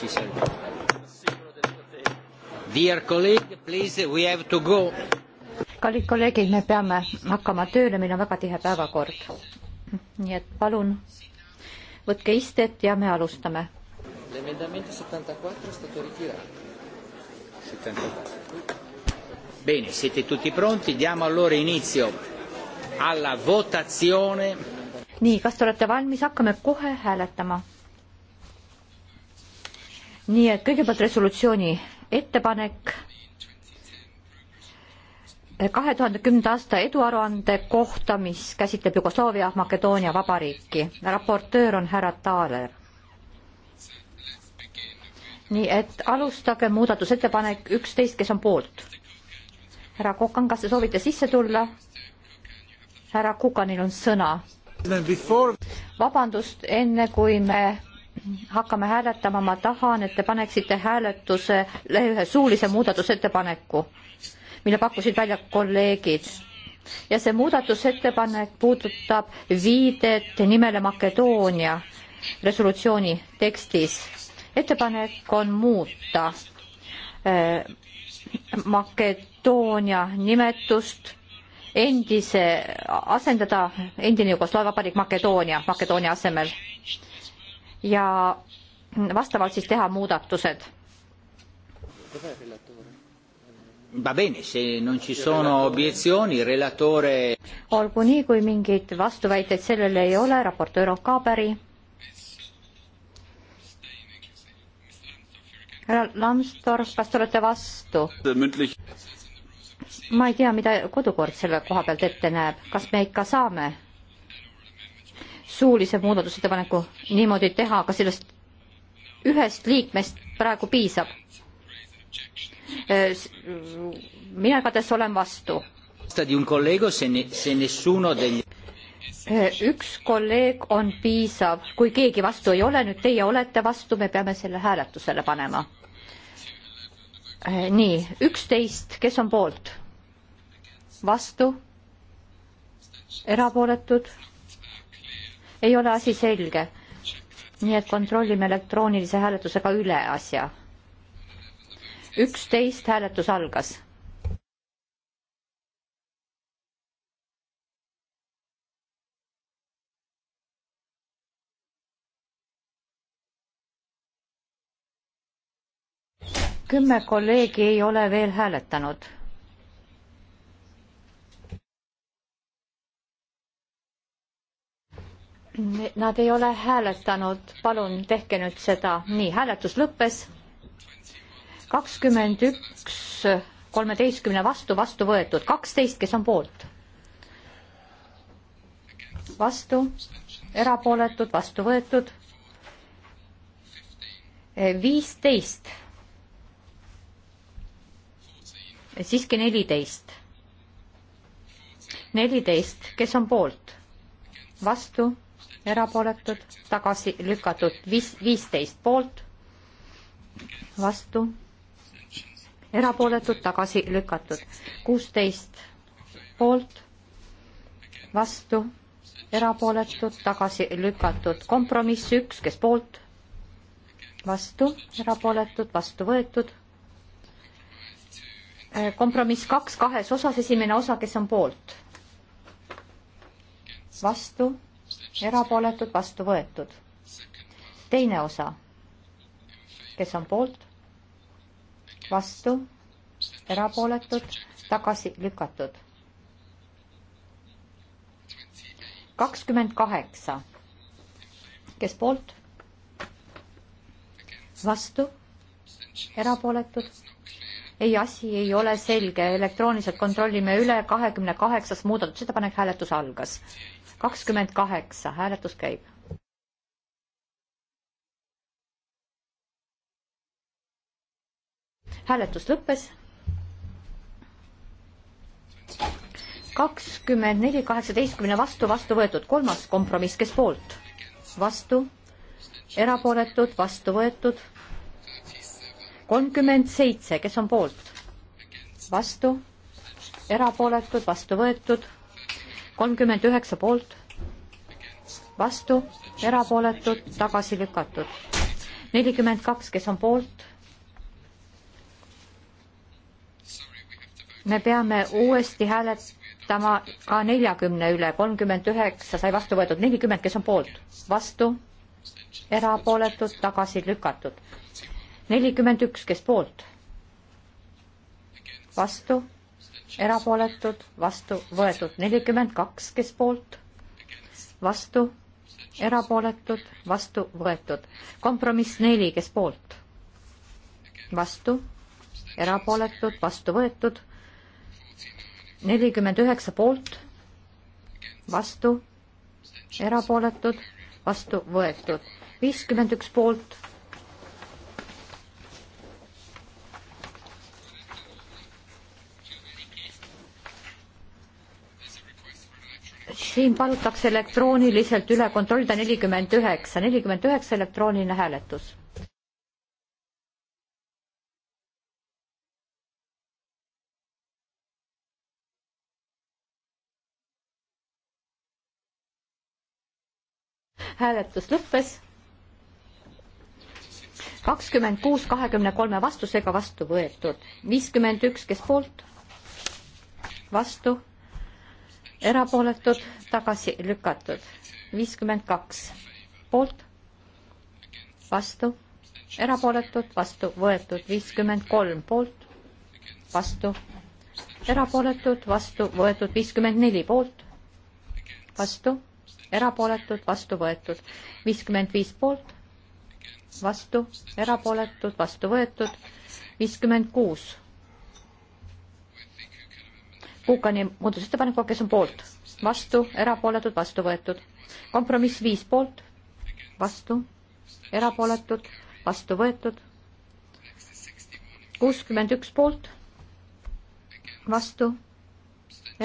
si sente. Dear colleague, please, we have to go. kallid kolleegid, me peame hakkama tööle, meil on väga tihe päevakord. nii et palun võtke istet ja me alustame. Bene, siete tutti pronti, diamo allora inizio alla votazione. nii, kas te olete valmis, hakkame kohe hääletama nii et kõigepealt resolutsiooni ettepanek kahe tuhande kümnenda aasta eduaruande kohta, mis käsitleb Jugoslaavia Makedoonia Vabariiki. raportöör on härra Taaler. nii et alustage muudatusettepanek üksteist, kes on poolt. härra Kokan, kas te soovite sisse tulla? härra Kukanil on sõna. vabandust, enne kui me hakkame hääletama, ma tahan, et te paneksite hääletusele ühe suulise muudatusettepaneku, mille pakkusid välja kolleegid. ja see muudatusettepanek puudutab viidet nimele Makedoonia resolutsiooni tekstis. ettepanek on muuta äh, Makedoonia nimetust endise, asendada endine Jugoslaavia Vabariik Makedoonia, Makedoonia asemel ja vastavalt siis teha muudatused. Va bene, se non ci sono obiezioni, relatore... olgu nii, kui mingeid vastuväiteid sellele ei ole, raportöör on Kaaberi. härra Lambsdorff, kas te olete vastu? ma ei tea, mida kodukord selle koha pealt ette näeb, kas me ikka saame suulise muudatusettepaneku niimoodi teha, aga sellest ühest liikmest praegu piisab. Äh, mina igatahes olen vastu. Äh, üks kolleeg on piisav, kui keegi vastu ei ole, nüüd teie olete vastu, me peame selle hääletusele panema. Äh, nii, üksteist, kes on poolt? vastu? erapooletud? ei ole asi selge. nii et kontrollime elektroonilise hääletusega üle asja. üksteist hääletus algas. kümme kolleegi ei ole veel hääletanud Nad ei ole hääletanud, palun tehke nüüd seda. nii, hääletus lõppes. kakskümmend üks, kolmeteistkümne vastu, vastu võetud, kaksteist, kes on poolt? vastu, erapooletud, vastu võetud. viisteist. siiski neliteist. neliteist, kes on poolt? vastu erapooletud, tagasi lükatud viis, viisteist poolt, vastu, erapooletud, tagasi lükatud kuusteist poolt, vastu, erapooletud, tagasi lükatud kompromiss üks, kes poolt, vastu, erapooletud, vastu võetud. kompromiss kaks kahes osas, esimene osa, kes on poolt, vastu erapooletud, vastu võetud. teine osa, kes on poolt, vastu, erapooletud, tagasi lükatud. kakskümmend kaheksa, kes poolt, vastu, erapooletud, ei, asi ei ole selge, elektrooniliselt kontrollime üle, kahekümne kaheksas muudatusettepanek, hääletus algas kakskümmend kaheksa, hääletus käib. hääletus lõppes. kakskümmend neli kaheksateistkümne vastu, vastu võetud kolmas kompromiss, kes poolt? vastu, erapooletud, vastu võetud. kolmkümmend seitse, kes on poolt? vastu, erapooletud, vastu võetud kolmkümmend üheksa poolt, vastu, erapooletud, tagasi lükatud. nelikümmend kaks, kes on poolt. me peame uuesti hääletama ka neljakümne üle, kolmkümmend üheksa sai vastu võetud, nelikümmend, kes on poolt, vastu, erapooletud, tagasi lükatud. nelikümmend üks, kes poolt, vastu erapooletud, vastu võetud nelikümmend kaks, kes poolt, vastu, erapooletud, vastu võetud. kompromiss neli, kes poolt, vastu, erapooletud, vastu võetud, nelikümmend üheksa poolt, vastu, erapooletud, vastu võetud, viiskümmend üks poolt siin palutakse elektrooniliselt üle kontrollida nelikümmend üheksa, nelikümmend üheksa elektrooniline hääletus. hääletus lõppes. kakskümmend kuus kahekümne kolme vastusega vastu võetud, viiskümmend üks, kes poolt, vastu erapooletud, tagasi lükatud. viiskümmend kaks poolt, vastu, erapooletud, vastu võetud. viiskümmend kolm poolt, vastu, erapooletud, vastu võetud. viiskümmend neli poolt, vastu, erapooletud, vastu võetud. viiskümmend viis poolt, vastu, erapooletud, vastu võetud. viiskümmend kuus Kuukani muudatusettepanekuga, kes on poolt, vastu, erapooletud, vastu võetud. kompromiss viis poolt, vastu, erapooletud, vastu võetud. kuuskümmend üks poolt, vastu,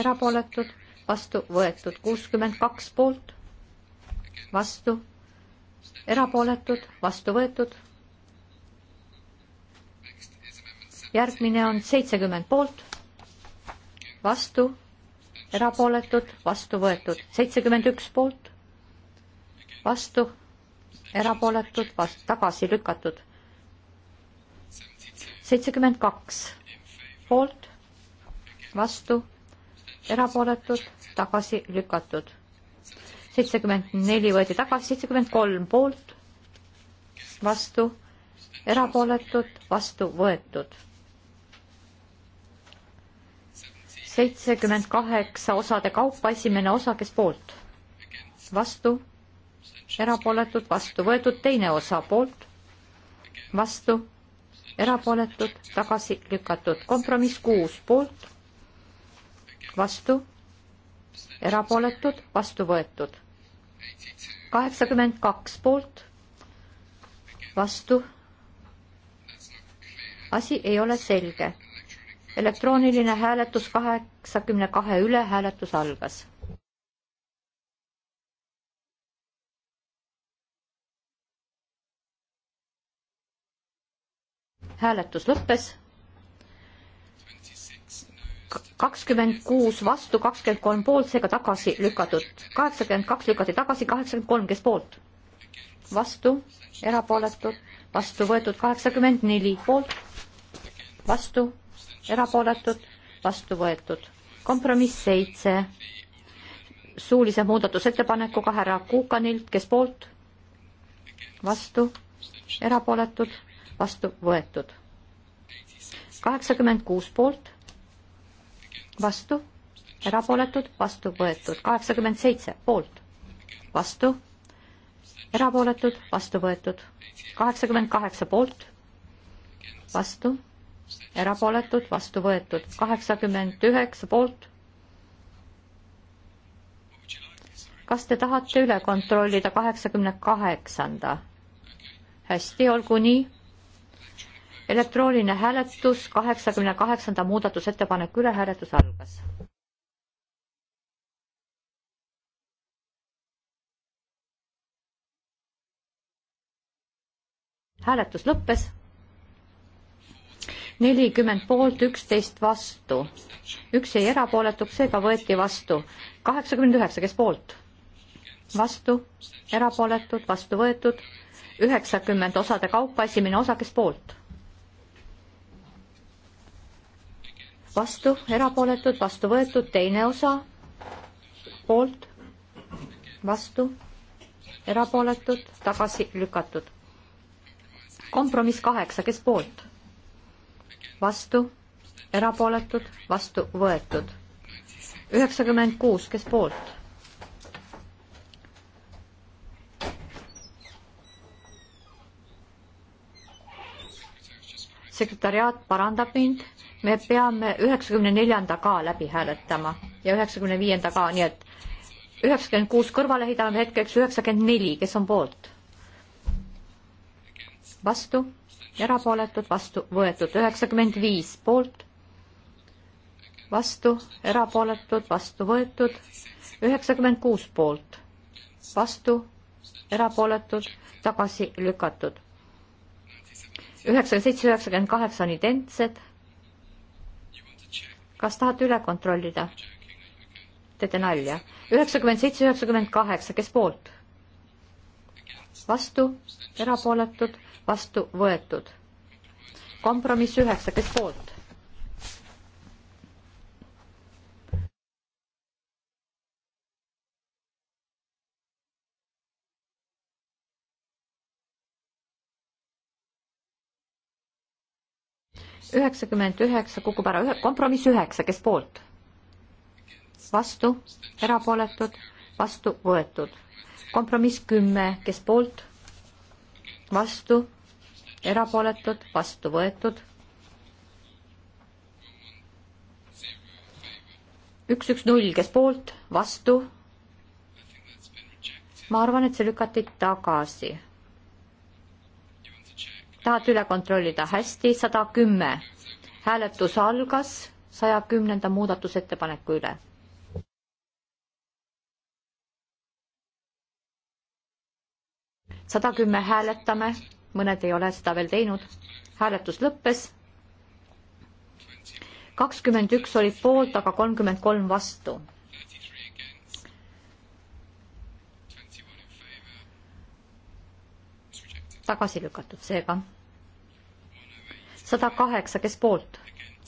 erapooletud, vastu võetud. kuuskümmend kaks poolt, vastu, erapooletud, vastu võetud. järgmine on seitsekümmend poolt vastu, erapooletud, vastu võetud, seitsekümmend üks poolt, vastu, erapooletud, vast-, tagasi lükatud. seitsekümmend kaks poolt, vastu, erapooletud, tagasi lükatud. seitsekümmend neli võeti tagasi, seitsekümmend kolm poolt, vastu, erapooletud, vastu võetud seitsekümmend kaheksa osade kaupa, esimene osa, kes poolt? vastu, erapooletud, vastu võetud, teine osa poolt, vastu, erapooletud, tagasi lükatud, kompromiss kuus poolt, vastu, erapooletud, vastu võetud, kaheksakümmend kaks poolt, vastu, asi ei ole selge elektrooniline hääletus kaheksakümne kahe üle, hääletus algas. hääletus lõppes. kakskümmend kuus vastu, kakskümmend kolm poolt, seega tagasi lükatud. kaheksakümmend kaks lükati tagasi, kaheksakümmend kolm, kes poolt? vastu, erapooletud, vastu võetud kaheksakümmend neli poolt, vastu erapooletud, vastu võetud. kompromiss seitse, suulise muudatusettepanekuga härra Kuukanilt, kes poolt, vastu, erapooletud, vastu võetud. kaheksakümmend kuus poolt, vastu, erapooletud, vastu võetud. kaheksakümmend seitse poolt, vastu, erapooletud, vastu võetud. kaheksakümmend kaheksa poolt, vastu erapooletud, vastu võetud. kaheksakümmend üheksa poolt. kas te tahate üle kontrollida kaheksakümne kaheksanda? hästi, olgu nii. elektrooniline hääletus, kaheksakümne kaheksanda muudatusettepaneku üle hääletus algas. hääletus lõppes nelikümmend poolt, üksteist vastu. üks jäi erapooletuks, seega võeti vastu. kaheksakümmend üheksa, kes poolt? vastu, erapooletud, vastu võetud. üheksakümmend osade kaupa, esimene osa, kes poolt? vastu, erapooletud, vastu võetud, teine osa, poolt, vastu, erapooletud, tagasi lükatud. kompromiss kaheksa, kes poolt? vastu, erapooletud, vastu võetud. üheksakümmend kuus, kes poolt? sekretariaat parandab mind, me peame üheksakümne neljanda ka läbi hääletama ja üheksakümne viienda ka, nii et üheksakümmend kuus kõrvale heidame hetkeks üheksakümmend neli, kes on poolt? vastu erapooletud, vastu võetud üheksakümmend viis poolt, vastu erapooletud, vastu võetud üheksakümmend kuus poolt, vastu erapooletud, tagasi lükatud. üheksakümmend seitse, üheksakümmend kaheksa on identsed. kas tahate üle kontrollida? teete nalja. üheksakümmend seitse, üheksakümmend kaheksa, kes poolt? vastu, erapooletud, vastu võetud. kompromiss üheksa, kes poolt? üheksakümmend üheksa kukub ära, kompromiss üheksa, kes poolt? vastu, erapooletud, vastu võetud. kompromiss kümme, kes poolt? vastu, erapooletud, vastu võetud. üks, üks, null, kes poolt, vastu. ma arvan, et see lükati tagasi. tahad üle kontrollida? hästi, sada kümme. hääletus algas saja kümnenda muudatusettepaneku üle sada kümme hääletame, mõned ei ole seda veel teinud. hääletus lõppes. kakskümmend üks olid poolt, aga kolmkümmend kolm vastu. tagasi lükatud seega. sada kaheksa, kes poolt,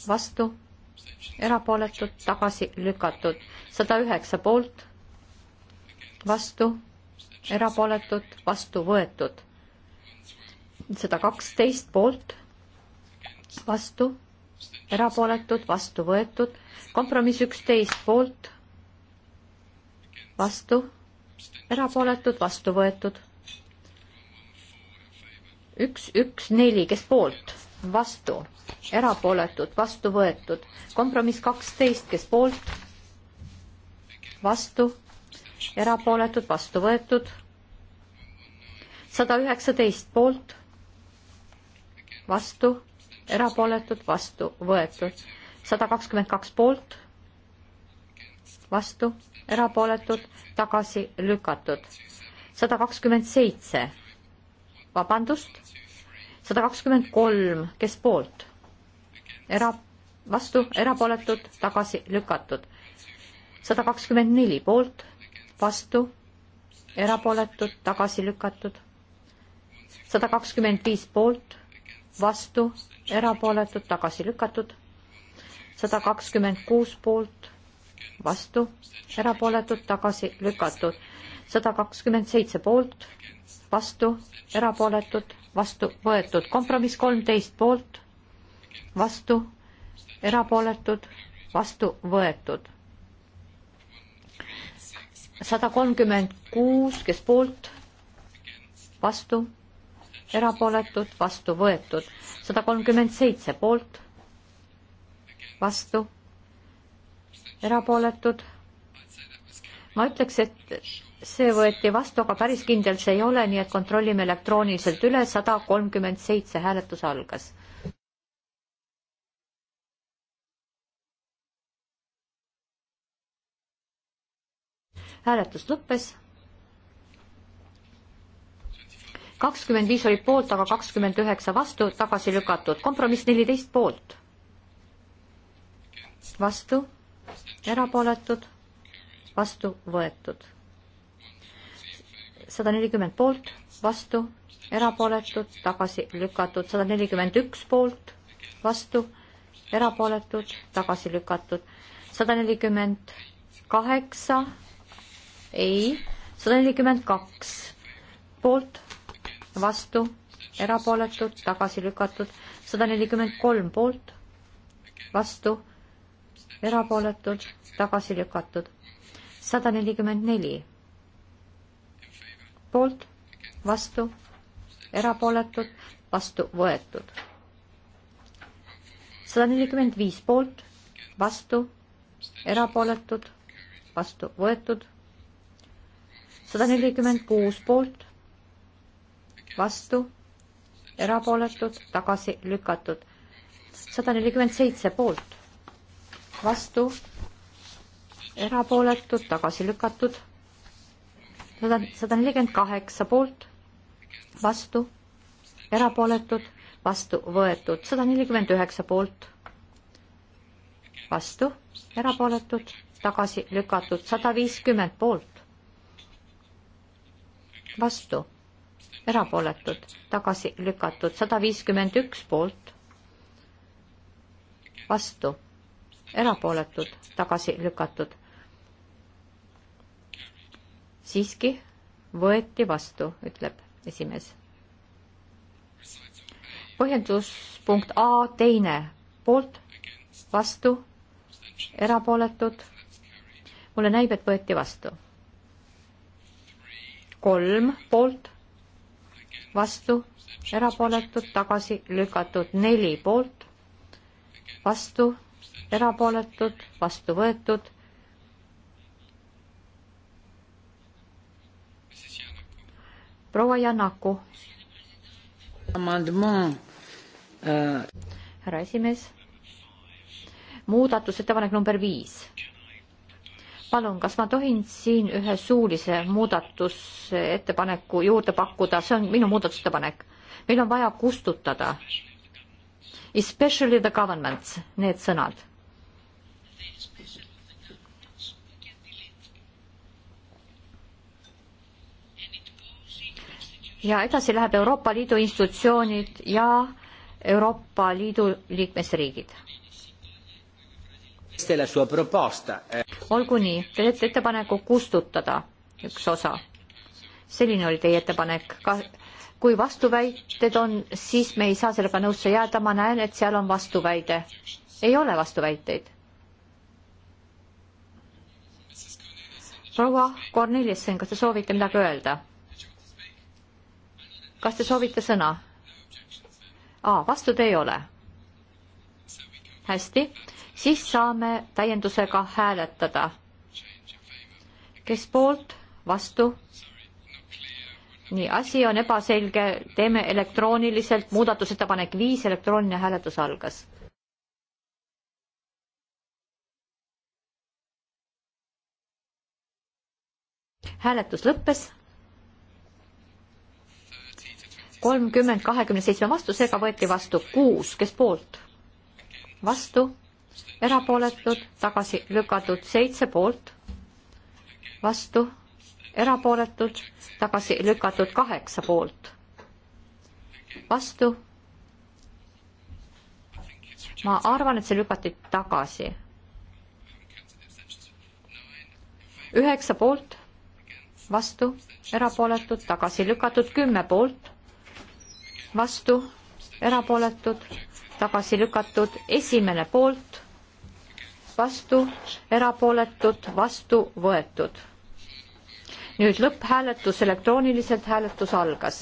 vastu, erapooletud, tagasi lükatud, sada üheksa poolt, vastu, erapooletud, vastu võetud sada kaksteist poolt, vastu, erapooletud, vastu võetud, kompromiss üksteist poolt, vastu, erapooletud, vastu võetud. üks, üks, neli, kes poolt, vastu, erapooletud, vastu võetud, kompromiss kaksteist, kes poolt, vastu, erapooletud, vastu võetud, sada üheksateist poolt vastu, erapooletud, vastu võetud. sada kakskümmend kaks poolt, vastu, erapooletud, tagasi lükatud. sada kakskümmend seitse, vabandust, sada kakskümmend kolm, kes poolt, era-, vastu, erapooletud, tagasi lükatud. sada kakskümmend neli poolt, vastu, erapooletud, tagasi lükatud sada kakskümmend viis poolt, vastu, erapooletud, tagasi lükatud. sada kakskümmend kuus poolt, vastu, erapooletud, tagasi lükatud. sada kakskümmend seitse poolt, vastu, erapooletud, vastu võetud. kompromiss kolmteist poolt, vastu, erapooletud, vastu võetud sada kolmkümmend kuus, kes poolt, vastu, erapooletud, vastu võetud. sada kolmkümmend seitse poolt, vastu, erapooletud. ma ütleks, et see võeti vastu, aga päris kindel see ei ole, nii et kontrollime elektrooniliselt üle, sada kolmkümmend seitse hääletus algas. hääletus lõppes kakskümmend viis olid poolt, aga kakskümmend üheksa vastu, tagasi lükatud. kompromiss neliteist poolt. vastu, erapooletud, vastu võetud. sada nelikümmend poolt, vastu, erapooletud, tagasi lükatud. sada nelikümmend üks poolt, vastu, erapooletud, tagasi lükatud sada nelikümmend kaheksa, ei, sada nelikümmend kaks poolt, vastu, erapooletud, tagasi lükatud, sada nelikümmend kolm poolt, vastu, erapooletud, tagasi lükatud, sada nelikümmend neli poolt, vastu, erapooletud, vastu võetud. sada nelikümmend viis poolt, vastu, erapooletud, vastu võetud, sada nelikümmend kuus poolt vastu, erapooletud, tagasi lükatud. sada nelikümmend seitse poolt, vastu, erapooletud, tagasi lükatud. sada, sada nelikümmend kaheksa poolt, vastu, erapooletud, vastu võetud. sada nelikümmend üheksa poolt, vastu, erapooletud, tagasi lükatud. sada viiskümmend poolt, vastu erapooletud, tagasi lükatud, sada viiskümmend üks poolt, vastu, erapooletud, tagasi lükatud. siiski võeti vastu, ütleb esimees. põhjenduspunkt A teine poolt, vastu, erapooletud. mulle näib, et võeti vastu. kolm poolt vastu, erapooletud, tagasi lükatud, neli poolt, vastu, erapooletud, vastu võetud. proua Janaku. Euh, härra esimees, muudatusettepanek number viis palun, kas ma tohin siin ühe suulise muudatusettepaneku juurde pakkuda, see on minu muudatusettepanek. meil on vaja kustutada especially the governments, need sõnad. ja edasi läheb Euroopa Liidu institutsioonid ja Euroopa Liidu liikmesriigid Eh. olgu nii, te teete ettepaneku kustutada üks osa. selline oli teie ettepanek, ka kui vastuväited on, siis me ei saa sellega nõusse jääda, ma näen, et seal on vastuväide. ei ole vastuväiteid. proua Kornelissen, kas te soovite midagi öelda? kas te soovite sõna? aa, vastu te ei ole. hästi siis saame täiendusega hääletada. kes poolt, vastu? nii, asi on ebaselge, teeme elektrooniliselt, muudatusettepanek viis, elektrooniline hääletus algas. hääletus lõppes kolmkümmend kahekümne seitsme vastusega võeti vastu kuus, kes poolt? vastu erapooletud, tagasi lükatud seitse poolt, vastu, erapooletud, tagasi lükatud kaheksa poolt, vastu. ma arvan, et see lükati tagasi. üheksa poolt, vastu, erapooletud, tagasi lükatud kümme poolt, vastu, erapooletud, tagasi lükatud esimene poolt, vastu, erapooletud, vastu võetud. nüüd lõpphääletus, elektrooniliselt hääletus algas.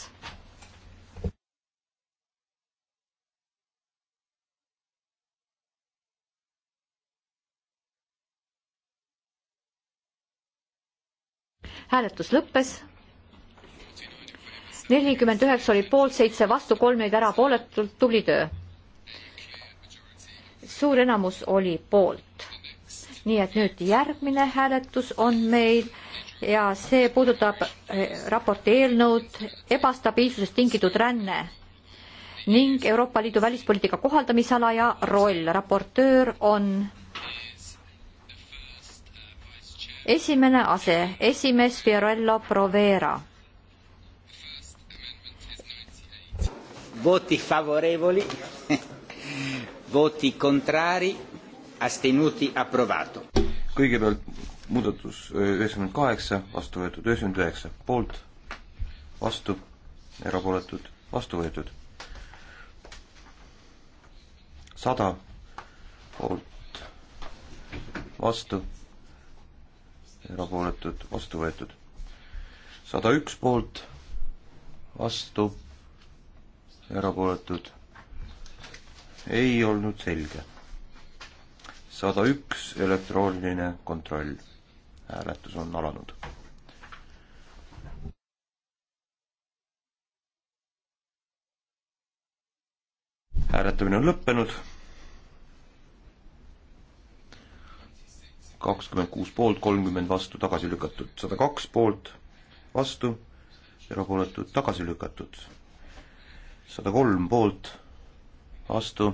hääletus lõppes nelikümmend üheksa oli poolt, seitse vastu, kolm jäid erapooletult, tubli töö suur enamus oli poolt. nii et nüüd järgmine hääletus on meil ja see puudutab eh, raporti eelnõud ebastabiilsusest tingitud ränne ning Euroopa Liidu välispoliitika kohaldamisala ja roll. raportöör on esimene ase, esimees Fiorello Provera. voti favorevoli voti contrari, astenuti approvato. kõigepealt muudatus äh, üheksakümmend kaheksa, vastu võetud üheksakümmend üheksa, poolt, vastu, erapooletud, vastu võetud. sada, poolt, vastu, erapooletud, vastu võetud. sada üks poolt, vastu, erapooletud ei olnud selge. sada üks elektrooniline kontroll. hääletus on alanud. hääletamine on lõppenud. kakskümmend kuus poolt, kolmkümmend vastu, tagasi lükatud, sada kaks poolt, vastu, erapooletud, tagasi lükatud, sada kolm poolt vastu,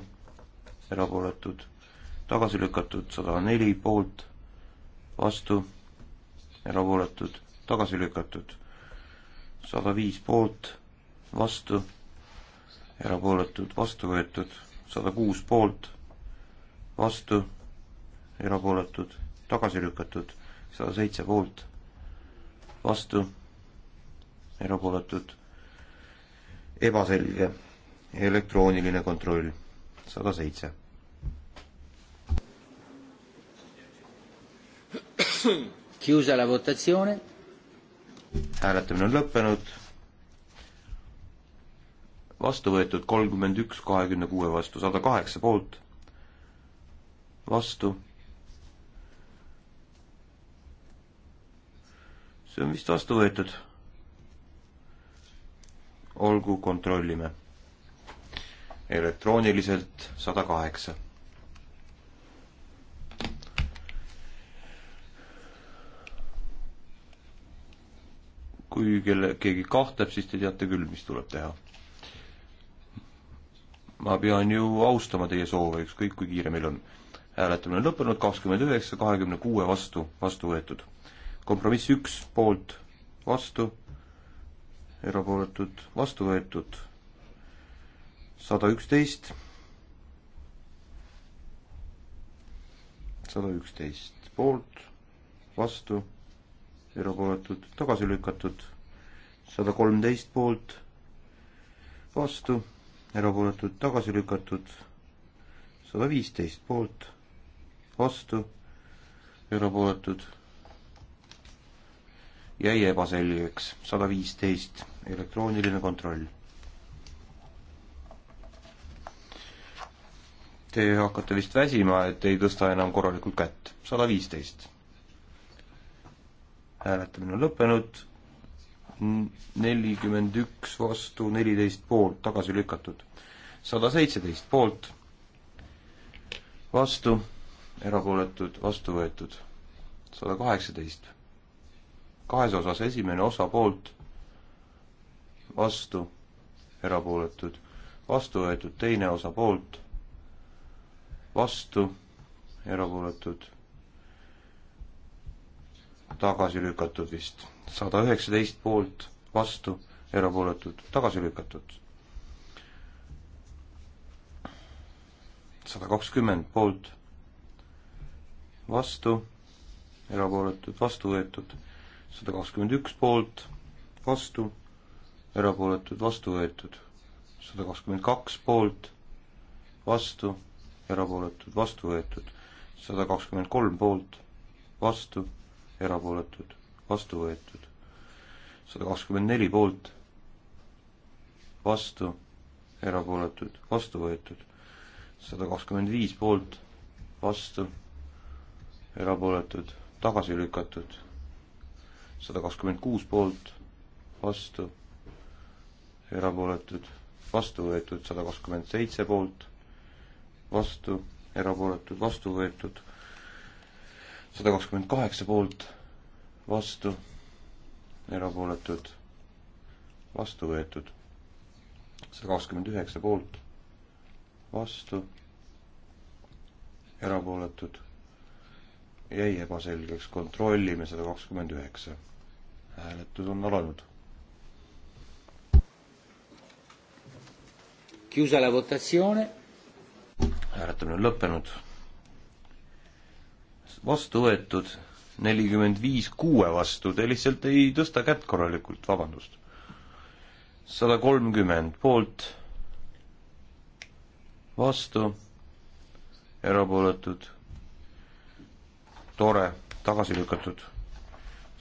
erapooletud, tagasi lükatud sada neli poolt, vastu, erapooletud, tagasi lükatud sada viis poolt, vastu, erapooletud, vastu võetud sada kuus poolt, vastu, erapooletud, tagasi lükatud sada seitse poolt, vastu, erapooletud, ebaselge elektrooniline kontroll, sada seitse. Chiusa la votazione. hääletamine on lõppenud. vastu võetud kolmkümmend üks, kahekümne kuue vastu, sada kaheksa poolt, vastu see on vist vastu võetud. olgu, kontrollime elektrooniliselt sada kaheksa. kui kelle, keegi kahtleb, siis te teate küll, mis tuleb teha. ma pean ju austama teie soove, ükskõik kui kiire meil on. hääletamine on lõppenud, kakskümmend üheksa, kahekümne kuue vastu, vastu võetud. kompromiss üks poolt, vastu, erapooletud, vastu võetud sada üksteist, sada üksteist poolt, vastu, erapooletud, tagasi lükatud, sada kolmteist poolt, vastu, erapooletud, tagasi lükatud, sada viisteist poolt, vastu, erapooletud jäi ebaselgeks, sada viisteist, elektrooniline kontroll Te hakkate vist väsima, et ei tõsta enam korralikult kätt. sada viisteist. hääletamine on lõppenud. nelikümmend üks vastu, neliteist poolt, tagasi lükatud. sada seitseteist poolt, vastu, erapooletud, vastu võetud. sada kaheksateist. kahes osas esimene osa poolt, vastu, erapooletud, vastu võetud teine osa poolt vastu, erapooletud, tagasi lükatud vist, sada üheksateist poolt, vastu, erapooletud, tagasi lükatud. sada kakskümmend poolt, vastu, erapooletud, vastu võetud, sada kakskümmend üks poolt, vastu, erapooletud, vastu võetud, sada kakskümmend kaks poolt, vastu erapooletud, vastu võetud. sada kakskümmend kolm poolt, vastu, erapooletud, vastu võetud. sada kakskümmend neli poolt, vastu, erapooletud, vastu võetud. sada kakskümmend viis poolt, vastu, erapooletud, tagasi lükatud. sada kakskümmend kuus poolt, vastu, erapooletud, vastu võetud, sada kakskümmend seitse poolt vastu, erapooletud, vastu võetud. sada kakskümmend kaheksa poolt, vastu, erapooletud, vastu võetud. sada kakskümmend üheksa poolt, vastu, erapooletud, jäi ebaselgeks, kontrollime sada kakskümmend üheksa. hääletus on alanud chiusa la votazione hääletamine on lõppenud. vastu võetud nelikümmend viis kuue vastu, te lihtsalt ei tõsta kätt korralikult, vabandust. sada kolmkümmend poolt, vastu, erapooletud, tore, tagasi lükatud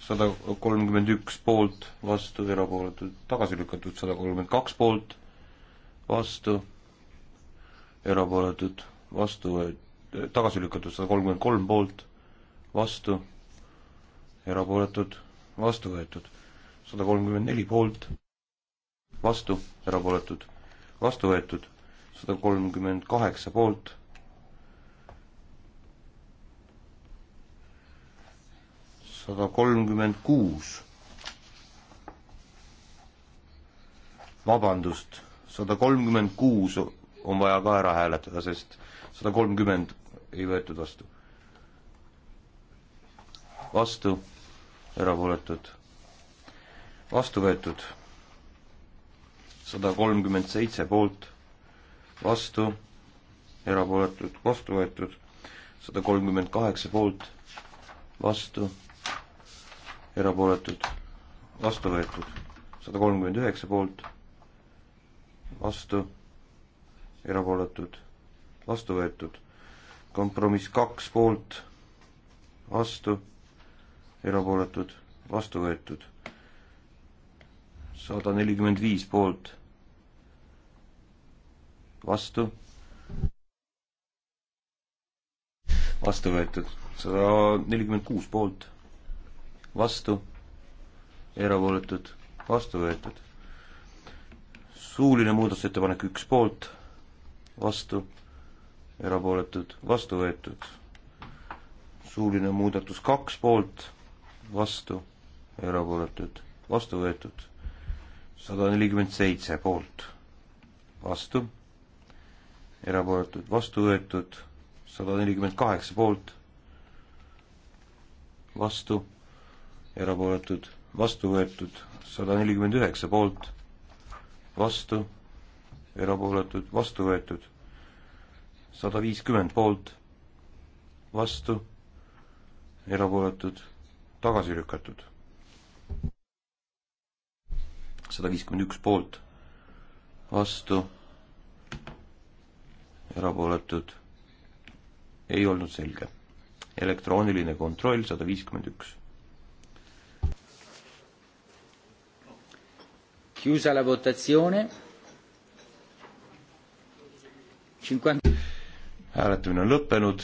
sada kolmkümmend üks poolt, vastu, erapooletud, tagasi lükatud sada kolmkümmend kaks poolt, vastu erapooletud, vastu võet-, tagasi lükatud sada kolmkümmend kolm poolt, vastu, erapooletud, vastu võetud sada kolmkümmend neli poolt, vastu, erapooletud, vastu võetud sada kolmkümmend kaheksa poolt sada kolmkümmend kuus. vabandust, sada kolmkümmend kuus on vaja ka ära hääletada, sest sada kolmkümmend ei võetud vastu. vastu, erapooletud, vastu võetud, sada kolmkümmend seitse poolt, vastu, erapooletud, vastu võetud, sada kolmkümmend kaheksa poolt, vastu, erapooletud, vastu võetud, sada kolmkümmend üheksa poolt, vastu erapooletud, vastu võetud. kompromiss kaks poolt, vastu, erapooletud, vastu võetud. sada nelikümmend viis poolt, vastu, vastu võetud. sada nelikümmend kuus poolt, vastu, erapooletud, vastu võetud suuline muudatusettepanek üks poolt vastu, erapooletud, vastu võetud. suuline muudatus kaks poolt, vastu, erapooletud, vastu võetud. sada nelikümmend seitse poolt, vastu, erapooletud, vastu võetud, sada nelikümmend kaheksa poolt, vastu, erapooletud, vastu võetud, sada nelikümmend üheksa poolt, vastu erapooletud, vastu võetud. sada viiskümmend poolt, vastu, erapooletud, tagasi lükatud. sada viiskümmend üks poolt, vastu, erapooletud, ei olnud selge. elektrooniline kontroll sada viiskümmend üks. Chiusa la votazione hääletamine on lõppenud,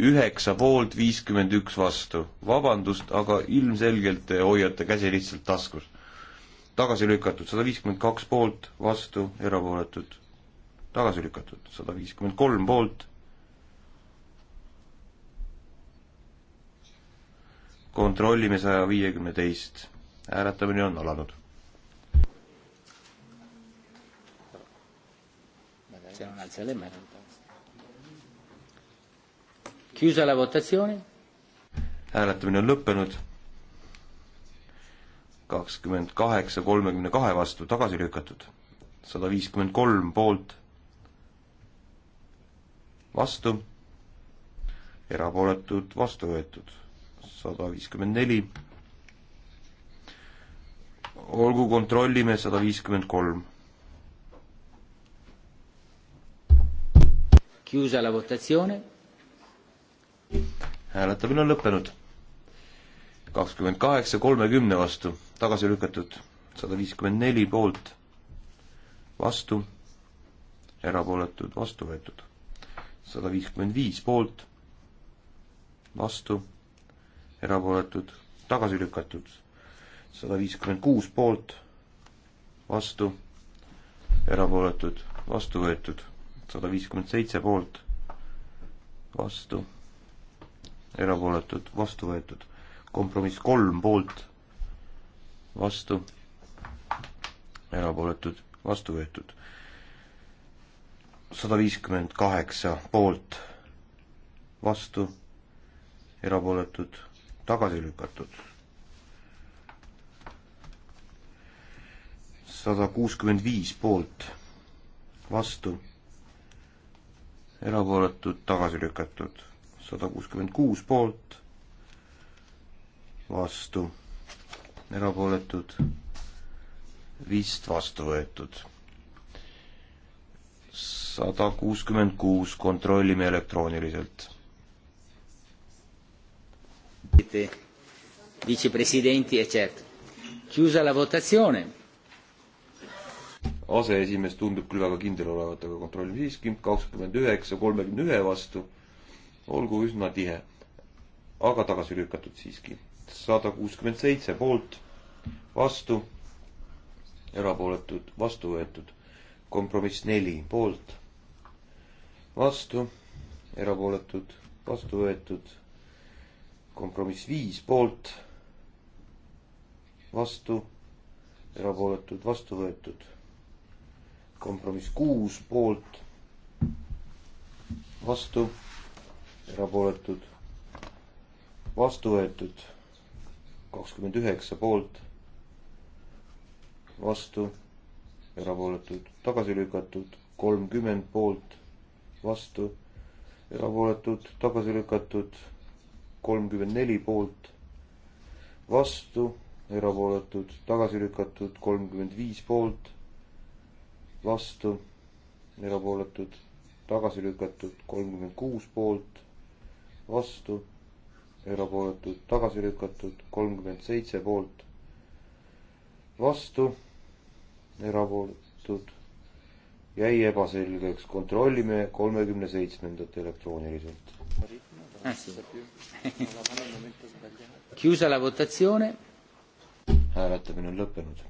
üheksa poolt, viiskümmend üks vastu. vabandust, aga ilmselgelt te hoiate käsi lihtsalt taskus. tagasi lükatud sada viiskümmend kaks poolt, vastu, erapooletud. tagasi lükatud sada viiskümmend kolm poolt. kontrollime saja viiekümne teist. hääletamine on alanud se non alza le mani. Chiusa la votazione. hääletamine on lõppenud. kakskümmend kaheksa kolmekümne kahe vastu tagasi lükatud. sada viiskümmend kolm poolt, vastu, erapooletud, vastu võetud. sada viiskümmend neli olgu, kontrollime sada viiskümmend kolm Chiusa la votazione. hääletamine on lõppenud. kakskümmend kaheksa kolmekümne vastu, tagasi lükatud sada viiskümmend neli poolt, vastu, erapooletud, vastu võetud. sada viiskümmend viis poolt, vastu, erapooletud, tagasi lükatud. sada viiskümmend kuus poolt, vastu, erapooletud, vastu võetud sada viiskümmend seitse poolt, vastu, erapooletud, vastu võetud. kompromiss kolm poolt, vastu, erapooletud, vastu võetud. sada viiskümmend kaheksa poolt, vastu, erapooletud, tagasi lükatud. sada kuuskümmend viis poolt, vastu erapooletud, tagasi lükatud. sada kuuskümmend kuus poolt, vastu, erapooletud, vist vastu võetud. sada kuuskümmend kuus, kontrollime elektrooniliselt. Vicepresidenti, eccetera. Chiusa la votazione aseesimees tundub küll väga kindel olevat, aga kontrollime siiski, kakskümmend üheksa kolmekümne ühe vastu. olgu üsna tihe, aga tagasi lükatud siiski. sada kuuskümmend seitse poolt, vastu, erapooletud, vastu võetud. kompromiss neli poolt, vastu, erapooletud, vastu võetud. kompromiss viis poolt, vastu, erapooletud, vastu võetud kompromiss kuus poolt, vastu, erapooletud, vastu võetud kakskümmend üheksa poolt, vastu, erapooletud, tagasi lükatud kolmkümmend poolt, vastu, erapooletud, tagasi lükatud kolmkümmend neli poolt, vastu, erapooletud, tagasi lükatud kolmkümmend viis poolt vastu, erapooletud, tagasi lükatud, kolmkümmend kuus poolt, vastu, erapooletud, tagasi lükatud, kolmkümmend seitse poolt, vastu, erapooletud, jäi ebaselgeks, kontrollime kolmekümne seitsmendat elektrooniliselt. Chiusa la votazione. hääletamine on lõppenud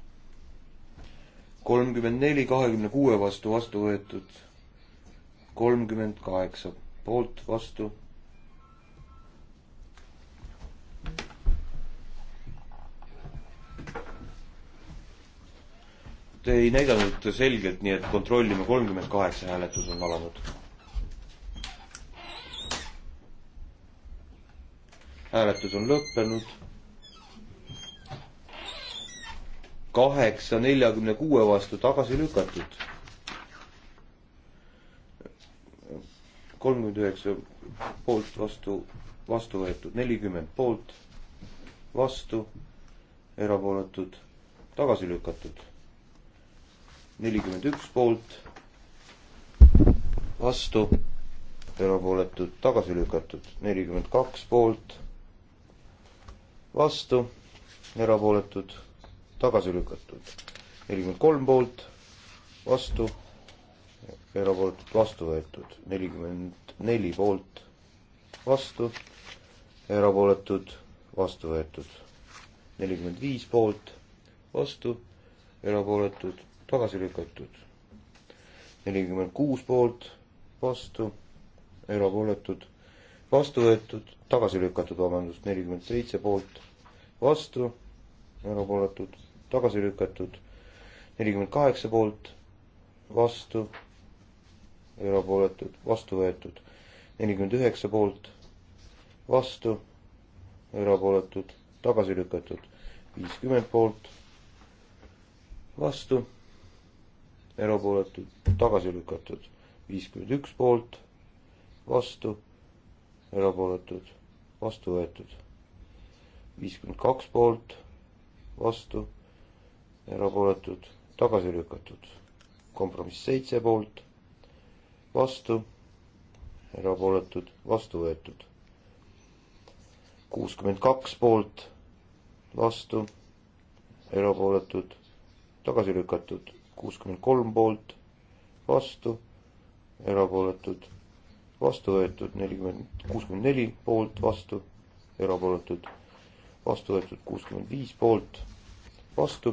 kolmkümmend neli kahekümne kuue vastu vastu võetud, kolmkümmend kaheksa poolt vastu. Te ei näidanud selgelt, nii et kontrollime, kolmkümmend kaheksa hääletus on alanud. hääletus on lõppenud kaheksa neljakümne kuue vastu tagasi lükatud. kolmkümmend üheksa poolt vastu, vastu võetud, nelikümmend poolt vastu, erapooletud, tagasi lükatud. nelikümmend üks poolt vastu, erapooletud, tagasi lükatud, nelikümmend kaks poolt vastu, erapooletud tagasi lükatud. nelikümmend kolm poolt, vastu, erapooletult vastu võetud. nelikümmend neli poolt, vastu, erapooletud, vastu võetud. nelikümmend viis poolt, vastu, erapooletud, tagasi lükatud. nelikümmend kuus poolt, vastu, erapooletud, vastu võetud, tagasi lükatud, vabandust, nelikümmend seitse poolt, vastu, erapooletud, tagasi lükatud, nelikümmend kaheksa poolt, vastu, erapooletud, vastu võetud, nelikümmend üheksa poolt, vastu, erapooletud, tagasi lükatud, viiskümmend poolt, vastu, erapooletud, tagasi lükatud, viiskümmend üks poolt, vastu, erapooletud, vastu võetud, viiskümmend kaks poolt, vastu erapooletud, tagasi lükatud. kompromiss seitse poolt, vastu, erapooletud, vastu võetud. kuuskümmend kaks poolt, vastu, erapooletud, tagasi lükatud. kuuskümmend kolm poolt, vastu, erapooletud, vastu võetud, nelikümmend, kuuskümmend neli poolt, vastu, erapooletud, vastu võetud kuuskümmend viis poolt vastu,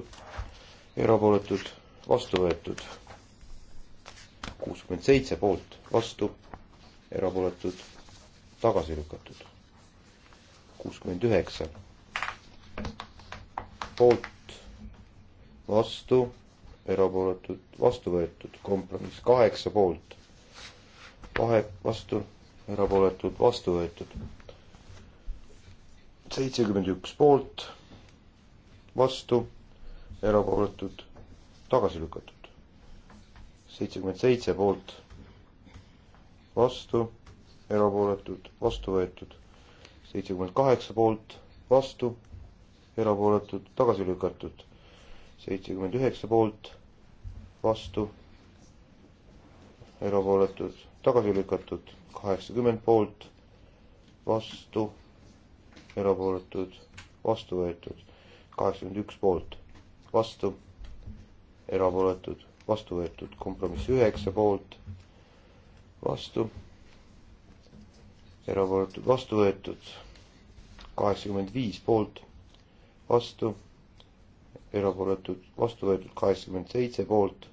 erapooletud, vastu võetud. kuuskümmend seitse poolt, vastu, erapooletud, tagasi lükatud. kuuskümmend üheksa poolt, vastu, erapooletud, vastu võetud, kompromiss kaheksa poolt, vahe, vastu, erapooletud, vastu võetud. seitsekümmend üks poolt vastu, erapooletud, tagasi lükatud. seitsekümmend seitse poolt, vastu, erapooletud, vastu võetud. seitsekümmend kaheksa poolt, vastu, erapooletud, tagasi lükatud. seitsekümmend üheksa poolt, vastu, erapooletud, tagasi lükatud. kaheksakümmend poolt, vastu, erapooletud, vastu võetud kaheksakümmend üks poolt, vastu, erapooletud, vastu võetud, kompromiss üheksa poolt, vastu, erapooletud, vastu võetud, kaheksakümmend viis poolt, vastu, erapooletud, vastu võetud, kaheksakümmend seitse poolt,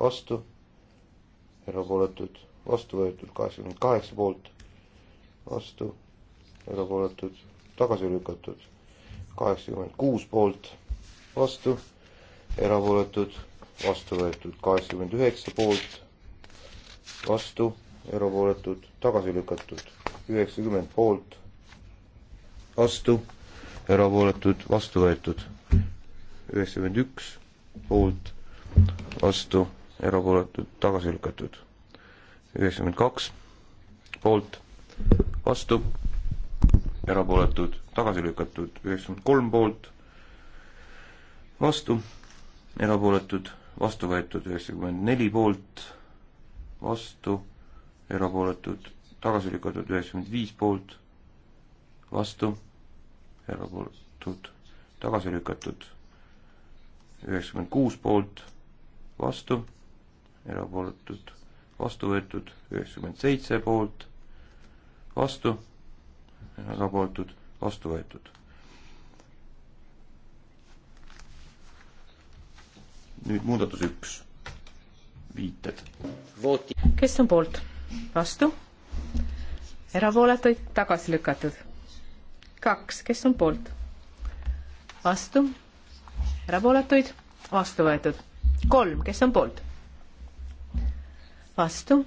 vastu, erapooletud, vastu võetud, kaheksakümmend kaheksa poolt, vastu, erapooletud, tagasi lükatud kaheksakümmend kuus poolt, vastu, erapooletud, vastu võetud kaheksakümmend üheksa poolt, vastu, erapooletud, tagasi lükatud üheksakümmend poolt, vastu, erapooletud, vastu võetud üheksakümmend üks poolt, vastu, erapooletud, tagasi lükatud üheksakümmend kaks poolt, vastu erapooletud, tagasi lükatud, üheksakümmend kolm poolt, vastu, erapooletud, vastu võetud, üheksakümmend neli poolt, vastu, erapooletud, tagasi lükatud, üheksakümmend viis poolt, vastu, erapooletud, tagasi lükatud, üheksakümmend kuus poolt, vastu, erapooletud, vastu võetud, üheksakümmend seitse poolt, vastu erapooletud, vastu võetud. nüüd muudatus üks, viited. kes on poolt? vastu? erapooletuid tagasi lükatud. kaks, kes on poolt? vastu? erapooletuid? vastu võetud. kolm, kes on poolt? vastu?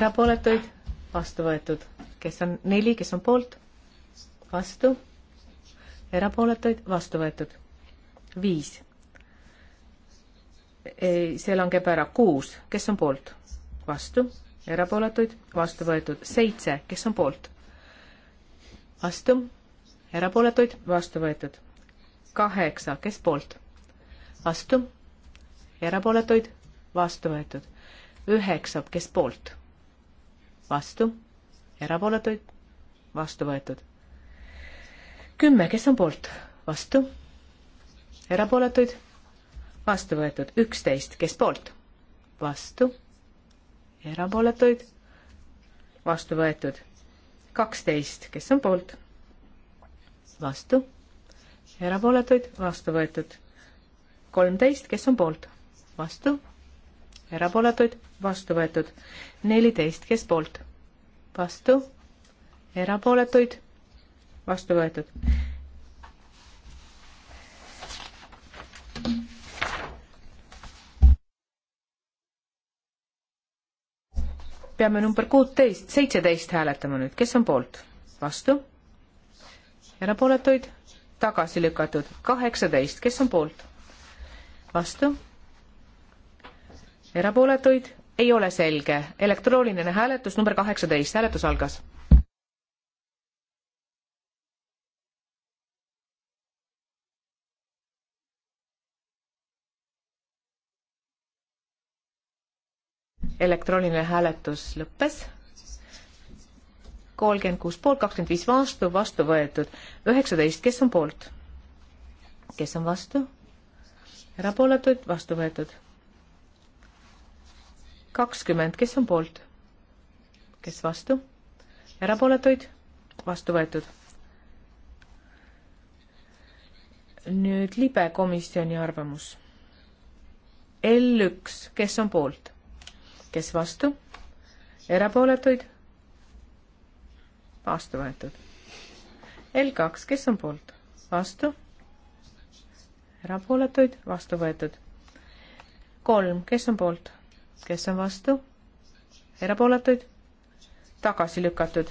erapooletuid? vastu võetud kes on neli, kes on poolt, vastu, erapooletuid, vastu võetud. viis. ei, see langeb ära, kuus, kes on poolt, vastu, erapooletuid, vastu võetud, seitse, kes on poolt, vastu, erapooletuid, vastu võetud, kaheksa, kes poolt, vastu, erapooletuid, vastu võetud, üheksa, kes poolt, vastu erapooletuid, vastu võetud. kümme, kes on poolt, vastu, erapooletuid, vastu võetud, üksteist, kes poolt, vastu, erapooletuid, vastu võetud, kaksteist, kes on poolt, vastu, erapooletuid, vastu võetud, kolmteist, kes on poolt, vastu erapooletuid vastu võetud neliteist, kes poolt, vastu, erapooletuid, vastu võetud. peame number kuuteist, seitseteist hääletama nüüd, kes on poolt, vastu, erapooletuid, tagasi lükatud, kaheksateist, kes on poolt, vastu, erapooletuid ei ole selge. elektrooniline hääletus number kaheksateist, hääletus algas. elektrooniline hääletus lõppes. kolmkümmend kuus poolt, kakskümmend viis vastu, vastu võetud üheksateist, kes on poolt? kes on vastu? erapooletuid, vastu võetud kakskümmend, kes on poolt? kes vastu? erapooletuid? vastu võetud. nüüd libe komisjoni arvamus. L üks, kes on poolt? kes vastu? erapooletuid? vastu võetud. L kaks, kes on poolt? vastu? erapooletuid? vastu võetud. kolm, kes on poolt? kes on vastu, erapooletuid, tagasi lükatud.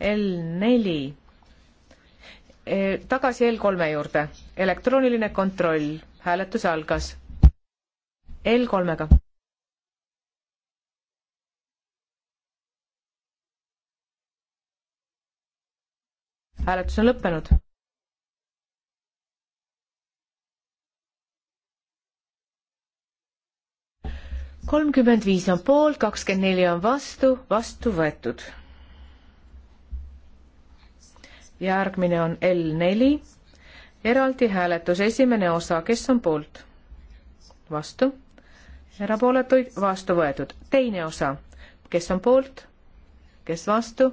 L4, e, tagasi L3 juurde, elektrooniline kontroll, hääletus algas. L3-ga. hääletus on lõppenud kolmkümmend viis on poolt, kakskümmend neli on vastu, vastu võetud. järgmine on L neli, eraldi hääletus, esimene osa, kes on poolt? vastu, erapooletuid, vastu võetud. teine osa, kes on poolt, kes vastu,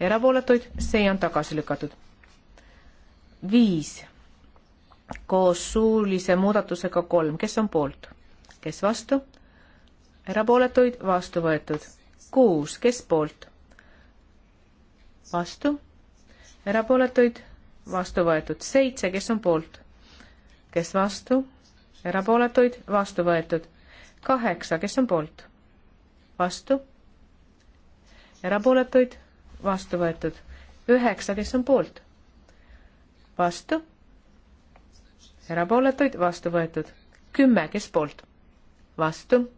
erapooletuid, see on tagasi lükatud. viis, koos suulise muudatusega kolm, kes on poolt, kes vastu erapooletuid, vastu võetud. kuus, kes poolt? vastu, erapooletuid, vastu võetud. seitse, kes on poolt? kes vastu? erapooletuid, vastu võetud. kaheksa, kes on poolt? vastu, erapooletuid, vastu võetud. üheksa, kes on poolt? vastu, erapooletuid, vastu võetud. kümme, kes poolt? vastu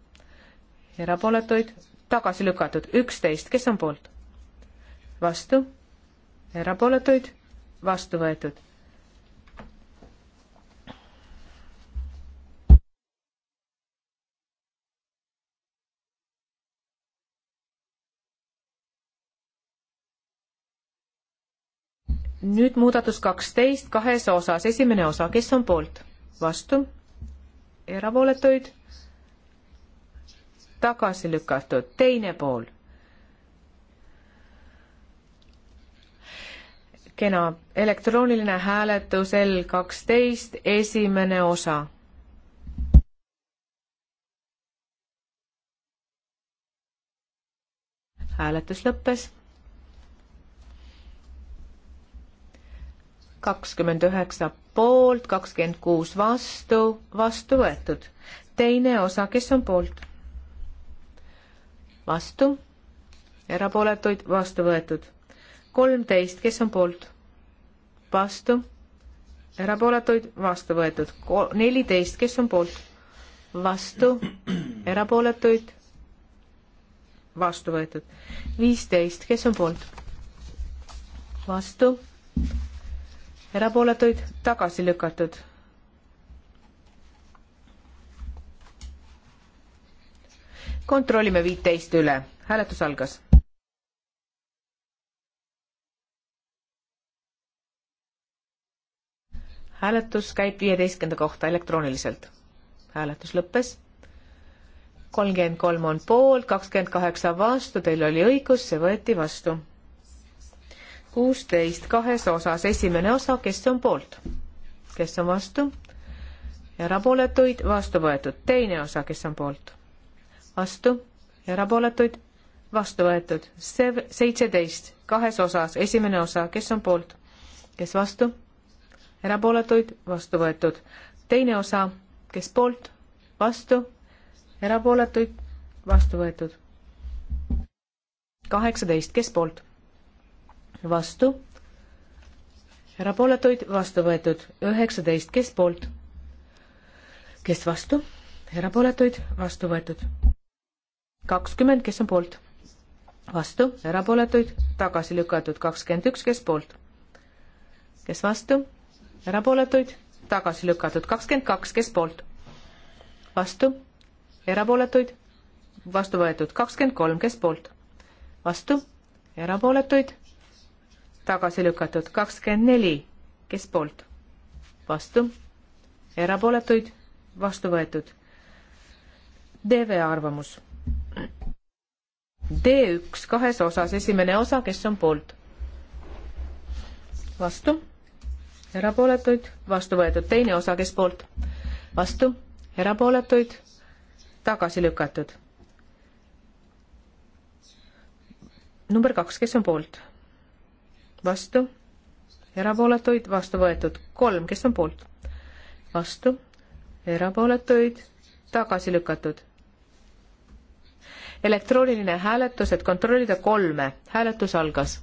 erapooletuid, tagasi lükatud, üksteist, kes on poolt? vastu, erapooletuid, vastu võetud. nüüd muudatus kaksteist kahes osas, esimene osa, kes on poolt? vastu, erapooletuid tagasi lükatud, teine pool. kena elektrooniline hääletus L kaksteist, esimene osa. hääletus lõppes. kakskümmend üheksa poolt, kakskümmend kuus vastu, vastu võetud. teine osa, kes on poolt? vastu, erapooletuid vastu võetud. kolmteist, kes on poolt? vastu, erapooletuid vastu võetud. neliteist, kes on poolt? vastu, erapooletuid vastu võetud. viisteist, kes on poolt? vastu, erapooletuid tagasi lükatud kontrollime viiteist üle, hääletus algas. hääletus käib viieteistkümnenda kohta elektrooniliselt. hääletus lõppes. kolmkümmend kolm on poolt, kakskümmend kaheksa vastu, teil oli õigus, see võeti vastu. kuusteist kahes osas, esimene osa, kes on poolt, kes on vastu, erapooletuid vastu võetud, teine osa, kes on poolt vastu, erapooletuid, vastu võetud. see seitseteist kahes osas, esimene osa, kes on poolt, kes vastu, erapooletuid, vastu võetud. teine osa, kes poolt, vastu, erapooletuid, vastu võetud. kaheksateist, kes poolt, vastu, erapooletuid, vastu võetud. üheksateist, kes poolt, kes vastu, erapooletuid, vastu võetud kakskümmend, kes on poolt? vastu, erapooletuid, tagasi lükatud kakskümmend üks, kes poolt? kes vastu? erapooletuid, tagasi lükatud kakskümmend kaks, kes poolt? vastu, erapooletuid, vastu võetud kakskümmend kolm, kes poolt? vastu, erapooletuid, tagasi lükatud kakskümmend neli, kes poolt? vastu, erapooletuid, vastu võetud. DV arvamus D1 kahes osas, esimene osa, kes on poolt? vastu, erapooletuid, vastu võetud, teine osa, kes poolt? vastu, erapooletuid, tagasi lükatud. number kaks, kes on poolt? vastu, erapooletuid, vastu võetud, kolm, kes on poolt? vastu, erapooletuid, tagasi lükatud elektrooniline hääletus, et kontrollida kolme. hääletus algas.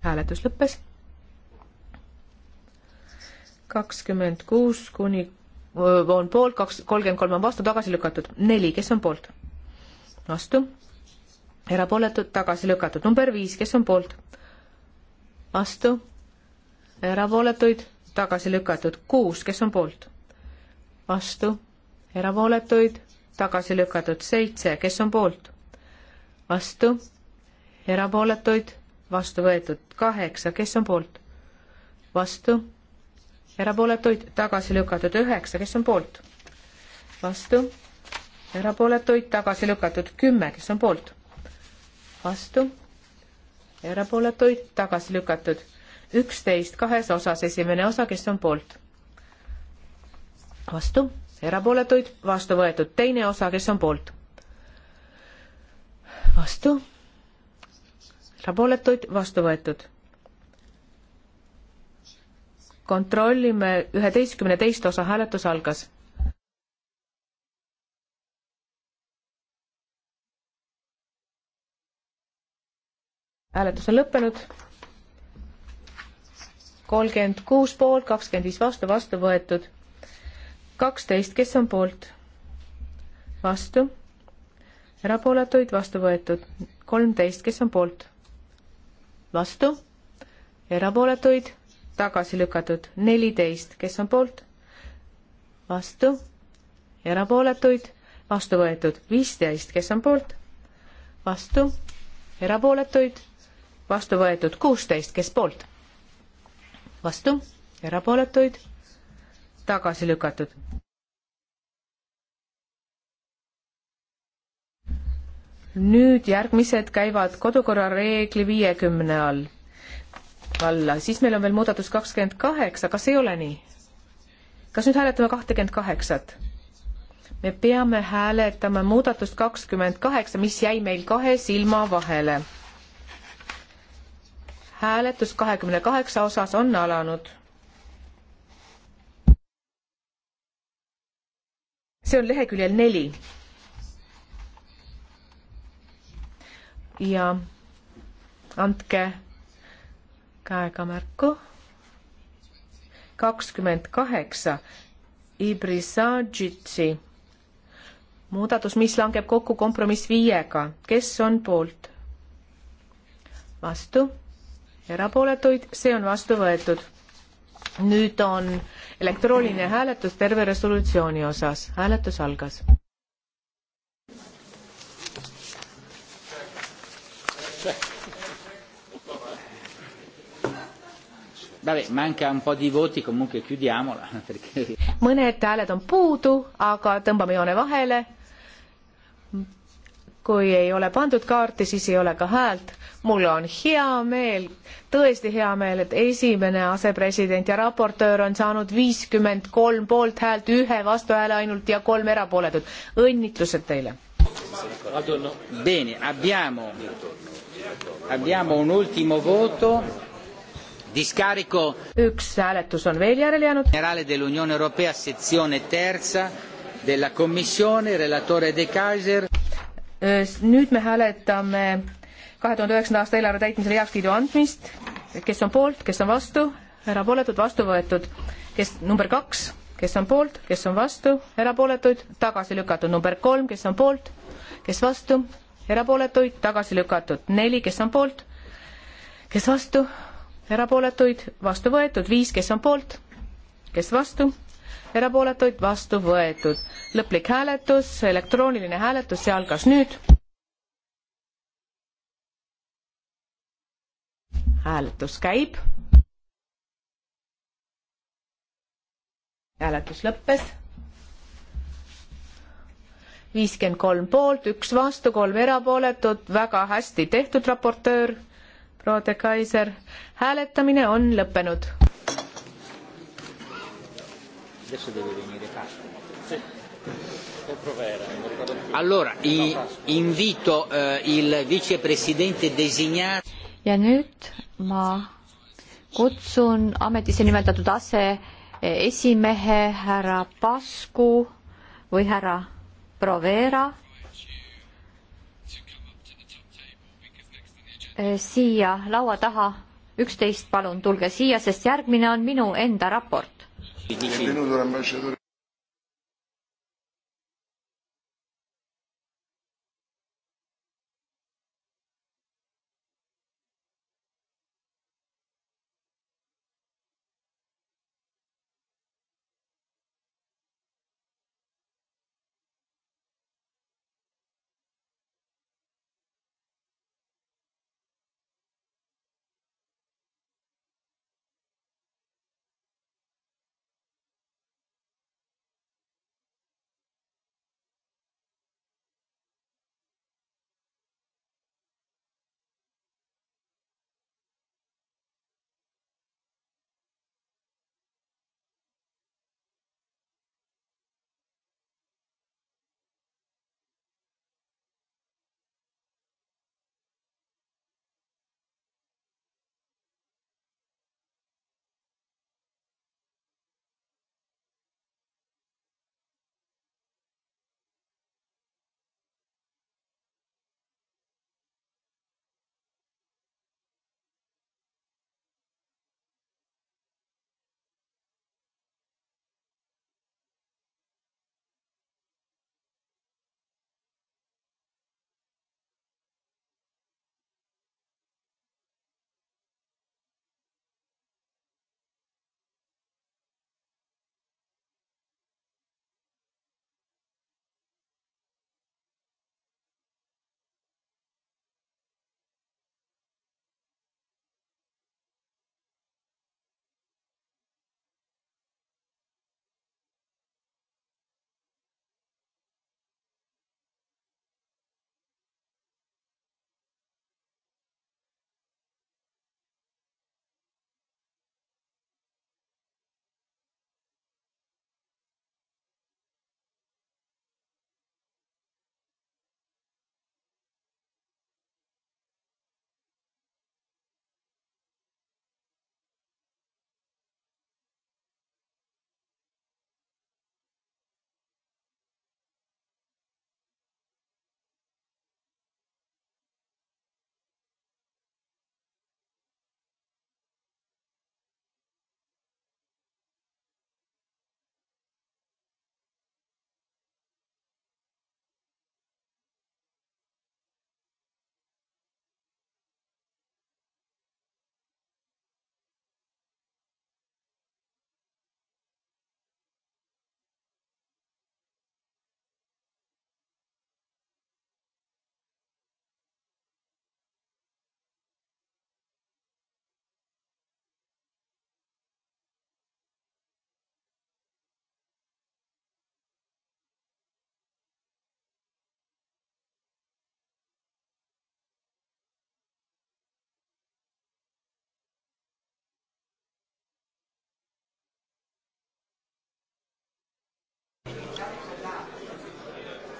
hääletus lõppes. kakskümmend kuus kuni on poolt, kaks, kolmkümmend kolm on vastu, tagasi lükatud. neli, kes on poolt? vastu. erapooletud, tagasi lükatud. number viis, kes on poolt? vastu erapooletuid, tagasi lükatud. kuus, kes on poolt? vastu, erapooletuid, tagasi lükatud. seitse, kes on poolt? vastu, erapooletuid, vastu võetud. kaheksa, kes on poolt? vastu, erapooletuid, tagasi lükatud. üheksa, kes on poolt? vastu, erapooletuid, tagasi lükatud. kümme, kes on poolt? vastu, erapooletuid, tagasi lükatud üksteist kahes osas, esimene osa, kes on poolt? vastu, erapooletuid, vastu võetud, teine osa, kes on poolt? vastu, erapooletuid, vastu võetud. kontrollime üheteistkümne teist osa, hääletus algas hääletus on lõppenud kolmkümmend kuus poolt, kakskümmend viis vastu, vastu võetud. kaksteist, kes on poolt? vastu. erapooletuid, vastu võetud. kolmteist, kes on poolt? vastu. erapooletuid, tagasi lükatud. neliteist, kes on poolt? vastu. erapooletuid, vastu võetud. viisteist, kes on poolt? vastu. erapooletuid, vastu võetud. kuusteist, kes poolt? vastu, erapooletuid, tagasi lükatud. nüüd järgmised käivad kodukorrareegli viiekümne all, alla, siis meil on veel muudatus kakskümmend kaheksa, kas ei ole nii? kas nüüd hääletame kahtekümmet kaheksat? me peame hääletama muudatust kakskümmend kaheksa, mis jäi meil kahe silma vahele hääletus kahekümne kaheksa osas on alanud. see on leheküljel neli. ja andke käega märku. kakskümmend kaheksa Ibrisagitsi muudatus, mis langeb kokku kompromiss viiega, kes on poolt? vastu erapooletuid, see on vastu võetud. nüüd on elektrooniline hääletus terve resolutsiooni osas, hääletus algas. mõned hääled on puudu, aga tõmbame joone vahele. kui ei ole pandud kaarti, siis ei ole ka häält mul on hea meel, tõesti hea meel, et esimene asepresident ja raportöör on saanud viiskümmend kolm poolthäält, ühe vastuhääle ainult ja kolm erapooletut. õnnitlused teile. Bene, abbiamo, abbiamo un ultimo voto. Discarico. üks hääletus on veel järele jäänud. Generale dell'Unione Europea sezione terza della Commissione, relatore De Kaiser. nüüd me hääletame kahe tuhande üheksanda aasta eelarve täitmisele heakskiidu andmist, kes on poolt, kes on vastu, erapooletud, vastu võetud, kes number kaks, kes on poolt, kes on vastu, erapooletuid, tagasi lükatud, number kolm, kes on poolt, kes vastu, erapooletuid, tagasi lükatud, neli, kes on poolt, kes vastu, erapooletuid, vastu võetud, viis, kes on poolt, kes vastu, erapooletuid, vastu võetud. lõplik hääletus, elektrooniline hääletus, see algas nüüd hääletus käib. hääletus lõppes. viiskümmend kolm poolt, üks vastu, kolm erapooletut, väga hästi tehtud, raportöör, proua de Kaiser. hääletamine on lõppenud. Adesso deve venire pasta. Allora, invito eh, il vicepresidente designato ja nüüd ma kutsun ametisse nimetatud aseesimehe härra Pasku või härra Provera siia laua taha. üksteist palun tulge siia, sest järgmine on minu enda raport.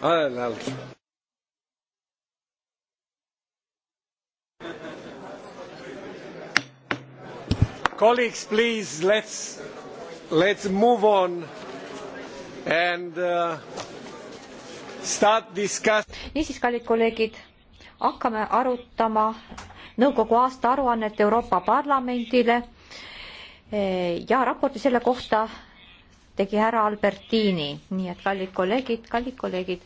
Ah, l'altro. Colleagues, please, let's, let's move on and uh, start discuss-. niisiis, kallid kolleegid, hakkame arutama nõukogu aasta aruannet Euroopa Parlamendile eh, ja raporti selle kohta tegi härra Albertini, nii et kallid kolleegid, kallid kolleegid,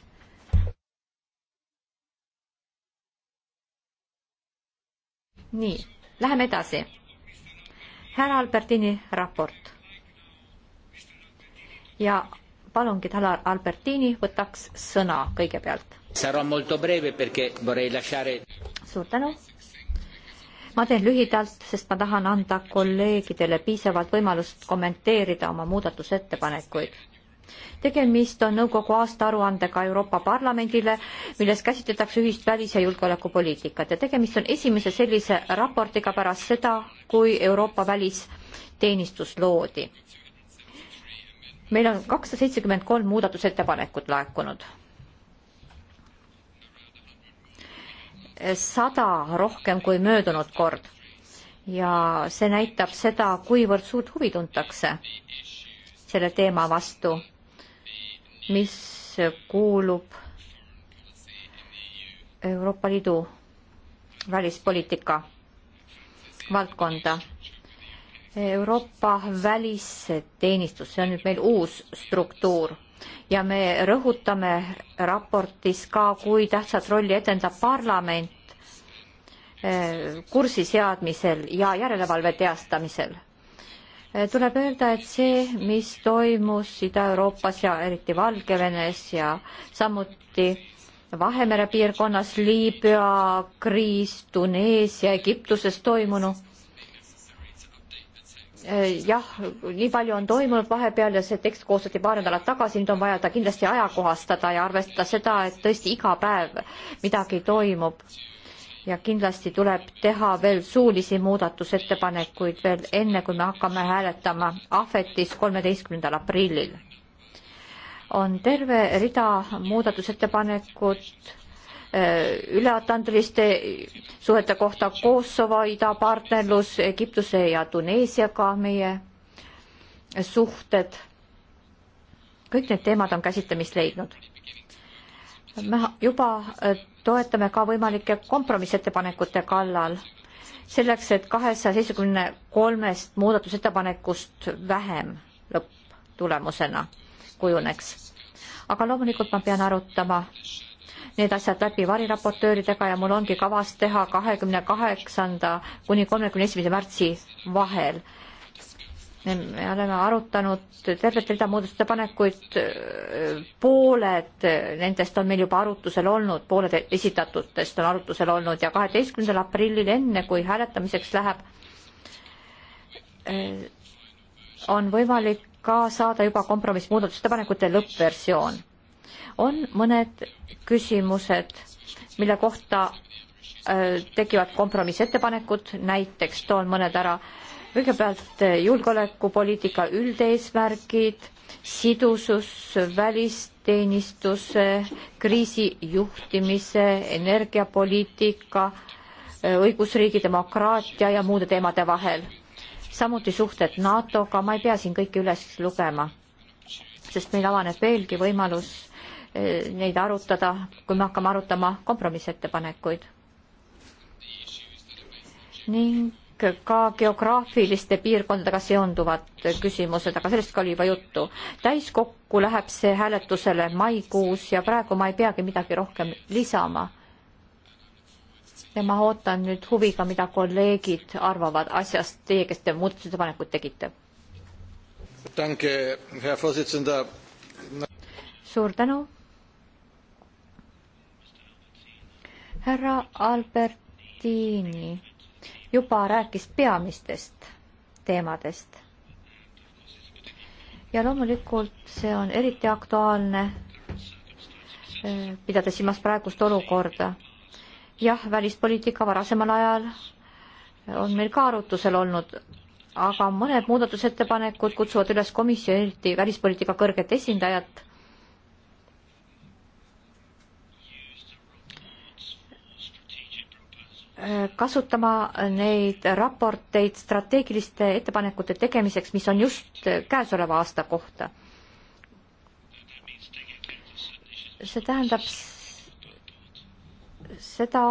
nii, läheme edasi. härra Albertini raport. ja palungi, et härra Albertini võtaks sõna kõigepealt. suur tänu ma teen lühidalt, sest ma tahan anda kolleegidele piisavalt võimalust kommenteerida oma muudatusettepanekuid tegemist on nõukogu aastaaruandega Euroopa Parlamendile, milles käsitletakse ühist välis- ja julgeolekupoliitikat ja tegemist on esimese sellise raportiga pärast seda, kui Euroopa välisteenistus loodi. meil on kakssada seitsekümmend kolm muudatusettepanekut laekunud. sada rohkem kui möödunud kord ja see näitab seda, kuivõrd suurt huvi tuntakse selle teema vastu mis kuulub Euroopa Liidu välispoliitika valdkonda. Euroopa välisteenistus, see on nüüd meil uus struktuur ja me rõhutame raportis ka, kui tähtsat rolli etendab parlament eh, kursi seadmisel ja järelevalve teastamisel. Eh, tuleb öelda, et see, mis toimus Ida-Euroopas ja eriti Valgevenes ja samuti Vahemere piirkonnas Liibüa kriis, Tuneesia, Egiptuses toimunu. Eh, jah, nii palju on toimunud vahepeal ja see tekst koostati paar nädalat tagasi, nüüd on vaja ta kindlasti ajakohastada ja arvestada seda, et tõesti iga päev midagi toimub ja kindlasti tuleb teha veel suulisi muudatusettepanekuid veel enne, kui me hakkame hääletama ahvetis kolmeteistkümnendal aprillil. on terve rida muudatusettepanekut äh, üleatlandiliste suhete kohta Kosovo idapartnerlus Egiptuse ja Tuneesiaga meie suhted. kõik need teemad on käsitlemist leidnud me juba äh, toetame ka võimalike kompromissettepanekute kallal, selleks et kahesaja seitsmekümne kolmest muudatusettepanekust vähem lõpptulemusena kujuneks. aga loomulikult ma pean arutama need asjad läbi variraportööridega ja mul ongi kavas teha kahekümne kaheksanda kuni kolmekümne esimese märtsi vahel me oleme arutanud tervet rida muudatusettepanekuid, pooled nendest on meil juba arutusel olnud, pooled esitatutest on arutusel olnud ja kaheteistkümnendal aprillil, enne kui hääletamiseks läheb, on võimalik ka saada juba kompromissmuudatusettepanekute lõppversioon. on mõned küsimused, mille kohta äh, tekivad kompromissettepanekud, näiteks toon mõned ära äh, kõigepealt eh, julgeolekupoliitika üldeesmärgid, sidusus, välisteenistuse, kriisijuhtimise, energiapoliitika, eh, õigusriigi demokraatia ja muude teemade vahel. samuti suhted NATO-ga, ma ei pea siin kõike üles lugema, sest meil avaneb veelgi võimalus eh, neid arutada, kui me hakkame arutama kompromissettepanekuid. ning ka geograafiliste piirkondadega seonduvad küsimused, aga sellest ka oli juba juttu. täiskokku läheb see hääletusele maikuus ja praegu ma ei peagi midagi rohkem lisama. ja ma ootan nüüd huviga, mida kolleegid arvavad asjast, teie, kes te muudatusettepanekud tegite. suur tänu. härra Albertini juba rääkis peamistest teemadest. ja loomulikult see on eriti aktuaalne, äh, pidades silmas praegust olukorda. jah, välispoliitika varasemal ajal on meil ka arutusel olnud, aga mõned muudatusettepanekud kutsuvad üles komisjoni, eriti välispoliitika kõrget esindajat kasutama neid raporteid strateegiliste ettepanekute tegemiseks, mis on just käesoleva aasta kohta. see tähendab seda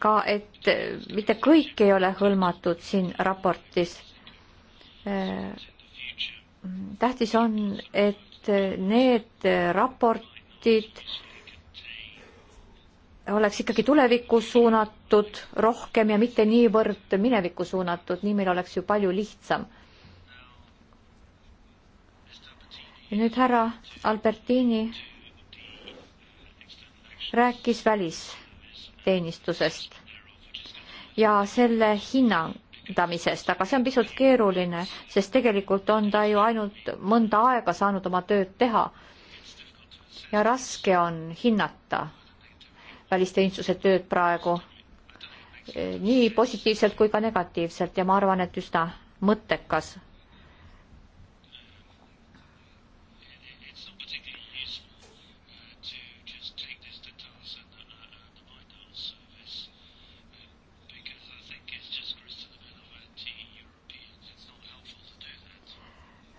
ka, et mitte kõik ei ole hõlmatud siin raportis. tähtis on, et need raportid, oleks ikkagi tulevikku suunatud rohkem ja mitte niivõrd minevikku suunatud, nii meil oleks ju palju lihtsam. nüüd härra Albertini rääkis välisteenistusest ja selle hinnandamisest, aga see on pisut keeruline, sest tegelikult on ta ju ainult mõnda aega saanud oma tööd teha. ja raske on hinnata välisteenistuse tööd praegu eh, nii positiivselt kui ka negatiivselt ja ma arvan, et üsna mõttekas.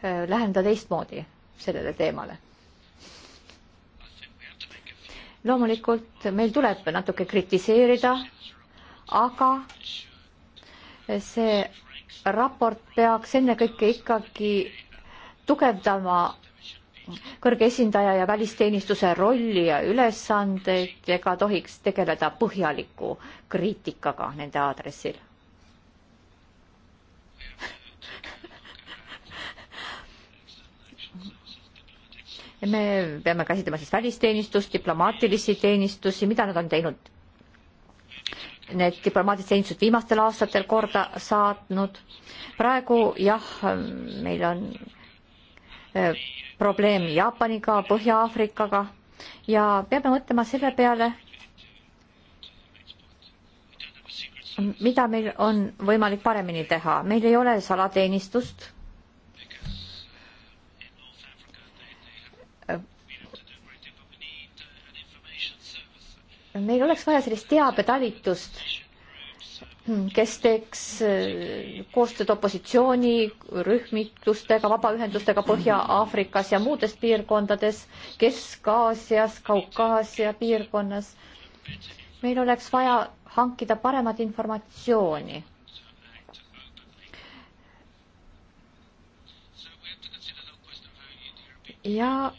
Eh, läheneda teistmoodi sellele teemale loomulikult meil tuleb natuke kritiseerida, aga see raport peaks ennekõike ikkagi tugevdama kõrge esindaja ja välisteenistuse rolli ja ülesandeid ega tohiks tegeleda põhjaliku kriitikaga nende aadressil. me peame käsitlema siis välisteenistust, diplomaatilisi teenistusi, mida nad on teinud. Need diplomaatilised teenistused viimastel aastatel korda saatnud. praegu jah, meil on e, probleem Jaapaniga, Põhja-Aafrikaga ja peame mõtlema selle peale, mida meil on võimalik paremini teha. meil ei ole salateenistust meil oleks vaja sellist teabetalitust, kes teeks äh, koostööd opositsioonirühmitustega, vabaühendustega Põhja-Aafrikas ja muudes piirkondades, Kesk-Aasias, Kaukaasia piirkonnas. meil oleks vaja hankida paremat informatsiooni ja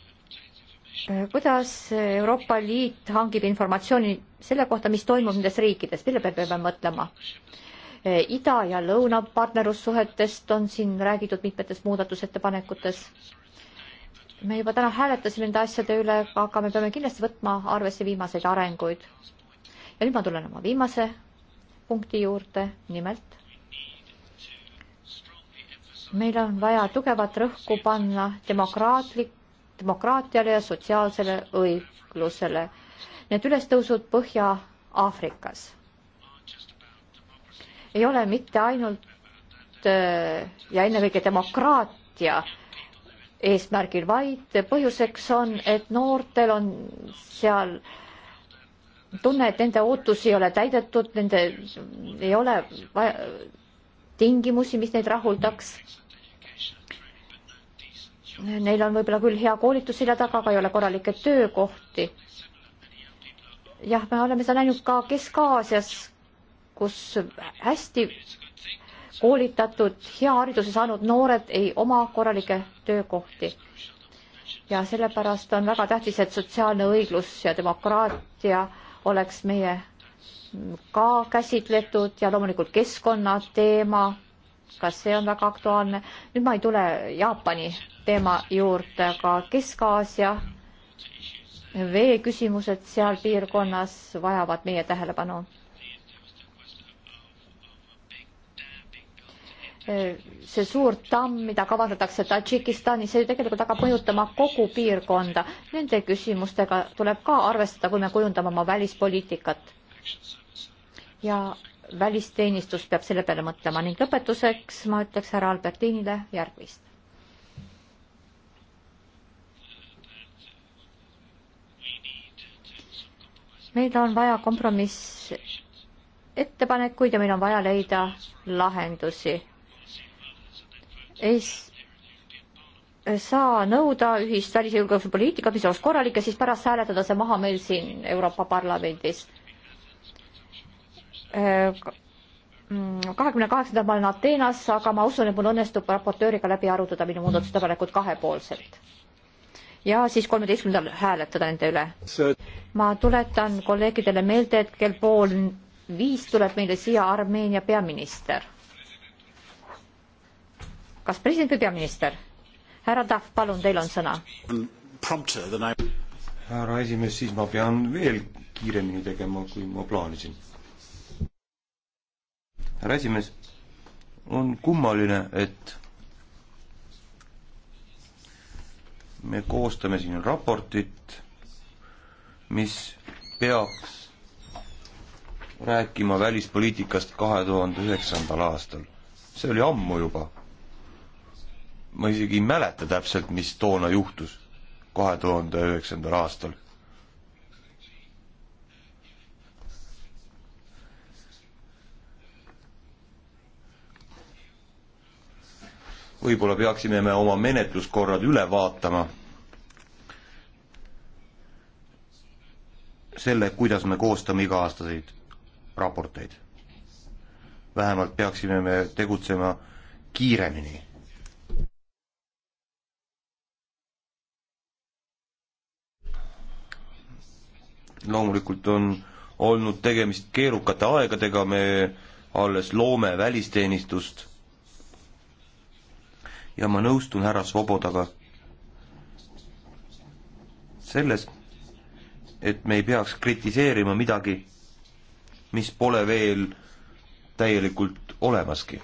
Äh, kuidas Euroopa Liit hangib informatsiooni selle kohta, mis toimub nendes riikides, mille peale peame mõtlema? Äh, ida ja lõuna partnerlussuhetest on siin räägitud mitmetes muudatusettepanekutes. me juba täna hääletasime nende asjade üle, aga me peame kindlasti võtma arvesse viimaseid arenguid. ja nüüd ma tulen oma viimase punkti juurde, nimelt meil on vaja tugevat rõhku panna demokraatlik demokraatiale ja sotsiaalsele õiglusele. Need ülestõusud Põhja-Aafrikas ei ole mitte ainult äh, ja ennekõike demokraatia eesmärgil, vaid põhjuseks on, et noortel on seal tunne, et nende ootusi ei ole täidetud, nende ei ole vaja, tingimusi, mis neid rahuldaks. Neil on võib-olla küll hea koolitus selja taga, aga ei ole korralikke töökohti. jah, me oleme seda näinud ka Kesk-Aasias, kus hästi koolitatud, hea hariduse saanud noored ei oma korralikke töökohti. ja sellepärast on väga tähtis, et sotsiaalne õiglus ja demokraatia oleks meie ka käsitletud ja loomulikult keskkonnateema ka see on väga aktuaalne. nüüd ma ei tule Jaapani teema juurde, aga Kesk-Aasia veeküsimused seal piirkonnas vajavad meie tähelepanu. see suur tamm, mida kavandatakse Tadžikistanis, see tegelikult hakkab mõjutama kogu piirkonda. Nende küsimustega tuleb ka arvestada, kui me kujundame oma välispoliitikat. ja välisteenistus peab selle peale mõtlema ning lõpetuseks ma ütleks härra Albertinile järgmist. meil on vaja kompromissettepanekuid ja meil on vaja leida lahendusi. ei saa nõuda ühist välis- ja julgeolekupoliitikat, mis oleks korralik ja siis pärast hääletada see maha meil siin Euroopa Parlamendis Äh, mm, kahekümne kaheksandal ma olen Ateenas, aga ma usun, et mul õnnestub raportööriga läbi arutada minu muudatusettepanekud kahepoolselt. ja siis kolmeteistkümnendal hääletada nende üle. ma tuletan kolleegidele meelde, et kell pool viis tuleb meile siia Armeenia peaminister. kas president või peaminister? härra Tahv, palun, teil on sõna. härra esimees, siis ma pean veel kiiremini tegema, kui ma plaanisin härra esimees, on kummaline, et me koostame siin raportit, mis peaks rääkima välispoliitikast kahe tuhande üheksandal aastal. see oli ammu juba. ma isegi ei mäleta täpselt, mis toona juhtus kahe tuhande üheksandal aastal võib-olla peaksime me oma menetluskorrad üle vaatama selle, kuidas me koostame iga-aastaseid raporteid. vähemalt peaksime me tegutsema kiiremini. loomulikult on olnud tegemist keerukate aegadega, me alles loome välisteenistust ja ma nõustun härra Svobodaga selles, et me ei peaks kritiseerima midagi, mis pole veel täielikult olemaski.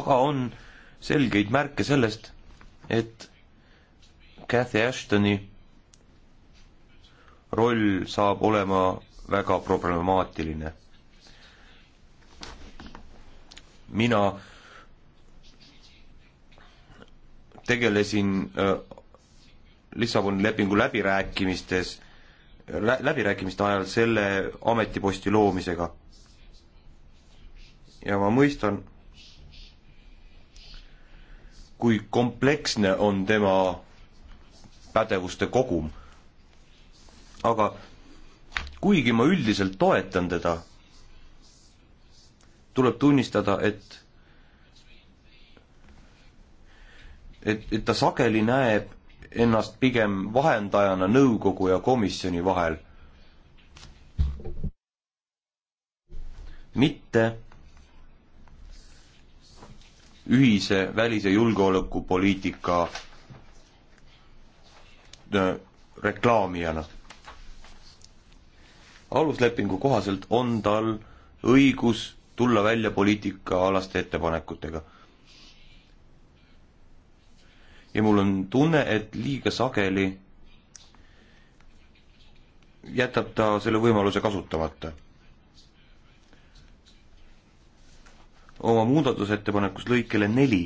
aga on selgeid märke sellest, et Cathy Ashtoni roll saab olema väga problemaatiline. mina tegelesin Lissaboni lepingu läbirääkimistes, läbirääkimiste ajal selle ametiposti loomisega. ja ma mõistan, kui kompleksne on tema pädevuste kogum. aga kuigi ma üldiselt toetan teda, tuleb tunnistada, et et, et ta sageli näeb ennast pigem vahendajana nõukogu ja komisjoni vahel. mitte ühise välis- ja julgeolekupoliitika äh, reklaamijana. aluslepingu kohaselt on tal õigus tulla välja poliitikaalaste ettepanekutega ja mul on tunne, et liiga sageli jätab ta selle võimaluse kasutamata. oma muudatusettepanekus lõikele neli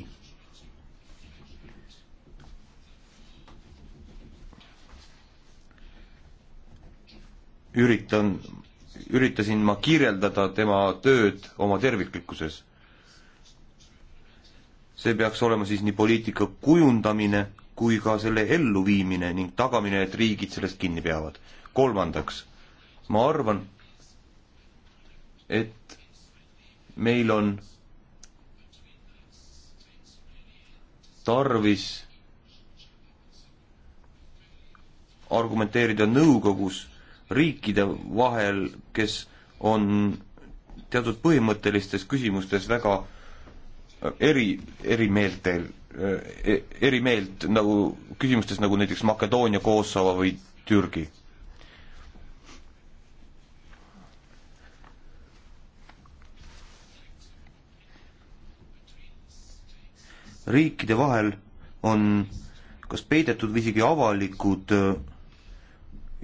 üritan, üritasin ma kirjeldada tema tööd oma terviklikkuses see peaks olema siis nii poliitika kujundamine kui ka selle elluviimine ning tagamine, et riigid sellest kinni peavad. kolmandaks, ma arvan, et meil on tarvis argumenteerida nõukogus riikide vahel, kes on teatud põhimõttelistes küsimustes väga äh, eri, eri meeltel, e, eri meelt nagu küsimustes nagu näiteks Makedoonia, Kosovo või Türgi. riikide vahel on kas peidetud või isegi avalikud e,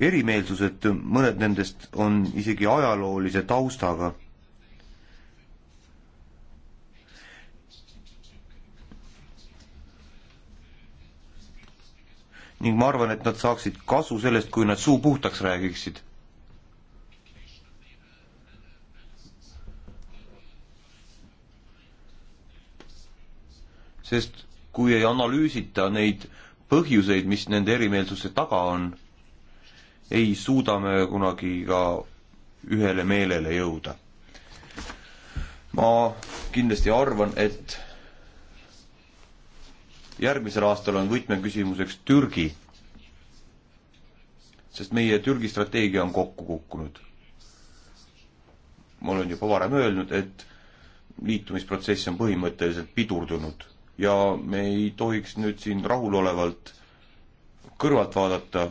erimeelsused, mõned nendest on isegi ajaloolise taustaga ning ma arvan, et nad saaksid kasu sellest, kui nad suu puhtaks räägiksid. sest kui ei analüüsita neid põhjuseid, mis nende erimeelsuse taga on, ei suuda me kunagi ka ühele meelele jõuda. ma kindlasti arvan, et järgmisel aastal on võtmeküsimuseks Türgi, sest meie Türgi strateegia on kokku kukkunud. ma olen juba varem öelnud, et liitumisprotsess on põhimõtteliselt pidurdunud ja me ei tohiks nüüd siin rahulolevalt kõrvalt vaadata,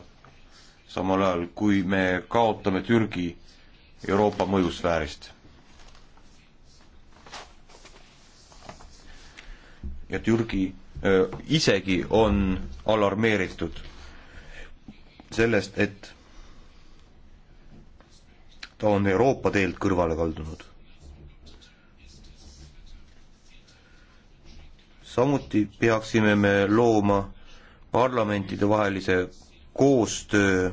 samal ajal kui me kaotame Türgi Euroopa mõjusfäärist ja Türgi isegi on alarmeeritud sellest, et ta on Euroopa teelt kõrvale kaldunud. samuti peaksime me looma parlamentidevahelise koostöö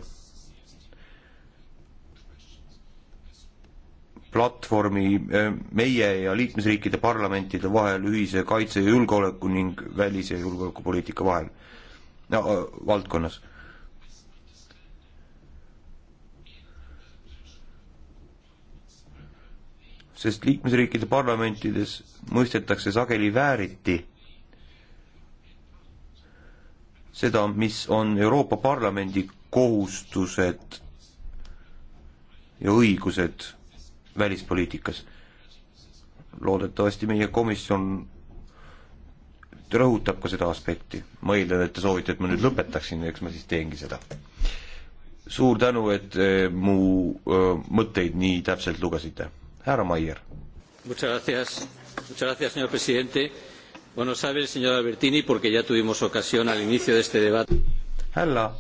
platvormi eh, meie ja liikmesriikide parlamentide vahel ühise kaitse ja julgeoleku ning välis- ja julgeolekupoliitika vahel no,, äh, valdkonnas. sest liikmesriikide parlamentides mõistetakse sageli vääriti seda, mis on Euroopa Parlamendi kohustused ja õigused välispoliitikas. loodetavasti meie komisjon rõhutab ka seda aspekti. ma eeldan, et te soovite, et ma nüüd lõpetaksin, eks ma siis teengi seda. suur tänu, et eh, mu öö, eh, mõtteid nii täpselt lugesite. härra Maier. Muchas gracias, muchas gracias, señor presidente. Bueno, sabe el señor Albertini, porque ya tuvimos ocasión al inicio de este debate. Hälla,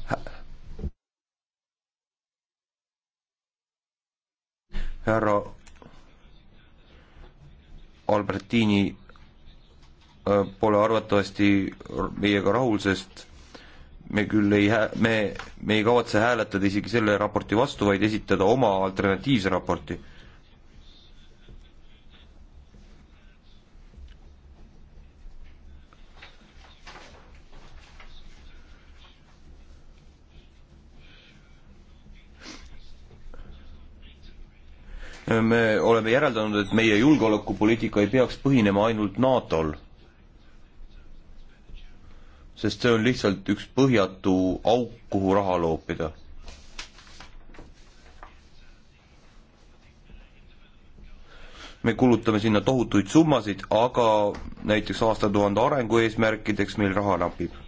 härra Albertini äh, pole arvatavasti meiega rahul, sest me küll ei hää-, me, me ei kavatse hääletada isegi selle raporti vastu, vaid esitada oma alternatiivse raporti me oleme järeldanud, et meie julgeolekupoliitika ei peaks põhinema ainult NATO-l. sest see on lihtsalt üks põhjatu auk, kuhu raha loopida. me kulutame sinna tohutuid summasid, aga näiteks aastatuhande arengu eesmärkideks meil raha napib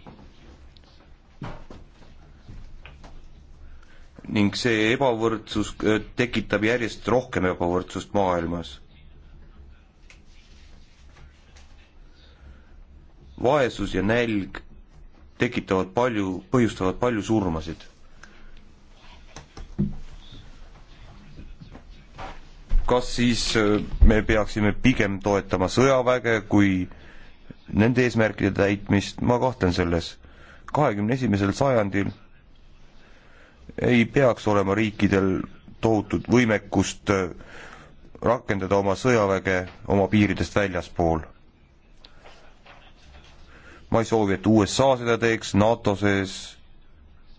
ning see ebavõrdsus äh, tekitab järjest rohkem ebavõrdsust maailmas. vaesus ja nälg tekitavad palju, põhjustavad palju surmasid. kas siis äh, me peaksime pigem toetama sõjaväge kui nende eesmärkide täitmist, ma kahtlen selles. kahekümne esimesel sajandil ei peaks olema riikidel tohutut võimekust äh, rakendada oma sõjaväge oma piiridest väljaspool. ma ei soovi, et USA seda teeks NATO sees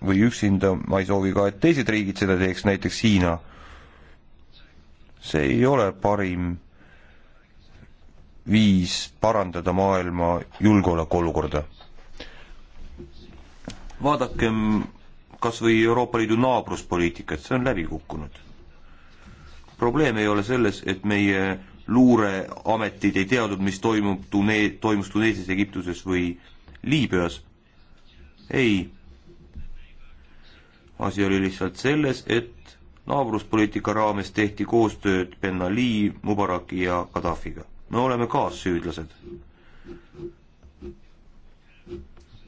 või üksinda, ma ei soovi ka, et teised riigid seda teeks, näiteks Hiina. see ei ole parim viis parandada maailma julgeolekuolukorda. vaadakem kas või Euroopa Liidu naabruspoliitikat, see on läbi kukkunud. probleem ei ole selles, et meie luureametid ei teadnud, mis toimub Tune-, toimus Tuneesias, Egiptuses või Liibüas. ei. asi oli lihtsalt selles, et naabruspoliitika raames tehti koostööd Ben Ali, Mubaraki ja Gaddafiga. me oleme kaassüüdlased.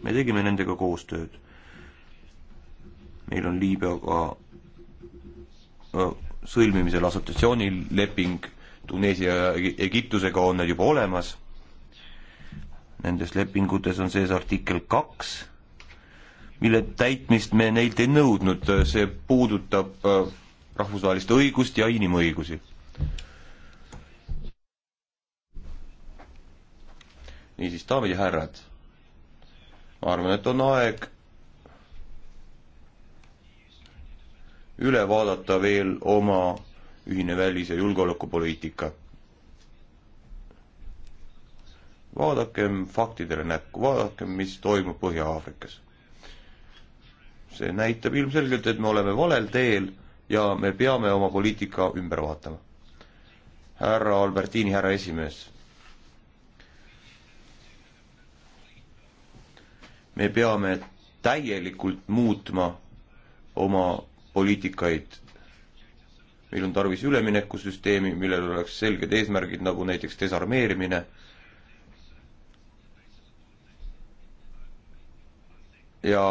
me tegime nendega koostööd meil on Liibüaga sõlmimisel assotsiatsioonileping, Tuneesia ja Egiptusega on need juba olemas, nendes lepingutes on sees artikkel kaks, mille täitmist me neilt ei nõudnud, see puudutab rahvusvahelist õigust ja inimõigusi. niisiis, daamid ja härrad, ma arvan, et on aeg üle vaadata veel oma ühine välis- ja julgeolekupoliitika. vaadakem faktidele näkku, vaadakem, mis toimub Põhja-Aafrikas. see näitab ilmselgelt, et me oleme valel teel ja me peame oma poliitika ümber vaatama. härra Albertini, härra esimees. me peame täielikult muutma oma poliitikaid. meil on tarvis üleminekusüsteemi, millel oleks selged eesmärgid, nagu näiteks desarmeerimine. ja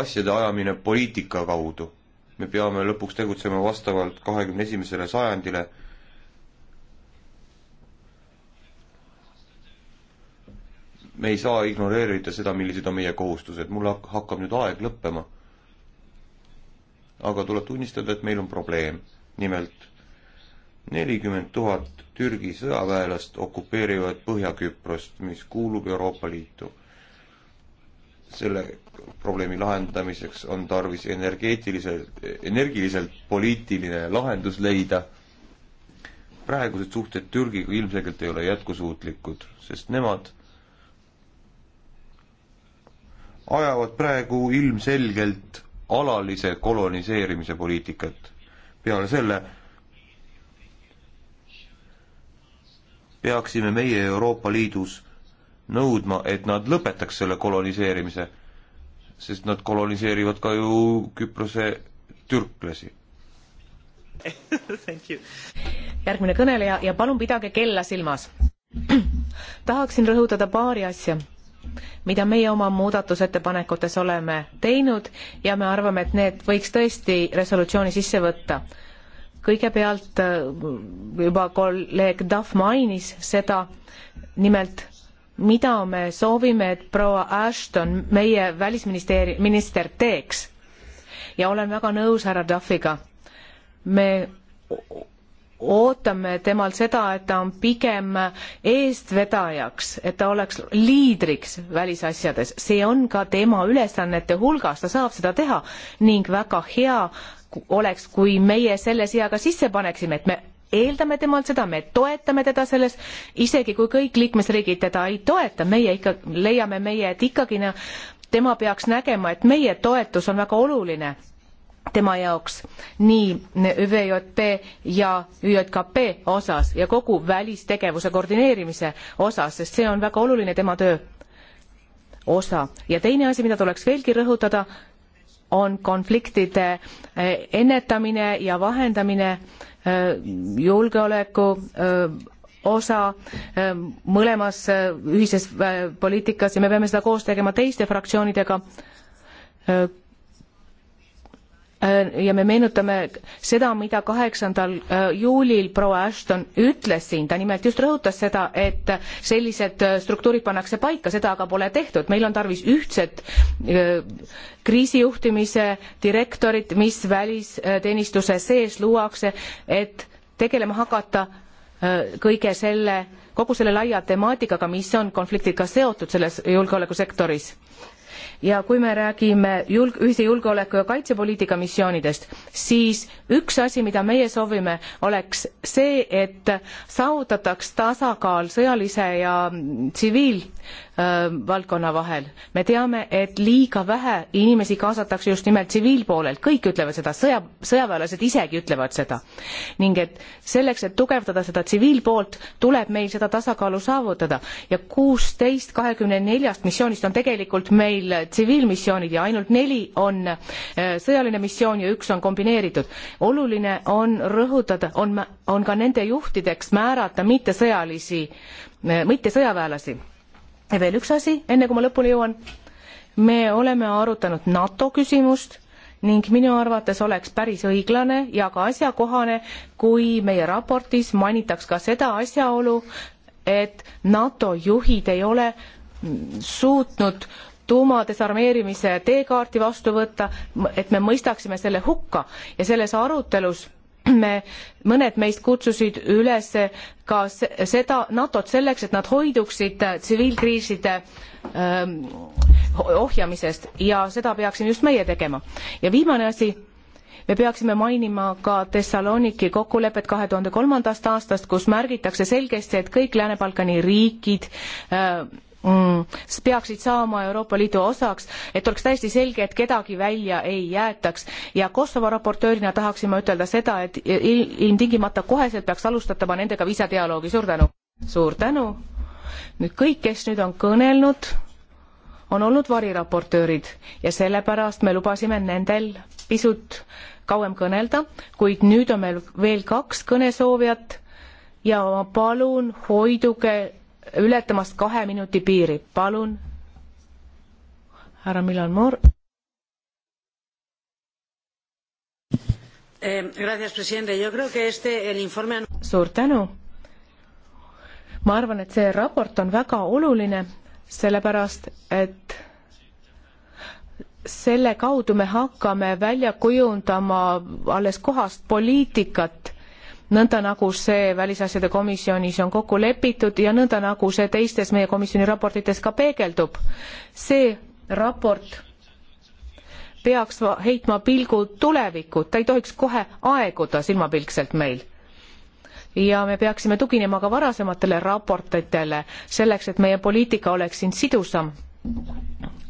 asjade ajamine poliitika kaudu. me peame lõpuks tegutsema vastavalt kahekümne esimesele sajandile me ei saa ignoreerida seda, millised on meie kohustused, mul hakkab nüüd aeg lõppema aga tuleb tunnistada, et meil on probleem. nimelt nelikümmend tuhat Türgi sõjaväelast okupeerivad Põhja-Küprost, mis kuulub Euroopa Liitu. selle probleemi lahendamiseks on tarvis energeetiliselt, energiliselt poliitiline lahendus leida. praegused suhted Türgiga ilmselgelt ei ole jätkusuutlikud, sest nemad ajavad praegu ilmselgelt alalise koloniseerimise poliitikat. peale selle peaksime meie Euroopa Liidus nõudma, et nad lõpetaks selle koloniseerimise, sest nad koloniseerivad ka ju Küprose türklasi. järgmine kõneleja ja palun pidage kella silmas tahaksin rõhutada paari asja mida meie oma muudatusettepanekutes oleme teinud ja me arvame, et need võiks tõesti resolutsiooni sisse võtta. kõigepealt äh, juba kolleeg Duff mainis seda, nimelt mida me soovime, et proua Ashton, meie välisministeeri-, minister teeks. ja olen väga nõus härra Duffiga. me ootame temalt seda, et ta on pigem eestvedajaks, et ta oleks liidriks välisasjades, see on ka tema ülesannete hulgas, ta saab seda teha ning väga hea oleks, kui meie selle siia ka sisse paneksime, et me eeldame temalt seda, me toetame teda selles, isegi kui kõik liikmesriigid teda ei toeta, meie ikka leiame meie, et ikkagi tema peaks nägema, et meie toetus on väga oluline tema jaoks nii ÜVJP ja ÜJKP osas ja kogu välistegevuse koordineerimise osas, sest see on väga oluline tema töö osa. ja teine asi, mida tuleks veelgi rõhutada, on konfliktide äh, ennetamine ja vahendamine äh, julgeoleku äh, osa mõlemas ühises poliitikas ja me peame seda koos tegema teiste fraktsioonidega Äh, ja me meenutame seda, mida kaheksandal äh, juulil proua Ashton ütles siin, ta nimelt just rõhutas seda, et sellised äh, struktuurid pannakse paika, seda aga pole tehtud, meil on tarvis ühtset kriisijuhtimise direktorit, mis välisteenistuse sees luuakse, et tegelema hakata kõige selle, kogu selle laia temaatikaga, mis on konfliktiga seotud selles julgeolekusektoris ja kui me räägime julg-, ühise julgeoleku- ja kaitsepoliitika missioonidest, siis üks asi, mida meie soovime, oleks see, et saavutataks tasakaal sõjalise ja mm, tsiviil Äh, valdkonna vahel. me teame, et liiga vähe inimesi kaasatakse just nimelt tsiviilpoolel, kõik ütlevad seda, sõja, sõjaväelased isegi ütlevad seda. ning et selleks, et tugevdada seda tsiviilpoolt, tuleb meil seda tasakaalu saavutada ja kuusteist kahekümne neljast missioonist on tegelikult meil tsiviilmissioonid ja ainult neli on äh, sõjaline missioon ja üks on kombineeritud. oluline on rõhutada, on, on ka nende juhtideks määrata mittesõjalisi, äh, mittesõjaväelasi ja veel üks asi, enne kui ma lõpuni jõuan. me oleme arutanud NATO küsimust ning minu arvates oleks päris õiglane ja ka asjakohane, kui meie raportis mainitaks ka seda asjaolu, et NATO juhid ei ole suutnud tuumadesarmeerimise teekaarti vastu võtta, et me mõistaksime selle hukka ja selles arutelus me, mõned meist kutsusid üles ka seda NATO-t selleks, et nad hoiduksid tsiviilkriiside ähm, ohjamisest ja seda peaksime just meie tegema. ja viimane asi, me peaksime mainima ka Thessaloniki kokkulepet kahe tuhande kolmandast aastast, kus märgitakse selgesti, et kõik Lääne-Balkani riikid öö, äh, mm, peaksid saama Euroopa Liidu osaks, et oleks täiesti selge, et kedagi välja ei jäetaks. ja Kosovo raportöörina tahaksin ma ütelda seda, et ilmtingimata koheselt peaks alustatama nendega viisadialoogi, suur tänu! suur tänu! nüüd kõik, kes nüüd on kõnelnud, on olnud variraportöörid ja sellepärast me lubasime nendel pisut kauem kõnelda, kuid nüüd on meil veel kaks kõnesoovijat ja ma palun, hoiduge ületamast kahe minuti piiri. palun, härra Milan Moor. Eh, suur tänu. ma arvan, et see raport on väga oluline, sellepärast et selle kaudu me hakkame välja kujundama alles kohast poliitikat nõnda nagu see Välisasjade komisjonis on kokku lepitud ja nõnda nagu see teistes meie komisjoni raportites ka peegeldub. see raport peaks heitma pilgu tulevikku, ta ei tohiks kohe aeguda silmapilkselt meil ja me peaksime tuginema ka varasematele raportitele selleks, et meie poliitika oleks siin sidusam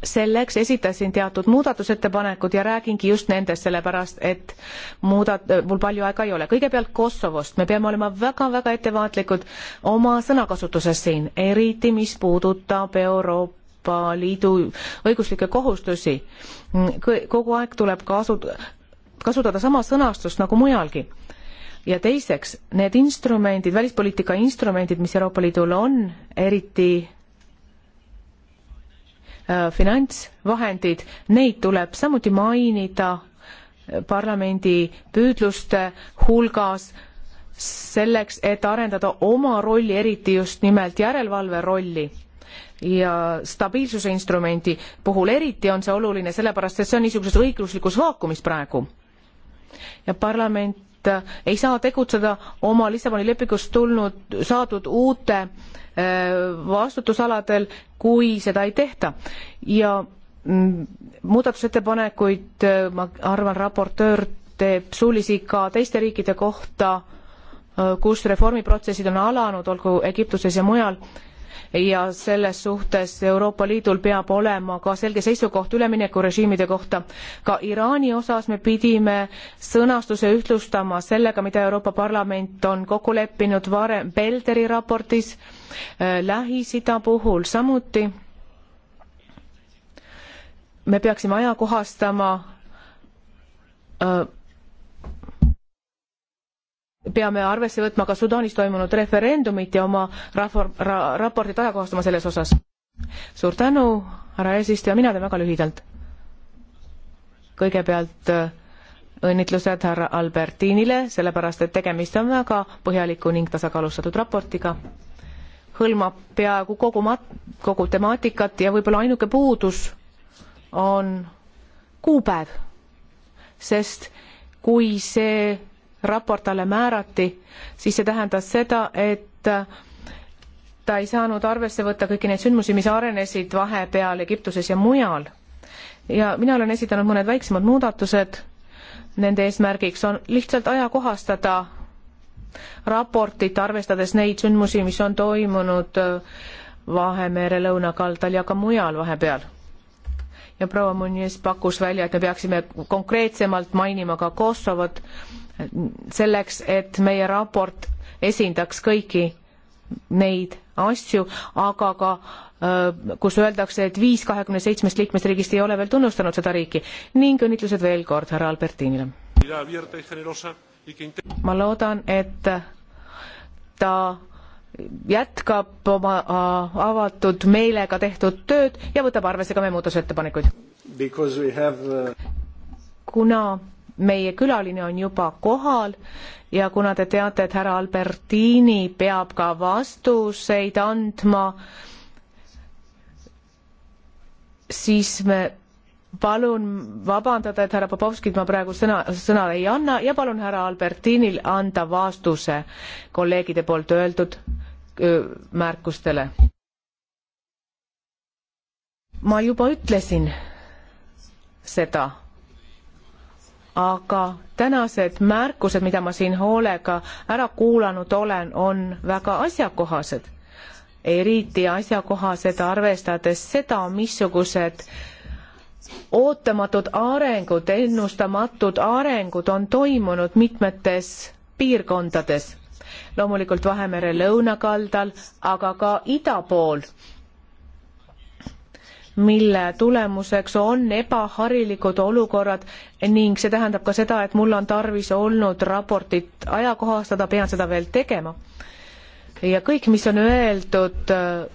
selleks esitasin teatud muudatusettepanekud ja räägingi just nendest, sellepärast et muudat-, mul palju aega ei ole. kõigepealt Kosovost, me peame olema väga-väga ettevaatlikud oma sõnakasutuses siin, eriti mis puudutab Euroopa Liidu õiguslikke kohustusi. kogu aeg tuleb kasu-, kasutada sama sõnastust nagu mujalgi ja teiseks, need instrumendid, välispoliitika instrumendid, mis Euroopa Liidul on, eriti Äh, finantsvahendid, neid tuleb samuti mainida parlamendi püüdluste hulgas selleks, et arendada oma rolli, eriti just nimelt järelevalve rolli ja stabiilsuse instrumendi puhul eriti on see oluline, sellepärast et see on niisuguses õiguslikus vaakumis praegu. ja parlament äh, ei saa tegutseda oma Lissaboni lepingust tulnud, saadud uute äh, Äh, vastutusaladel, kui seda ei tehta. ja mm, muudatusettepanekuid, äh, ma arvan, raportöör teeb suulisi ka teiste riikide kohta, äh, kus reformiprotsessid on alanud, olgu Egiptuses ja mujal ja selles suhtes Euroopa Liidul peab olema ka selge seisukoht üleminekurežiimide kohta. ka Iraani osas me pidime sõnastuse ühtlustama sellega, mida Euroopa Parlament on kokku leppinud varem Belderi raportis äh,, Lähis-Ida puhul samuti me peaksime ajakohastama äh, peame arvesse võtma ka Sudaanis toimunud referendumit ja oma rahva, ra, raportit ajakohastama selles osas. suur tänu, härra eesistuja, mina teen väga lühidalt. kõigepealt äh, õnnitlused härra Albertinile, sellepärast et tegemist on väga põhjaliku ning tasakaalustatud raportiga. hõlmab peaaegu kogu mat-, kogu temaatikat ja võib-olla ainuke puudus on kuupäev, sest kui see raport talle määrati, siis see tähendas seda, et ta ei saanud arvesse võtta kõiki neid sündmusi, mis arenesid vahepeal Egiptuses ja mujal. ja mina olen esitanud mõned väiksemad muudatused, nende eesmärgiks on lihtsalt ajakohastada raportit, arvestades neid sündmusi, mis on toimunud Vahemere lõunakaldal ja ka mujal vahepeal ja proua Muniz pakkus välja, et me peaksime konkreetsemalt mainima ka Kosovot selleks, et meie raport esindaks kõiki neid asju, aga ka äh, kus öeldakse, et viis kahekümne seitsmest liikmesriigist ei ole veel tunnustanud seda riiki ning õnnitlused veel kord härra Albertinile. ma loodan, et ta jätkab oma äh, avatud meelega tehtud tööd ja võtab arvesse ka meie muudatusettepanekuid. Äh, kuna meie külaline on juba kohal ja kuna te teate, et härra Albertini peab ka vastuseid andma, siis me palun vabandada, et härra Popovskit ma praegu sõna, sõna ei anna ja palun härra Albertinil anda vastuse kolleegide poolt öeldud öö, märkustele. ma juba ütlesin seda aga tänased märkused, mida ma siin hoolega ära kuulanud olen, on väga asjakohased. eriti asjakohased, arvestades seda, missugused ootamatud arengud, ennustamatud arengud on toimunud mitmetes piirkondades. loomulikult Vahemere lõunakaldal, aga ka ida pool mille tulemuseks on ebaharilikud olukorrad ning see tähendab ka seda, et mul on tarvis olnud raportit ajakohastada, pean seda veel tegema. ja kõik, mis on öeldud äh,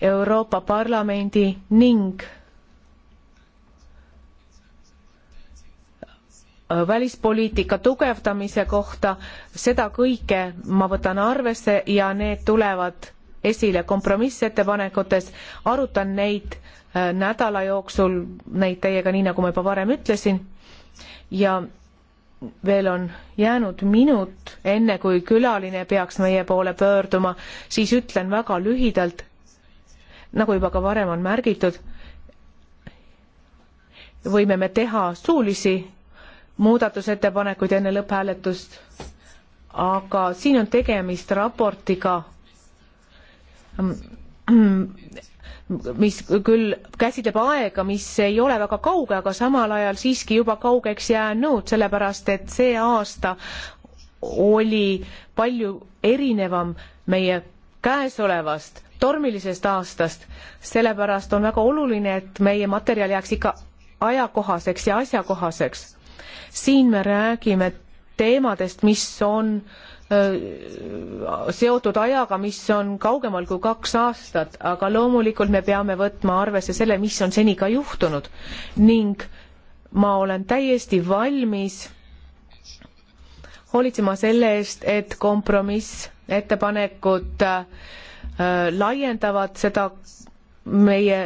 Euroopa Parlamendi ning äh, välispoliitika tugevdamise kohta, seda kõike ma võtan arvesse ja need tulevad esile kompromissettepanekutes, arutan neid Äh, nädala jooksul neid teiega, nii nagu ma juba varem ütlesin. ja veel on jäänud minut, enne kui külaline peaks meie poole pöörduma, siis ütlen väga lühidalt, nagu juba ka varem on märgitud, võime me teha suulisi muudatusettepanekuid enne lõpphääletust, aga siin on tegemist raportiga, mis küll käsitleb aega, mis ei ole väga kauge, aga samal ajal siiski juba kaugeks jäänud, sellepärast et see aasta oli palju erinevam meie käesolevast tormilisest aastast, sellepärast on väga oluline, et meie materjal jääks ikka ajakohaseks ja asjakohaseks. siin me räägime teemadest, mis on äh, Äh, seotud ajaga, mis on kaugemal kui kaks aastat, aga loomulikult me peame võtma arvesse selle, mis on seni ka juhtunud ning ma olen täiesti valmis hoolitsema selle eest, et kompromissettepanekud äh, laiendavad seda meie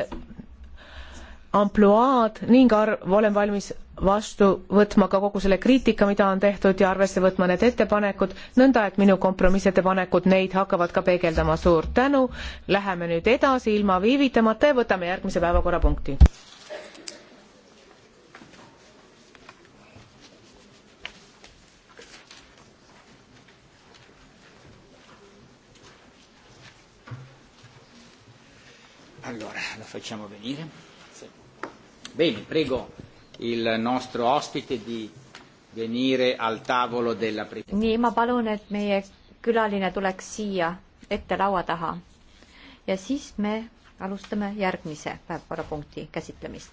ampluaad ning arv, olen valmis vastu võtma ka kogu selle kriitika, mida on tehtud ja arvesse võtma need ettepanekud, nõnda et minu kompromissettepanekud neid hakkavad ka peegeldama. suur tänu, läheme nüüd edasi ilma viivitamata ja võtame järgmise päevakorrapunkti. Allora, la facciamo venire. Bene, prego il nostro ospite di venire al tavolo della nii, ma palun, et meie külaline tuleks siia ette laua taha ja siis me alustame järgmise päevakorrapunkti käsitlemist.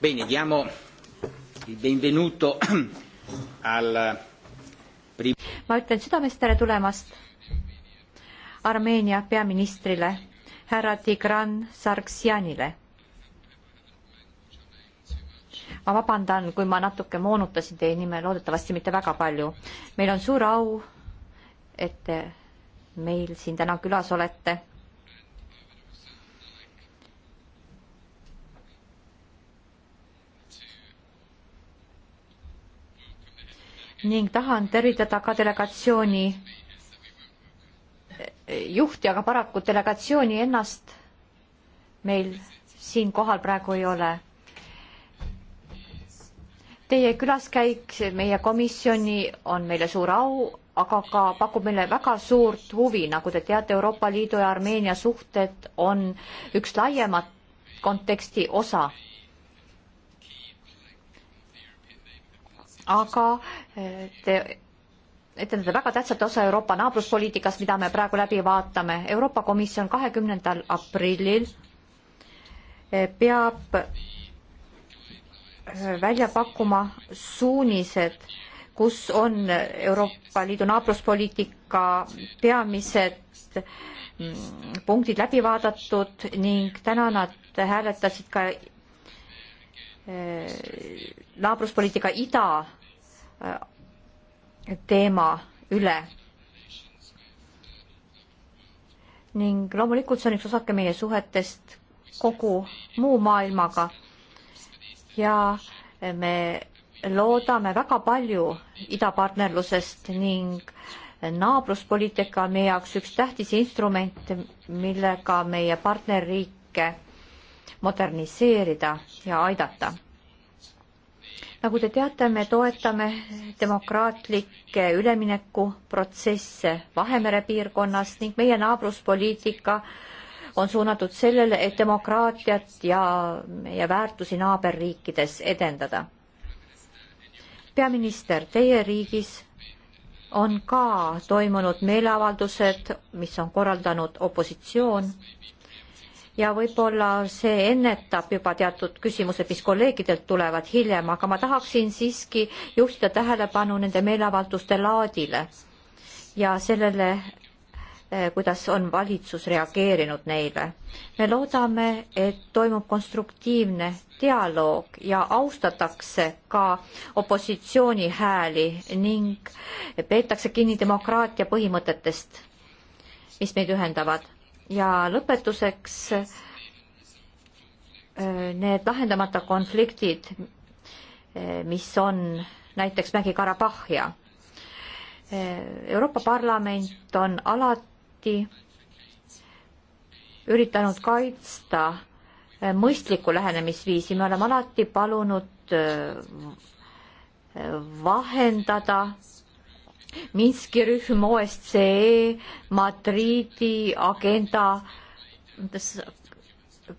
Bene, diamo ma ütlen südamest tere tulemast Armeenia peaministrile härra Tigran Sargsjanile. ma vabandan, kui ma natuke moonutasin teie nime, loodetavasti mitte väga palju. meil on suur au, et te meil siin täna külas olete ning tahan tervitada ka delegatsiooni juhti, aga paraku delegatsiooni ennast meil siin kohal praegu ei ole. Teie külaskäik meie komisjoni on meile suur au, aga ka pakub meile väga suurt huvi, nagu te teate, Euroopa Liidu ja Armeenia suhted on üks laiemat konteksti osa aga eh, te etendada väga tähtsat osa Euroopa naabruspoliitikast, mida me praegu läbi vaatame. Euroopa Komisjon kahekümnendal aprillil eh, peab eh, välja pakkuma suunised, kus on Euroopa Liidu naabruspoliitika peamised mm, punktid läbi vaadatud ning täna nad hääletasid ka Eh, naabruspoliitika ida eh, teema üle. ning loomulikult see on üks osake meie suhetest kogu muu maailmaga ja me loodame väga palju idapartnerlusest ning naabruspoliitika on meie jaoks üks tähtis instrument, millega meie partnerriike moderniseerida ja aidata. nagu te teate, me toetame demokraatlikke üleminekuprotsesse Vahemere piirkonnas ning meie naabruspoliitika on suunatud sellele, et demokraatiat ja meie väärtusi naaberriikides edendada. peaminister, teie riigis on ka toimunud meeleavaldused, mis on korraldanud opositsioon ja võib-olla see ennetab juba teatud küsimused, mis kolleegidelt tulevad hiljem, aga ma tahaksin siiski juhtida tähelepanu nende meeleavalduste laadile ja sellele, eh, kuidas on valitsus reageerinud neile. me loodame, et toimub konstruktiivne dialoog ja austatakse ka opositsiooni hääli ning peetakse kinni demokraatia põhimõtetest, mis meid ühendavad ja lõpetuseks äh, need lahendamata konfliktid, äh, mis on näiteks Mägi-Karabahhia. Äh, Euroopa Parlament on alati üritanud kaitsta mõistlikku lähenemisviisi, me oleme alati palunud vahendada Minski rühm, OSCE, Madridi agenda,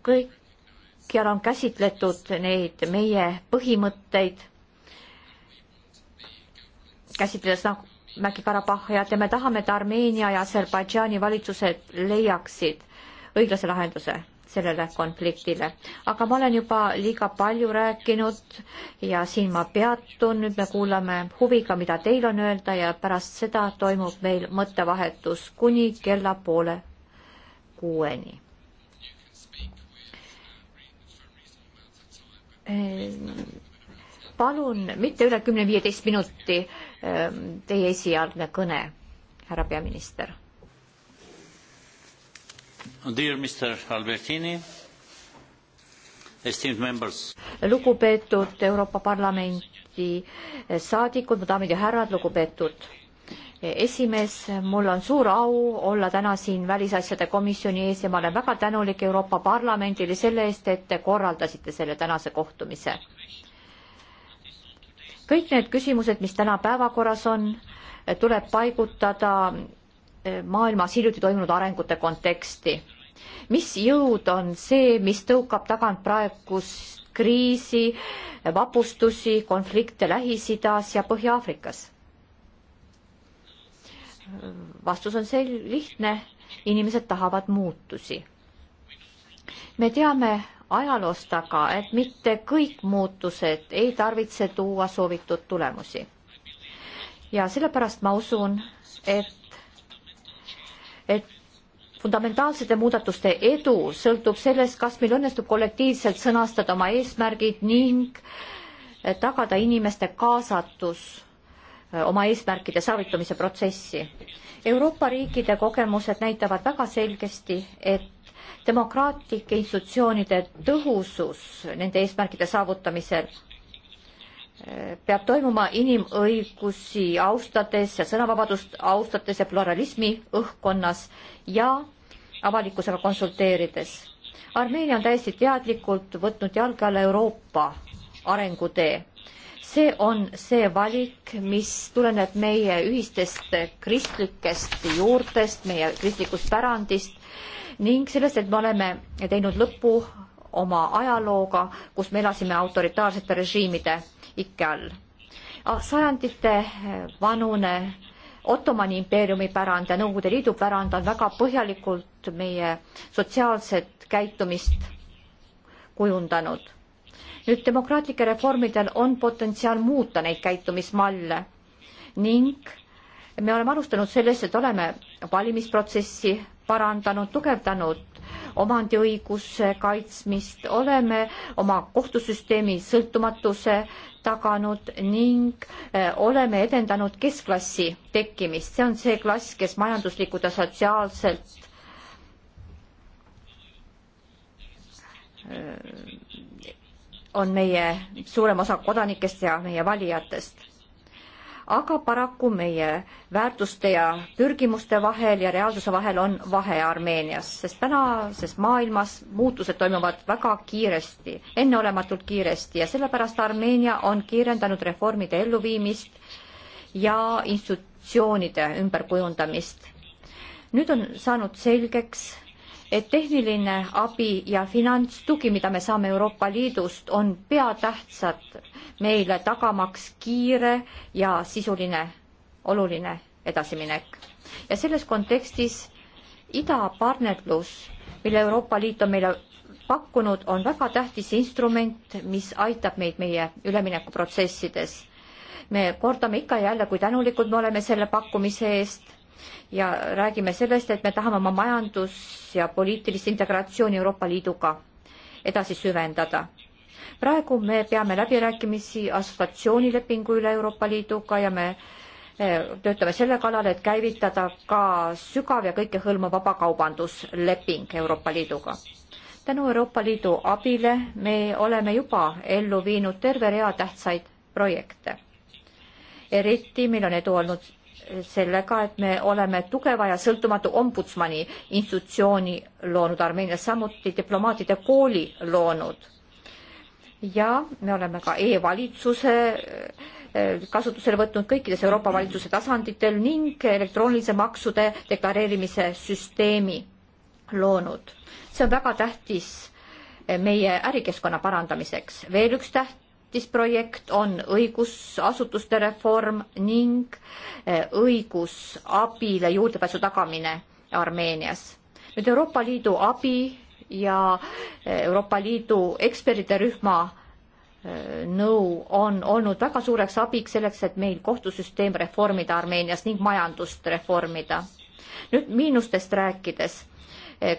kõikjal on käsitletud neid meie põhimõtteid, käsitledes nagu noh, Mägi-Karabahhiat ja me tahame, et Armeenia ja Aserbaidžaani valitsused leiaksid õiglase lahenduse sellele konfliktile. aga ma olen juba liiga palju rääkinud ja siin ma peatun, nüüd me kuulame huviga, mida teil on öelda ja pärast seda toimub meil mõttevahetus kuni kella poole kuueni. Ehm, palun mitte üle kümne-viieteist minuti ehm, teie esialgne kõne, härra peaminister Dear Mr Albertini, esteemed members. lugupeetud Euroopa Parlamendi saadikud, mu daamid ja härrad, lugupeetud esimees, mul on suur au olla täna siin välisasjade komisjoni ees ja ma olen väga tänulik Euroopa Parlamendile selle eest, et te korraldasite selle tänase kohtumise. kõik need küsimused, mis täna päevakorras on, tuleb paigutada maailmas hiljuti toimunud arengute konteksti. mis jõud on see, mis tõukab tagant praegust kriisi, vapustusi, konflikte Lähis-Idas ja Põhja-Aafrikas? vastus on see lihtne, inimesed tahavad muutusi. me teame ajaloost aga, et mitte kõik muutused ei tarvitse tuua soovitud tulemusi. ja sellepärast ma usun, et et fundamentaalsete muudatuste edu sõltub sellest, kas meil õnnestub kollektiivselt sõnastada oma eesmärgid ning eh, tagada inimeste kaasatus eh, oma eesmärkide saavutamise protsessi. Euroopa riikide kogemused näitavad väga selgesti, et demokraatlike institutsioonide tõhusus nende eesmärkide saavutamisel peab toimuma inimõigusi austades ja sõnavabadust austades ja pluralismi õhkkonnas ja avalikkusega konsulteerides. Armeenia on täiesti teadlikult võtnud jalge alla Euroopa arengutee. see on see valik, mis tuleneb meie ühistest kristlikest juurtest, meie kristlikust pärandist ning sellest, et me oleme teinud lõpu oma ajalooga, kus me elasime autoritaarsete režiimide ikke all. Ah, sajandite eh, vanune Ottomani impeeriumi pärand ja Nõukogude Liidu pärand on väga põhjalikult meie sotsiaalset käitumist kujundanud. nüüd demokraatlikel reformidel on potentsiaal muuta neid käitumismalle ning me oleme alustanud sellest, et oleme valimisprotsessi parandanud, tugevdanud omandiõiguse kaitsmist, oleme oma kohtusüsteemi sõltumatuse taganud ning eh, oleme edendanud keskklassi tekkimist, see on see klass, kes majanduslikult ja sotsiaalselt eh, on meie suurem osa kodanikest ja meie valijatest aga paraku meie väärtuste ja pürgimuste vahel ja reaalsuse vahel on vahe Armeenias, sest tänases maailmas muutused toimuvad väga kiiresti, enneolematult kiiresti ja sellepärast Armeenia on kiirendanud reformide elluviimist ja institutsioonide ümberkujundamist. nüüd on saanud selgeks, et tehniline abi ja finantstugi, mida me saame Euroopa Liidust, on peatähtsad meile tagamaks kiire ja sisuline oluline edasiminek. ja selles kontekstis idapartnerlus, mille Euroopa Liit on meile pakkunud, on väga tähtis instrument, mis aitab meid meie üleminekuprotsessides. me kordame ikka ja jälle, kui tänulikud me oleme selle pakkumise eest ja räägime sellest, et me tahame oma majandus- ja poliitilist integratsiooni Euroopa Liiduga edasi süvendada. praegu me peame läbirääkimisi assotsiatsioonilepingu üle Euroopa Liiduga ja me eh, töötame selle kallal, et käivitada ka sügav ja kõikehõlmav vabakaubandusleping Euroopa Liiduga. tänu Euroopa Liidu abile me oleme juba ellu viinud terve rea tähtsaid projekte. eriti meil on edu olnud sellega, et me oleme tugeva ja sõltumatu ombudsmani institutsiooni loonud Armeenias, samuti diplomaatide kooli loonud. ja me oleme ka e-valitsuse e, kasutusele võtnud kõikides Euroopa valitsuse tasanditel ning elektroonilise maksude deklareerimise süsteemi loonud. see on väga tähtis meie ärikeskkonna parandamiseks. veel üks täht-, tähtis projekt on õigusasutuste reform ning eh, õigusabile juurdepääsu tagamine Armeenias. nüüd Euroopa Liidu abi ja eh, Euroopa Liidu ekspertide rühma eh, nõu on olnud väga suureks abiks selleks, et meil kohtusüsteem reformida Armeenias ning majandust reformida. nüüd miinustest rääkides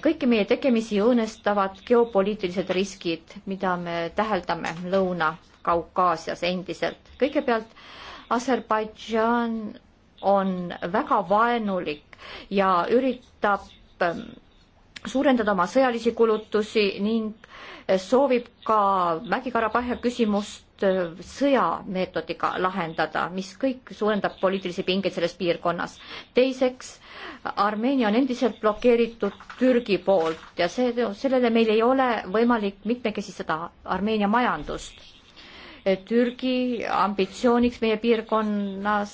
kõiki meie tegemisi õõnestavad geopoliitilised riskid, mida me täheldame lõuna Kaukaasias endiselt. kõigepealt Aserbaidžaan on väga vaenulik ja üritab ähm, suurendada oma sõjalisi kulutusi ning äh, soovib ka Mägi-Karabahhi küsimust äh, sõjameetodiga lahendada, mis kõik suurendab poliitilisi pingeid selles piirkonnas. teiseks, Armeenia on endiselt blokeeritud Türgi poolt ja see, sellele meil ei ole võimalik mitmekesistada Armeenia majandust Türgi ambitsiooniks meie piirkonnas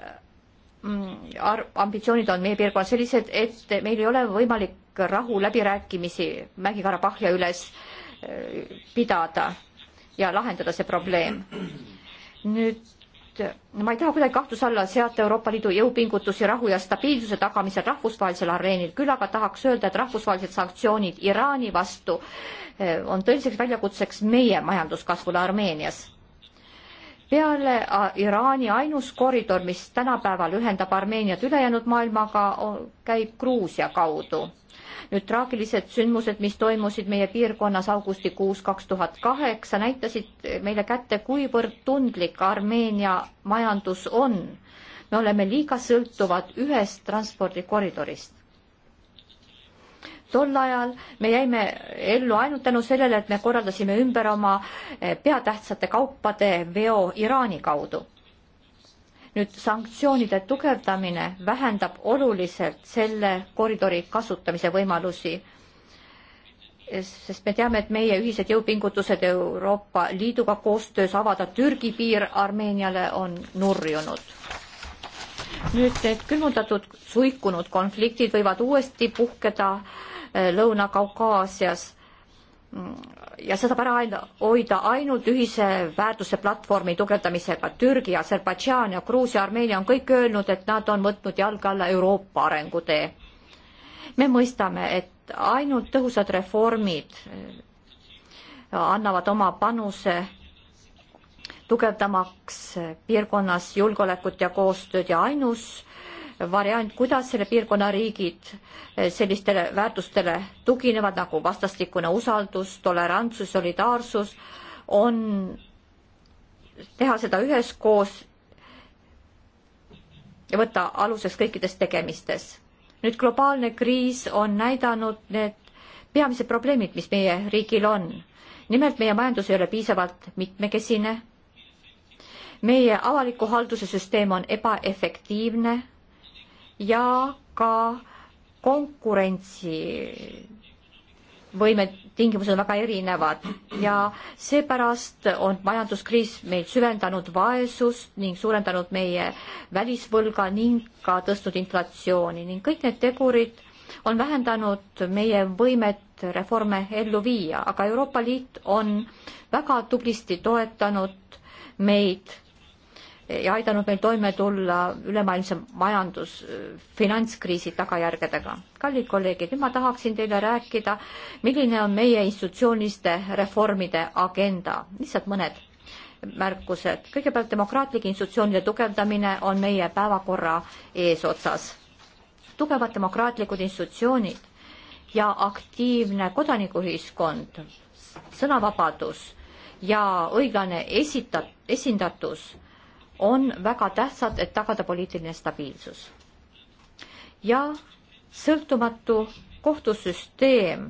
mm, ambitsioonid on meie piirkonnas sellised, et meil ei ole võimalik rahuläbirääkimisi Mägi-Karabahhia üles eh, pidada ja lahendada see probleem. nüüd et ma ei taha kuidagi kahtluse alla seata Euroopa Liidu jõupingutusi rahu ja stabiilsuse tagamisel rahvusvahelisel areenil, küll aga tahaks öelda, et rahvusvahelised sanktsioonid Iraani vastu eh, on tõeliseks väljakutseks meie majanduskasvule Armeenias. peale Iraani ainus koridor, mis tänapäeval ühendab Armeeniat ülejäänud maailmaga, käib Gruusia kaudu nüüd traagilised sündmused, mis toimusid meie piirkonnas augustikuus kaks tuhat kaheksa, näitasid meile kätte, kuivõrd tundlik Armeenia majandus on. me oleme liiga sõltuvad ühest transpordikoridorist tol ajal me jäime ellu ainult tänu sellele, et me korraldasime ümber oma eh, peatähtsate kaupade veo Iraani kaudu nüüd sanktsioonide tugevdamine vähendab oluliselt selle koridori kasutamise võimalusi, sest me teame, et meie ühised jõupingutused Euroopa Liiduga koostöös avada Türgi piir Armeeniale on nurjunud. nüüd need külmutatud suikunud konfliktid võivad uuesti puhkeda eh, Lõuna-Kaukaasias ja seda saab ära hoida ainult ühise väärtuse platvormi tugevdamisega. Türgi, Aserbaidžaan ja Gruusia, Armeenia on kõik öelnud, et nad on võtnud jalge alla Euroopa arengutee. me mõistame, et ainult tõhusad reformid äh, annavad oma panuse tugevdamaks piirkonnas julgeolekut ja koostööd ja ainus variant, kuidas selle piirkonna riigid eh, sellistele väärtustele tuginevad, nagu vastastikune usaldus, tolerantsus, solidaarsus, on teha seda üheskoos ja võtta aluseks kõikides tegemistes. nüüd globaalne kriis on näidanud need peamised probleemid, mis meie riigil on. nimelt meie majandus ei ole piisavalt mitmekesine meie avaliku halduse süsteem on ebaefektiivne ja ka konkurentsi võime tingimused on väga erinevad ja seepärast on majanduskriis meid süvendanud vaesust ning suurendanud meie välisvõlga ning ka tõstnud inflatsiooni ning kõik need tegurid on vähendanud meie võimet reforme ellu viia, aga Euroopa Liit on väga tublisti toetanud meid ja aidanud meil toime tulla ülemaailmse majandus, finantskriisi tagajärgedega. kallid kolleegid, nüüd ma tahaksin teile rääkida, milline on meie institutsiooniliste reformide agenda, lihtsalt mõned märkused. kõigepealt demokraatlike institutsioonide tugevdamine on meie päevakorra eesotsas. tugevad demokraatlikud institutsioonid ja aktiivne kodanikuühiskond, sõnavabadus ja õiglane esita-, esindatus on väga tähtsad, et tagada poliitiline stabiilsus. ja sõltumatu kohtusüsteem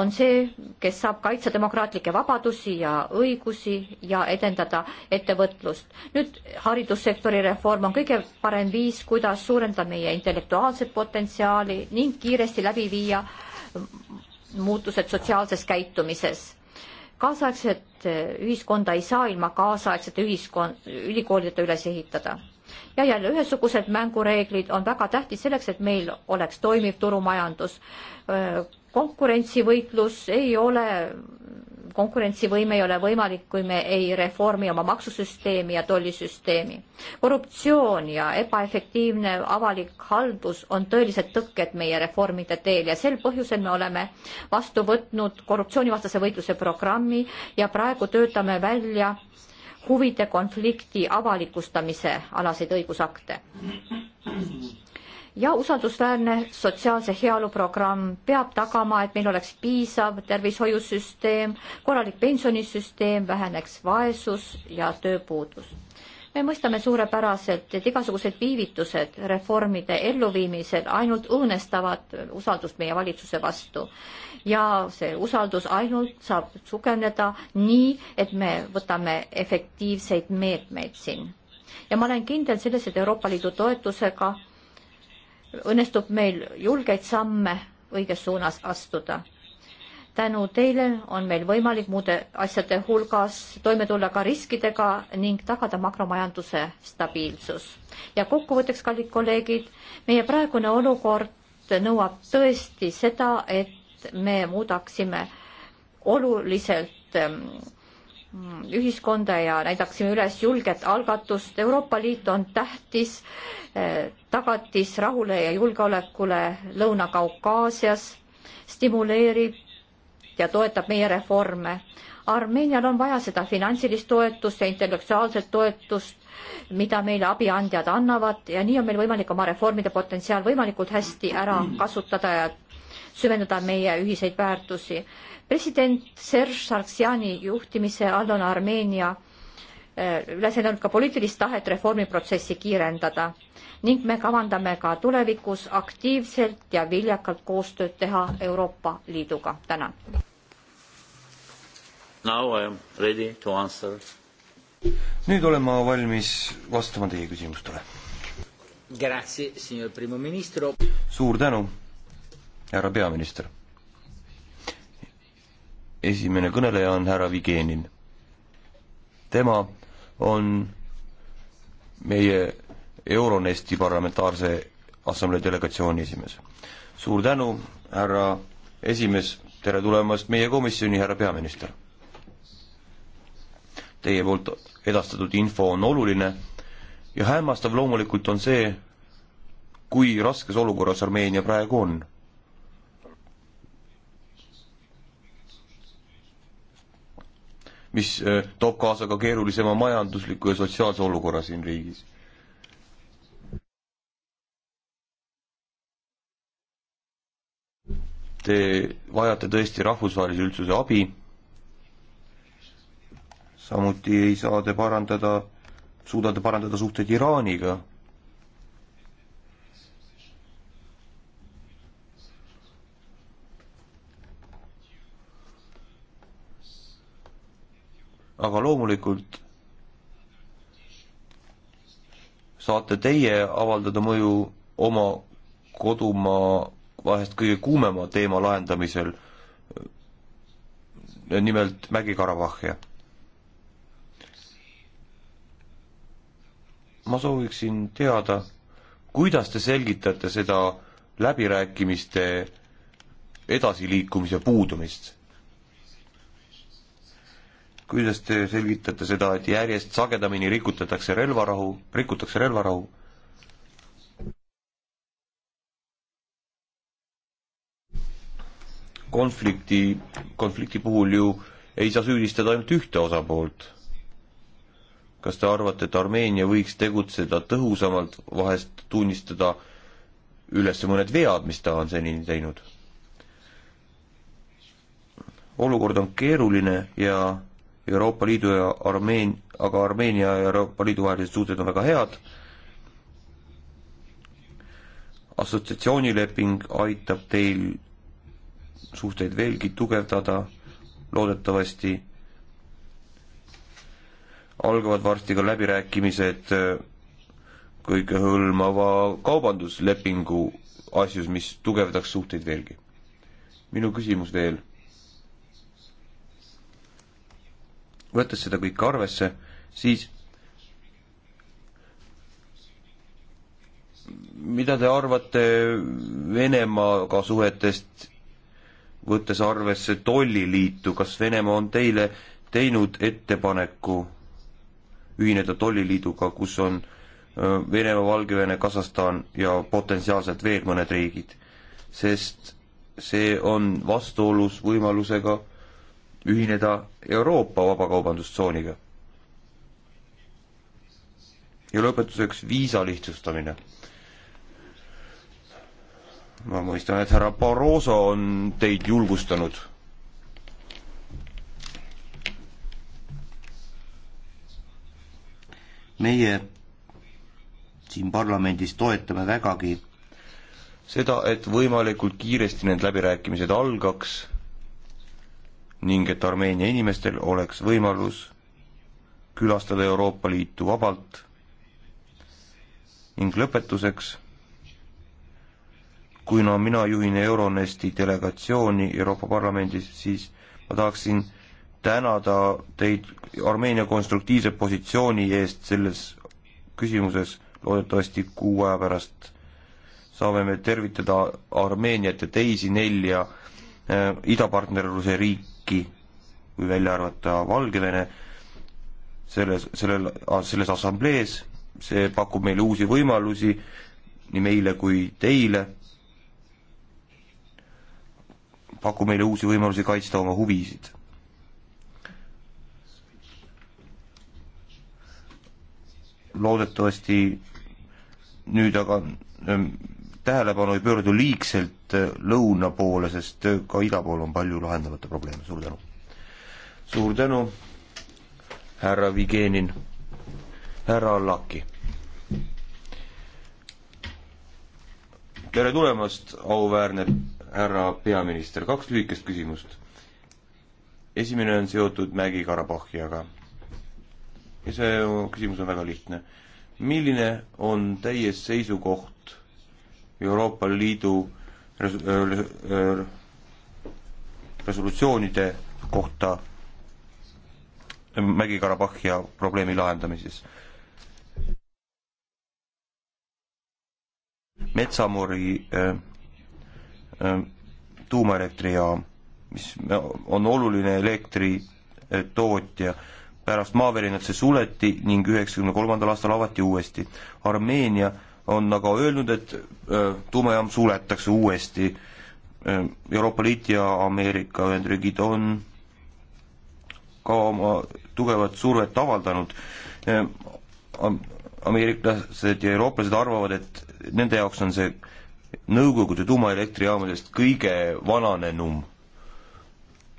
on see, kes saab kaitsta demokraatlikke vabadusi ja õigusi ja edendada ettevõtlust. nüüd haridussektori reform on kõige parem viis, kuidas suurendada meie intellektuaalset potentsiaali ning kiiresti läbi viia muutused sotsiaalses käitumises kaasaegset ühiskonda ei saa ilma kaasaegsete ühiskond, ülikoolideta üles ehitada. ja jälle ühesugused mängureeglid on väga tähtis selleks, et meil oleks toimiv turumajandus. konkurentsivõitlus ei ole konkurentsivõime ei ole võimalik, kui me ei reformi oma maksusüsteemi ja tollisüsteemi. korruptsioon ja ebaefektiivne avalik haldus on tõelised tõkked meie reformide teel ja sel põhjusel me oleme vastu võtnud korruptsioonivastase võitluse programmi ja praegu töötame välja huvide konflikti avalikustamise alaseid õigusakte ja usaldusväärne sotsiaalse heaolu programm peab tagama, et meil oleks piisav tervishoiusüsteem, korralik pensionisüsteem, väheneks vaesus ja tööpuudus. me mõistame suurepäraselt, et igasugused viivitused reformide elluviimisel ainult õõnestavad usaldust meie valitsuse vastu ja see usaldus ainult saab tugevneda nii, et me võtame efektiivseid meetmeid siin. ja ma olen kindel selles, et Euroopa Liidu toetusega õnnestub meil julgeid samme õiges suunas astuda. tänu teile on meil võimalik muude asjade hulgas toime tulla ka riskidega ning tagada makromajanduse stabiilsus. ja kokkuvõtteks, kallid kolleegid, meie praegune olukord nõuab tõesti seda, et me muudaksime oluliselt ähm, ühiskonda ja näidaksime üles julget algatust. Euroopa Liit on tähtis äh, tagatis rahule ja julgeolekule Lõuna-Kaukaasias, stimuleerib ja toetab meie reforme. Armeenial on vaja seda finantsilist toetust ja intellektuaalset toetust, mida meile abiandjad annavad ja nii on meil võimalik oma reformide potentsiaal võimalikult hästi ära kasutada ja süvendada meie ühiseid väärtusi. president Serge Sargsjani juhtimise all on Armeenia eh, üles näidanud ka poliitilist tahet reformiprotsessi kiirendada ning me kavandame ka tulevikus aktiivselt ja viljakalt koostööd teha Euroopa Liiduga. tänan. nüüd olen ma valmis vastama teie küsimustele. suur tänu, härra peaminister. esimene kõneleja on härra Vigenin. tema on meie Euronesti parlamentaarse assamblee delegatsiooni esimees. suur tänu, härra esimees, tere tulemast meie komisjoni, härra peaminister. Teie poolt edastatud info on oluline ja hämmastav loomulikult on see, kui raskes olukorras Armeenia praegu on mis eh, toob kaasa ka keerulisema majandusliku ja sotsiaalse olukorra siin riigis. te vajate tõesti rahvusvahelise üldsuse abi, samuti ei saa te parandada, suuda te parandada suhteid Iraaniga. aga loomulikult saate teie avaldada mõju oma kodumaa vahest kõige kuumema teema lahendamisel, nimelt Mägi-Karabahhi. ma sooviksin teada, kuidas te selgitate seda läbirääkimiste edasiliikumise puudumist? kuidas te selgitate seda, et järjest sagedamini rikutatakse relvarahu, rikutakse relvarahu? konflikti, konflikti puhul ju ei saa süüdistada ainult ühte osapoolt. kas te arvate, et Armeenia võiks tegutseda tõhusamalt, vahest tunnistada üles mõned vead, mis ta on senini teinud? olukord on keeruline ja Euroopa Liidu ja Armeen-, aga Armeenia ja Euroopa Liidu vahelised suhted on väga head, assotsiatsioonileping aitab teil suhteid veelgi tugevdada, loodetavasti algavad varsti ka läbirääkimised äh, kõikehõlmava kaubanduslepingu asjus, mis tugevdaks suhteid veelgi. minu küsimus veel. võttes seda kõike arvesse, siis mida te arvate Venemaaga suhetest võttes arvesse tolliliitu, kas Venemaa on teile teinud ettepaneku ühineda tolliliiduga, kus on Venemaa, Valgevene, Kasahstan ja potentsiaalselt veel mõned riigid, sest see on vastuolus võimalusega ühineda Euroopa vabakaubandustsooniga. ja lõpetuseks viisa lihtsustamine ma mõistan, et härra Barroso on teid julgustanud. meie siin parlamendis toetame vägagi seda, et võimalikult kiiresti need läbirääkimised algaks ning et Armeenia inimestel oleks võimalus külastada Euroopa Liitu vabalt ning lõpetuseks kuna mina juhin Euronesti delegatsiooni Euroopa Parlamendis, siis ma tahaksin tänada teid Armeenia konstruktiivse positsiooni eest selles küsimuses, loodetavasti kuu aja pärast saame me tervitada Armeeniat ja teisi nelja äh, idapartnerluse riiki, kui välja arvata Valgevene, selles, sellel, selles assamblees, see pakub meile uusi võimalusi, nii meile kui teile paku meile uusi võimalusi kaitsta oma huvisid. loodetavasti nüüd aga ähm, tähelepanu ei pöördu liigselt äh, lõuna poole, sest äh, ka ida pool on palju lahendamata probleeme, suur tänu. suur tänu, härra Vigenin, härra Allaki. tere tulemast, auväärne härra peaminister, kaks lühikest küsimust. esimene on seotud Mägi-Karabahhiaga. ja see küsimus on väga lihtne. milline on teie seisukoht Euroopa Liidu res-, äh, res äh, resolutsioonide kohta Mägi-Karabahhia probleemi lahendamises? metsamori äh, Ähm, tuumaelektrijaam, mis on oluline elektritootja. Äh, pärast maavärinat see suleti ning üheksakümne kolmandal aastal avati uuesti. Armeenia on aga öelnud, et äh, tuumajaam suletakse uuesti. Ähm, Euroopa Liit ja Ameerika Ühendriigid on ka oma tugevat survet avaldanud. Ähm, ameeriklased ja eurooplased arvavad, et nende jaoks on see Nõukogude tuumaelektrijaamadest kõige vananenum,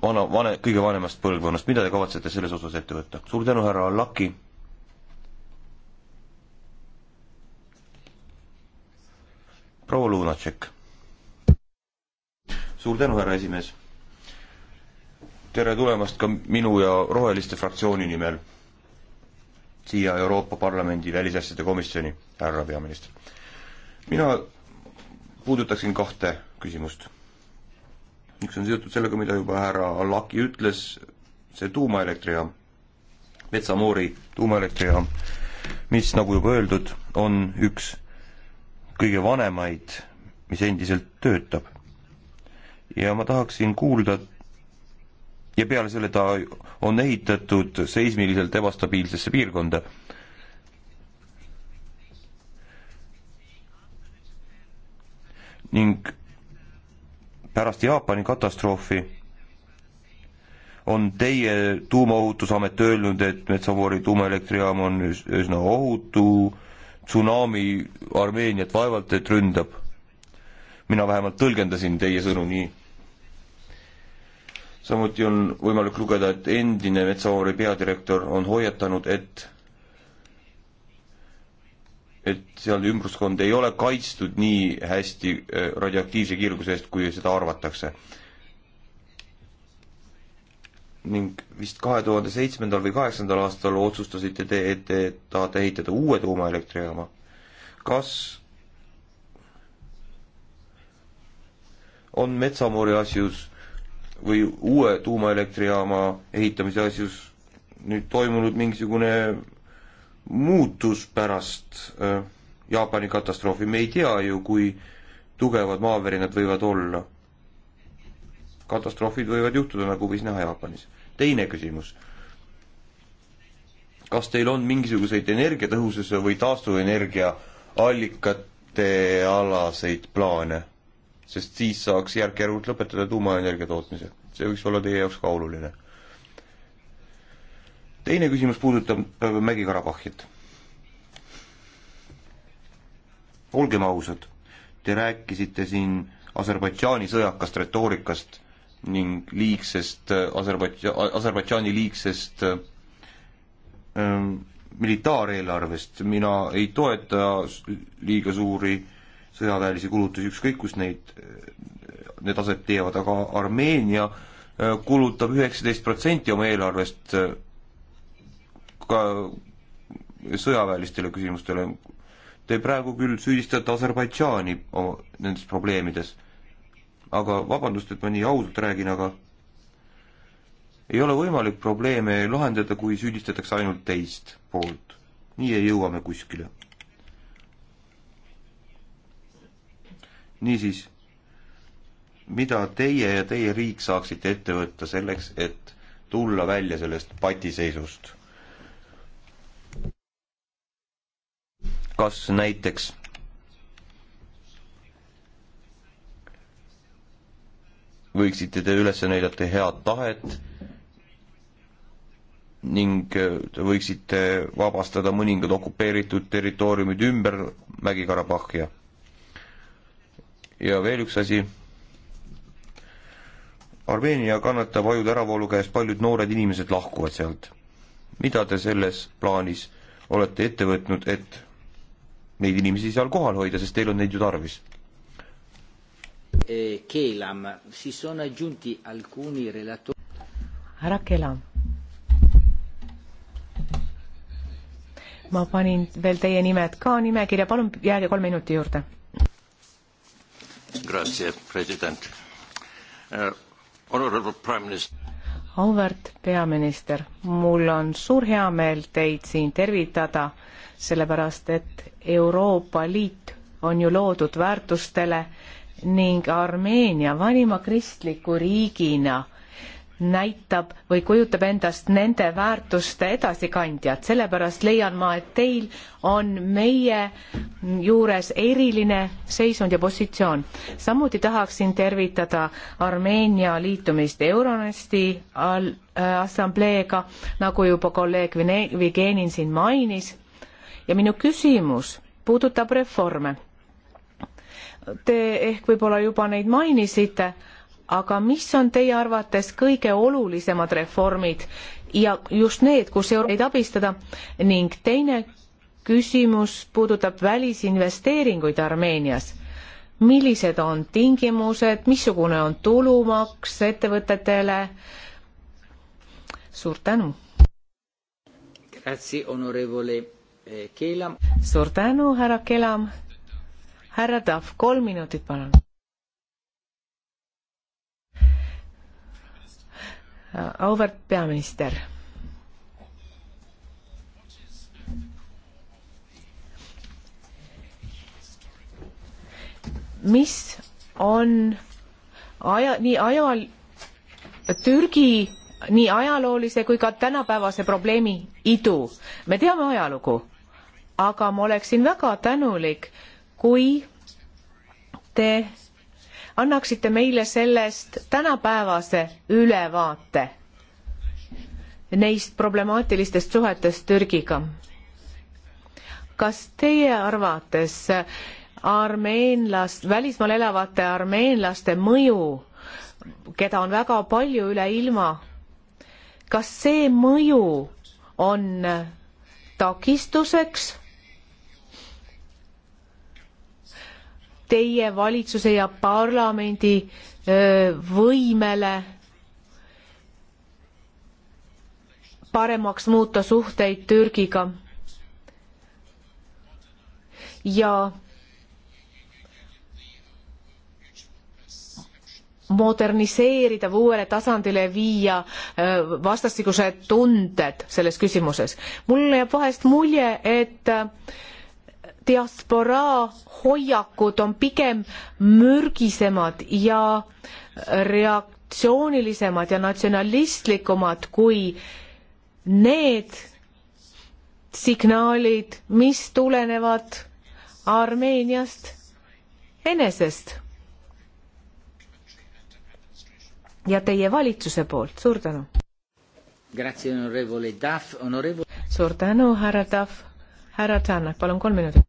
vana, vane, kõige vanemast põlvkonnast, mida te kavatsete selles osas ette võtta? suur tänu, härra Allaki! proua Lunatšek. suur tänu, härra esimees! tere tulemast ka minu ja Roheliste fraktsiooni nimel siia Euroopa Parlamendi välisasjade komisjoni, härra peaminister. mina puudutaksin kahte küsimust. üks on seotud sellega, mida juba härra Laki ütles, see tuumaelektrijaam, Metsamoori tuumaelektrijaam, mis, nagu juba öeldud, on üks kõige vanemaid, mis endiselt töötab. ja ma tahaksin kuulda, ja peale selle ta on ehitatud seismiliselt ebastabiilsesse piirkonda ning pärast Jaapani katastroofi on teie tuumaohutusamet öelnud, et Metsavori tuumaelektrijaam on üsna ohutu, tsunami Armeeniat vaevalt et ründab. mina vähemalt tõlgendasin teie sõnu nii. samuti on võimalik lugeda, et endine Metsavori peadirektor on hoiatanud, et et seal ümbruskond ei ole kaitstud nii hästi äh, radioaktiivse kiirguse eest, kui seda arvatakse. ning vist kahe tuhande seitsmendal või kaheksandal aastal otsustasite te, et te tahate ehitada uue tuumaelektrijaama. kas on Metsamori asjus või uue tuumaelektrijaama ehitamise asjus nüüd toimunud mingisugune muutus pärast äh, Jaapani katastroofi, me ei tea ju, kui tugevad maavärinad võivad olla. katastroofid võivad juhtuda, nagu võis näha Jaapanis. teine küsimus. kas teil on mingisuguseid energiatõhususe või taastuvenergia allikate alaseid plaane? sest siis saaks järk-järgult lõpetada tuumaenergia tootmise. see võiks olla teie jaoks ka oluline teine küsimus puudutab äh, Mägi-Karabahhit. olgem ausad, te rääkisite siin Aserbaidžaani sõjakast retoorikast ning liigsest äh, Aserbaidža-, Aserbaidžaani liigsest äh, ähm, militaareelarvest, mina ei toeta liiga suuri sõjaväelisi kulutusi, ükskõik kus neid, need aset leiavad, aga Armeenia kulutab üheksateist protsenti oma eelarvest ka sõjaväelistele küsimustele. Te praegu küll süüdistate Aserbaidžaani oma, nendes probleemides, aga vabandust, et ma nii ausalt räägin, aga ei ole võimalik probleeme lahendada, kui süüdistatakse ainult teist poolt. nii ei jõua me kuskile. niisiis, mida teie ja teie riik saaksite ette võtta selleks, et tulla välja sellest patiseisust? kas näiteks võiksite te üles näidata head tahet ning te võiksite vabastada mõningad okupeeritud territooriumid ümber Mägi-Karabahhia. ja veel üks asi. Armeenia kannatab ajude äravoolu käes, paljud noored inimesed lahkuvad sealt. mida te selles plaanis olete ette võtnud, et neid inimesi seal kohal hoida, sest teil on neid ju tarvis. Eh, Keelam, siis on aggiunti alcuni relator-. härra Keelam. ma panin veel teie nimed ka nimekirja, palun jääge kolme minuti juurde. Grazie, president uh,. Honorable prime minister auväärt peaminister, mul on suur heameel teid siin tervitada sellepärast et Euroopa Liit on ju loodud väärtustele ning Armeenia vanima kristliku riigina näitab või kujutab endast nende väärtuste edasikandjat, sellepärast leian ma, et teil on meie juures eriline seisund ja positsioon. samuti tahaksin tervitada Armeenia liitumist Euronesti äh, assambleega, nagu juba kolleeg Vigenin siin mainis ja minu küsimus puudutab reforme. Te ehk võib-olla juba neid mainisite, aga mis on teie arvates kõige olulisemad reformid ja just need, kus euroid abistada ning teine küsimus puudutab välisinvesteeringuid Armeenias. millised on tingimused, missugune on tulumaks ettevõtetele? suur tänu. Grazie, onorevole Keelam. suur tänu, härra Kelam. härra Tahv, kolm minutit, palun. auväärt peaminister mis on aja, nii ajal, Türgi nii ajaloolise kui ka tänapäevase probleemi idu. me teame ajalugu aga ma oleksin väga tänulik, kui te annaksite meile sellest tänapäevase ülevaate neist problemaatilistest suhetest Türgiga. kas teie arvates armeenlast, välismaal elavate armeenlaste mõju, keda on väga palju üle ilma, kas see mõju on takistuseks teie valitsuse ja parlamendi võimele paremaks muuta suhteid Türgiga ja moderniseerida või uuele tasandile viia vastastikused tunded selles küsimuses. mulle jääb vahest mulje, et diasporaa hoiakud on pigem mürgisemad ja reaktsioonilisemad ja natsionalistlikumad kui need signaalid, mis tulenevad Armeeniast enesest ja teie valitsuse poolt, suur tänu. suur tänu, härra Tahv, härra Tannak, palun kolm minutit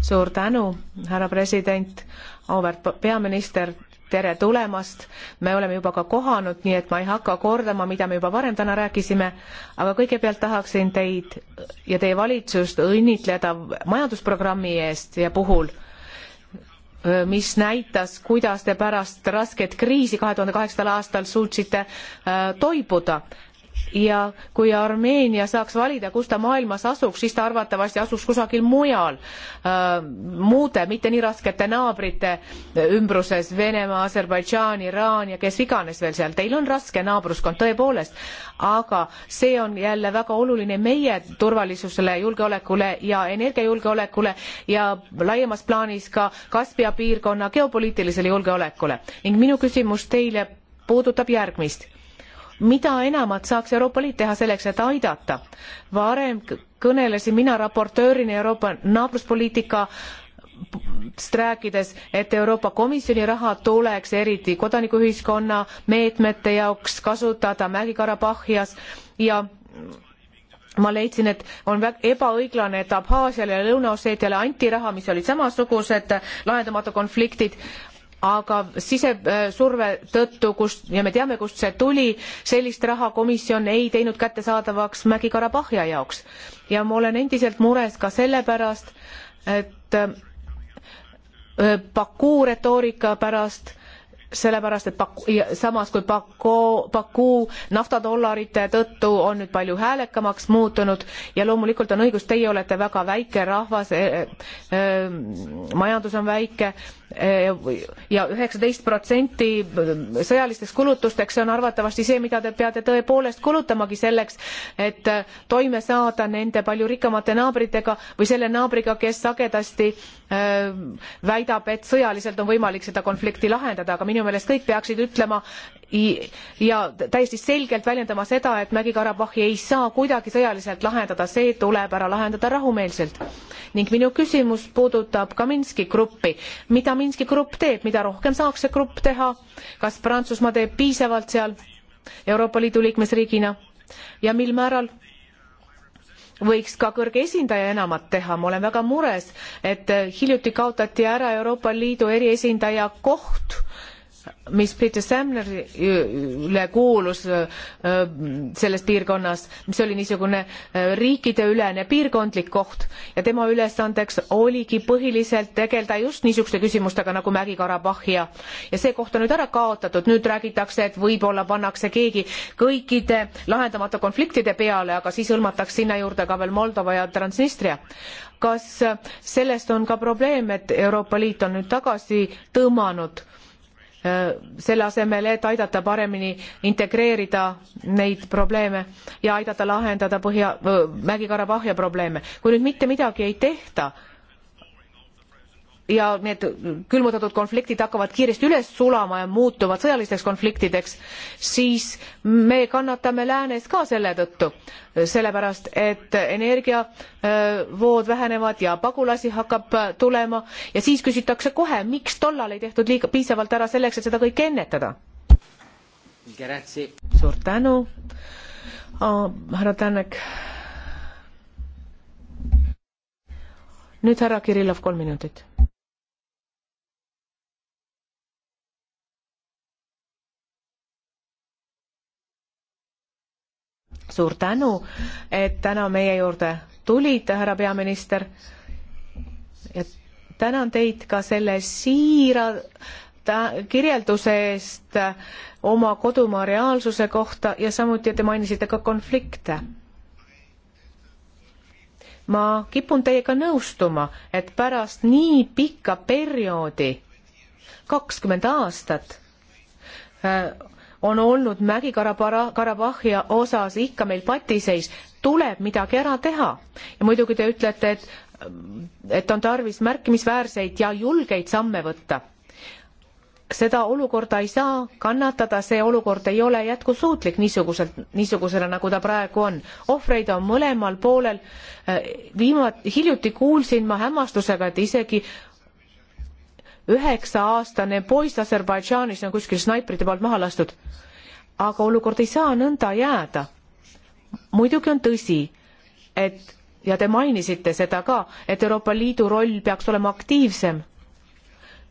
suur tänu, härra president, auväärt peaminister, tere tulemast. me oleme juba ka kohanud, nii et ma ei hakka kordama, mida me juba varem täna rääkisime, aga kõigepealt tahaksin teid ja teie valitsust õnnitleda majandusprogrammi eest ja puhul mis näitas, kuidas te pärast rasket kriisi kahe tuhande kaheksandal aastal suutsite äh, toibuda ja kui Armeenia saaks valida, kus ta maailmas asuks, siis ta arvatavasti asuks kusagil mujal äh, muude, mitte nii raskete naabrite ümbruses, Venemaa, Aserbaidžaan, Iraan ja kes iganes veel seal. Teil on raske naabruskond tõepoolest, aga see on jälle väga oluline meie turvalisusele, julgeolekule ja energiajulgeolekule ja laiemas plaanis ka Kaspia piirkonna geopoliitilisele julgeolekule. ning minu küsimus teile puudutab järgmist mida enamat saaks Euroopa Liit teha selleks, et aidata? varem kõnelesin mina raportöörina Euroopa naabruspoliitika rääkides, et Euroopa Komisjoni raha tuleks eriti kodanikuühiskonna meetmete jaoks kasutada Mägi-Karabahhias ja ma leidsin, et on väga ebaõiglane, et Abhaasiale ja Lõuna-Osseetiale anti raha, mis olid samasugused lahendamatu konfliktid, aga sisesurve tõttu, kust ja me teame, kust see tuli, sellist raha komisjon ei teinud kättesaadavaks Mägi-Karabahhia jaoks. ja ma olen endiselt mures ka sellepärast, et äh, Baku retoorika pärast sellepärast, et Baku ja samas kui Baku, Baku naftadollarite tõttu on nüüd palju häälekamaks muutunud ja loomulikult on õigus, teie olete väga väike rahvas eh,, eh, majandus on väike eh, ja üheksateist protsenti sõjalisteks kulutusteks, see on arvatavasti see, mida te peate tõepoolest kulutamagi selleks, et toime saada nende palju rikkamate naabritega või selle naabriga, kes sagedasti e, väidab, et sõjaliselt on võimalik seda konflikti lahendada, aga minu minu meelest kõik peaksid ütlema ja täiesti selgelt väljendama seda, et Mägi-Karabahhi ei saa kuidagi sõjaliselt lahendada, see tuleb ära lahendada rahumeelselt. ning minu küsimus puudutab ka Minski gruppi. mida Minski grupp teeb, mida rohkem saaks see grupp teha? kas Prantsusmaa teeb piisavalt seal Euroopa Liidu liikmesriigina ja mil määral? võiks ka kõrge esindaja enamat teha, ma olen väga mures, et hiljuti kaotati ära Euroopa Liidu eriesindaja koht mis Peter Samnerile äh, kuulus äh, selles piirkonnas, mis oli niisugune äh, riikideülene piirkondlik koht ja tema ülesandeks oligi põhiliselt tegeleda just niisuguste küsimustega nagu Mägi-Karabahhi ja, ja see koht on nüüd ära kaotatud, nüüd räägitakse, et võib-olla pannakse keegi kõikide lahendamata konfliktide peale, aga siis hõlmatakse sinna juurde ka veel Moldova ja Transnistria kas sellest on ka probleem, et Euroopa Liit on nüüd tagasi tõmmanud äh, Äh, selle asemel, et aidata paremini integreerida neid probleeme ja aidata lahendada Põhja, Mägi-Karabahhi probleeme. kui nüüd mitte midagi ei tehta, ja need külmutatud konfliktid hakkavad kiiresti üles sulama ja muutuvad sõjalisteks konfliktideks, siis me kannatame läänes ka selle tõttu, sellepärast et energiavood äh, vähenevad ja pagulasi hakkab äh, tulema ja siis küsitakse kohe, miks tollal ei tehtud liiga piisavalt ära selleks, et seda kõike ennetada. suur tänu oh,, härra Tänek nüüd härra Kirillov kolm minutit. suur tänu, et täna meie juurde tulite, härra peaminister. ja tänan teid ka selle siira ta-, kirjelduse eest oma kodumaa reaalsuse kohta ja samuti te mainisite ka konflikte. ma kipun teiega nõustuma, et pärast nii pikka perioodi, kakskümmend aastat äh,, on olnud Mägi-Karabahhi osas ikka meil patiseis, tuleb midagi ära teha. ja muidugi te ütlete, et et on tarvis märkimisväärseid ja julgeid samme võtta. seda olukorda ei saa kannatada, see olukord ei ole jätkusuutlik niisuguselt, niisugusena, nagu ta praegu on. ohvreid on mõlemal poolel. viima-, hiljuti kuulsin ma hämmastusega, et isegi üheksa-aastane poiss Aserbaidžaanis on kuskil snaiprite poolt maha lastud. aga olukord ei saa nõnda jääda. muidugi on tõsi, et ja te mainisite seda ka, et Euroopa Liidu roll peaks olema aktiivsem.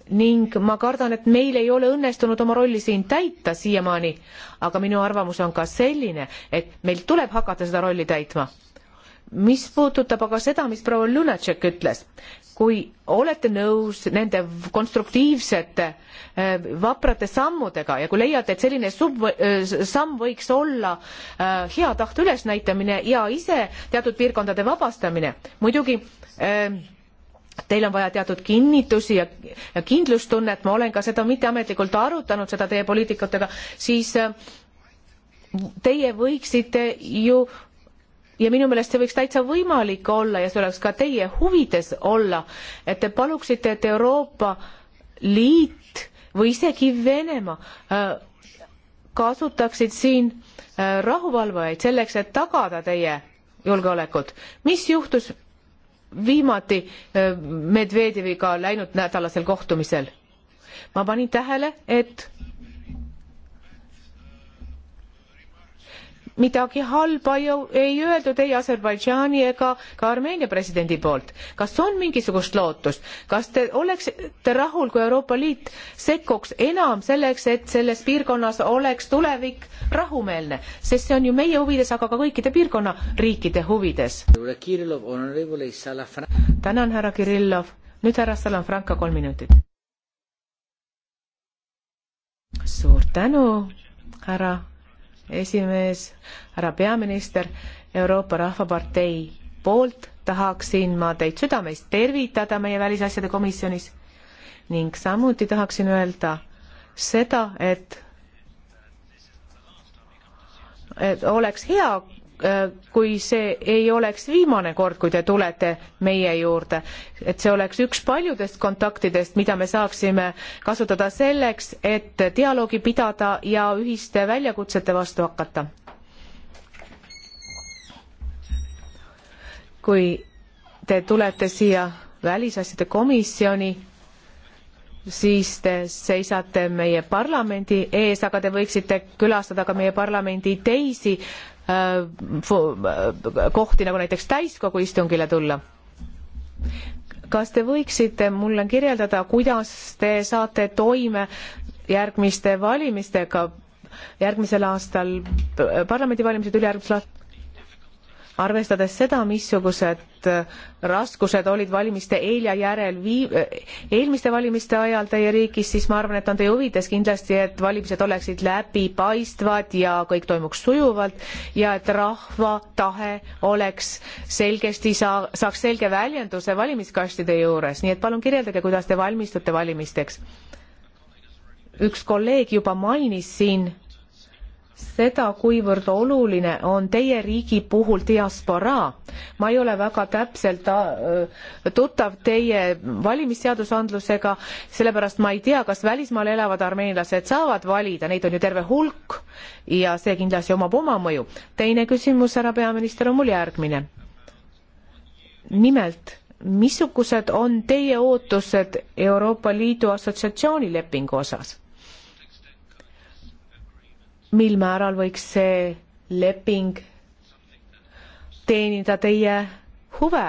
ning ma kardan, et meil ei ole õnnestunud oma rolli siin täita siiamaani, aga minu arvamus on ka selline, et meil tuleb hakata seda rolli täitma mis puudutab aga seda, mis proua Lunatšek ütles, kui olete nõus nende konstruktiivsete äh, vaprate sammudega ja kui leiate, et selline sub-, äh, samm võiks olla äh, hea tahte ülesnäitamine ja ise teatud piirkondade vabastamine, muidugi Teil on vaja teatud kinnitusi ja, ja kindlustunnet, ma olen ka seda mitteametlikult arutanud, seda teie poliitikutega, siis äh, teie võiksite ju ja minu meelest see võiks täitsa võimalik olla ja see oleks ka teie huvides olla, et te paluksite, et Euroopa Liit või isegi Venemaa äh, kasutaksid siin äh, rahuvalvajaid selleks, et tagada teie julgeolekut. mis juhtus viimati äh, Medvedjeviga läinud nädalasel kohtumisel? ma panin tähele, et midagi halba ju ei öeldud ei Aserbaidžaani ega ka Armeenia presidendi poolt. kas on mingisugust lootust, kas te oleksite rahul, kui Euroopa Liit sekkuks enam selleks, et selles piirkonnas oleks tulevik rahumeelne, sest see on ju meie huvides, aga ka kõikide piirkonna riikide huvides. tänan, härra Kirillov. nüüd härra Salafranca, kolm minutit. suur tänu, härra esimees, härra peaminister, Euroopa Rahvapartei poolt tahaksin ma teid südamest tervitada meie välisasjade komisjonis ning samuti tahaksin öelda seda, et et oleks hea Äh, kui see ei oleks viimane kord, kui te tulete meie juurde, et see oleks üks paljudest kontaktidest, mida me saaksime kasutada selleks, et dialoogi pidada ja ühiste väljakutsete vastu hakata. kui te tulete siia välisasjade komisjoni, siis te seisate meie parlamendi ees, aga te võiksite külastada ka meie parlamendi teisi Äh, äh, kohti, nagu näiteks täiskogu istungile tulla. kas te võiksite mulle kirjeldada, kuidas te saate toime järgmiste valimistega järgmisel aastal, äh, parlamendivalimised ülejärgmisel aastal? arvestades seda, missugused äh, raskused olid valimiste eel ja järel vii-, äh, eelmiste valimiste ajal teie riigis, siis ma arvan, et on teie huvides kindlasti, et valimised oleksid läbipaistvad ja kõik toimuks sujuvalt ja et rahva tahe oleks selgesti saa-, saaks selge väljenduse valimiskastide juures, nii et palun kirjeldage, kuidas te valmistute valimisteks. üks kolleeg juba mainis siin seda, kuivõrd oluline on teie riigi puhul diasporaa. ma ei ole väga täpselt äh, tuttav teie valimisseadusandlusega, sellepärast ma ei tea, kas välismaal elavad armeenlased saavad valida, neid on ju terve hulk ja see kindlasti omab oma mõju. teine küsimus, härra peaminister, on mul järgmine. nimelt, missugused on teie ootused Euroopa Liidu assotsiatsioonilepingu osas? mil määral võiks see leping teenida teie huve?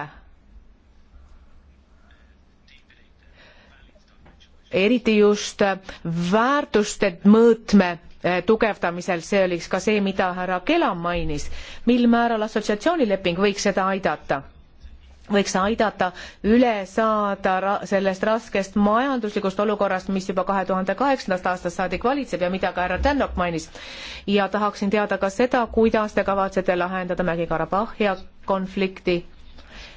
eriti just väärtuste mõõtme eh, tugevdamisel, see oli ka see, mida härra Kelam mainis, mil määral assotsiatsioonileping võiks seda aidata? võiks aidata üle saada ra sellest raskest majanduslikust olukorrast, mis juba kahe tuhande kaheksandast aastast saadik valitseb ja mida ka härra Tännok mainis. ja tahaksin teada ka seda, kuidas te kavatsete lahendada Mägi-Karabahhi konflikti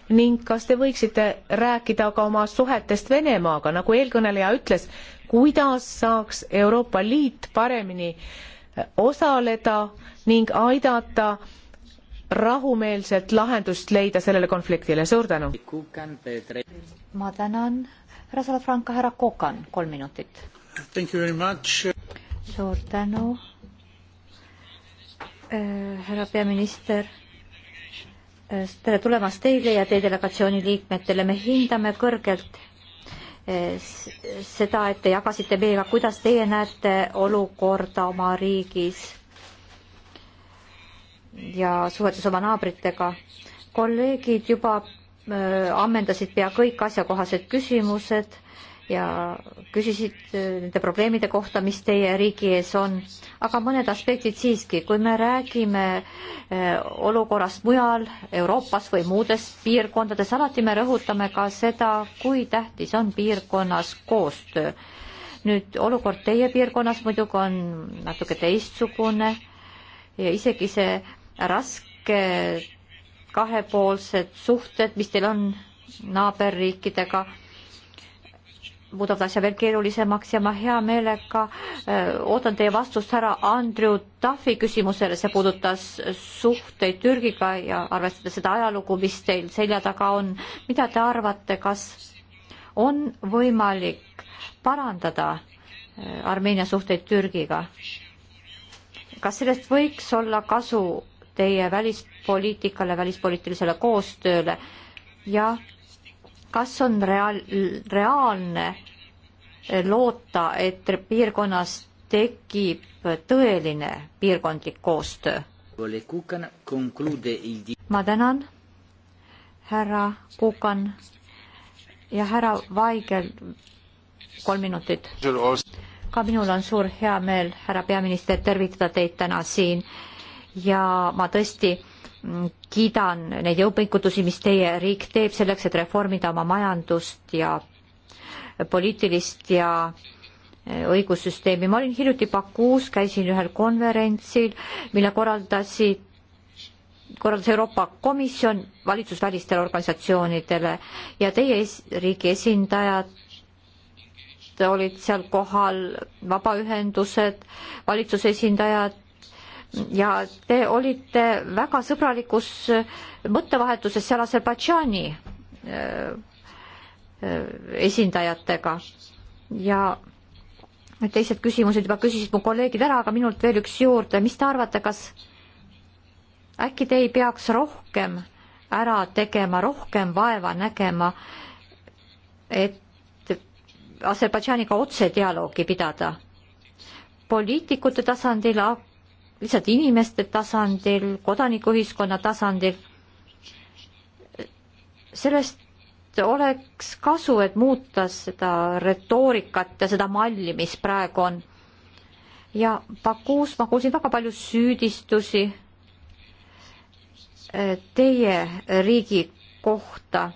ning kas te võiksite rääkida ka oma suhetest Venemaaga, nagu eelkõneleja ütles, kuidas saaks Euroopa Liit paremini osaleda ning aidata äh, rahumeelset lahendust leida sellele konfliktile, suur tänu! ma tänan, härra Salafranca, härra Kokan, kolm minutit. suur tänu, äh, härra peaminister, äh, tere tulemast teile ja teie delegatsiooni liikmetele, me hindame kõrgelt äh, seda, et te jagasite meiega, kuidas teie näete olukorda oma riigis ja suhetes oma naabritega. kolleegid juba äh, ammendasid pea kõik asjakohased küsimused ja küsisid äh, nende probleemide kohta, mis teie riigi ees on. aga mõned aspektid siiski, kui me räägime äh, olukorrast mujal Euroopas või muudes piirkondades, alati me rõhutame ka seda, kui tähtis on piirkonnas koostöö. nüüd olukord teie piirkonnas muidugi on natuke teistsugune ja isegi see rasked kahepoolsed suhted, mis teil on naaberriikidega, muudavad asja veel keerulisemaks ja ma hea meelega äh, ootan teie vastust härra Andrew Duffy küsimusele, see puudutas suhteid Türgiga ja arvestades seda ajalugu, mis teil selja taga on, mida te arvate, kas on võimalik parandada äh, Armeenia suhteid Türgiga? kas sellest võiks olla kasu teie välispoliitikale, välispoliitilisele koostööle ja kas on reaal, reaalne eh, loota, et piirkonnas tekib tõeline piirkondlik koostöö? ma tänan, härra Kukan ja härra Vaigel, kolm minutit. ka minul on suur heameel, härra peaminister, tervitada teid täna siin ja ma tõesti kiidan neid jõupingutusi, mis teie riik teeb selleks, et reformida oma majandust ja poliitilist ja eh, õigussüsteemi. ma olin hiljuti Bakuus, käisin ühel konverentsil, mille korraldasid, korraldas Euroopa Komisjon valitsusvälistele organisatsioonidele ja teie es, riigi esindajad olid seal kohal, vabaühendused, valitsuse esindajad, ja te olite väga sõbralikus mõttevahetuses seal Aserbaidžaani äh, äh, esindajatega ja teised küsimused juba küsisid mu kolleegid ära, aga minult veel üks juurde, mis te arvate, kas äkki te ei peaks rohkem ära tegema, rohkem vaeva nägema, et Aserbaidžaaniga otse dialoogi pidada poliitikute tasandil, aga lihtsalt inimeste tasandil, kodanikuühiskonna tasandil. sellest oleks kasu, et muuta seda retoorikat ja seda malli, mis praegu on. ja Bakuus ma kuulsin väga palju süüdistusi eh, teie riigi kohta.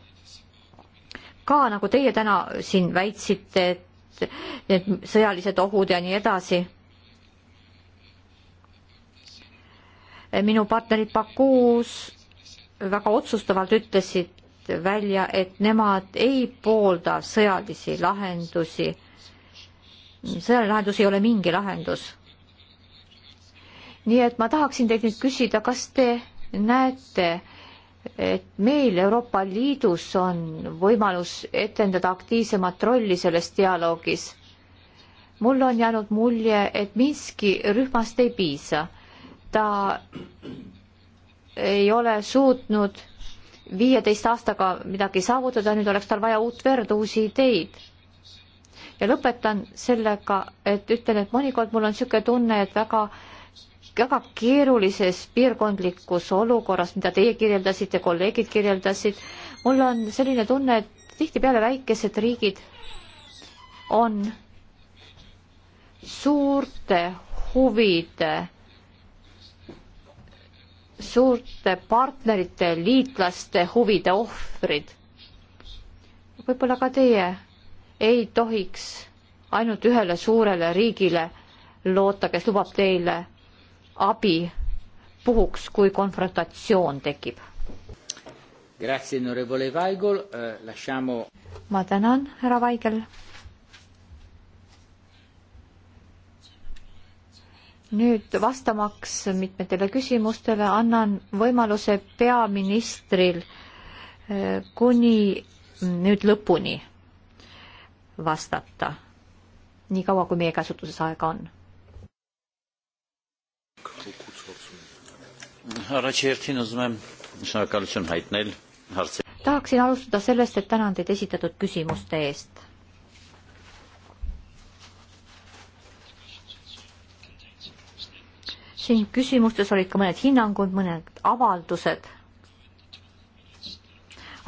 ka nagu teie täna siin väitsite, et need sõjalised ohud ja nii edasi minu partnerid Bakuus väga otsustavalt ütlesid välja, et nemad ei poolda sõjalisi lahendusi. sõjaline lahendus ei ole mingi lahendus. nii et ma tahaksin teilt nüüd küsida, kas te näete, et meil Euroopa Liidus on võimalus etendada aktiivsemat rolli selles dialoogis. mul on jäänud mulje, et Minski rühmast ei piisa ta ei ole suutnud viieteist aastaga midagi saavutada, nüüd oleks tal vaja uut verd, uusi ideid. ja lõpetan sellega, et ütlen, et mõnikord mul on niisugune tunne, et väga, väga keerulises piirkondlikus olukorras, mida teie kirjeldasite, kolleegid kirjeldasid, mul on selline tunne, et tihtipeale väikesed riigid on suurte huvide suurte partnerite, liitlaste huvide ohvrid. võib-olla ka teie ei tohiks ainult ühele suurele riigile loota, kes lubab teile abi puhuks, kui konfrontatsioon tekib. Eh, ma tänan, härra Vaigel nüüd vastamaks mitmetele küsimustele annan võimaluse peaministril eh, kuni nüüd lõpuni vastata, niikaua kui meie käsutuses aega on. tahaksin alustada sellest, et tänan teid esitatud küsimuste eest. siin küsimustes olid ka mõned hinnangud, mõned avaldused.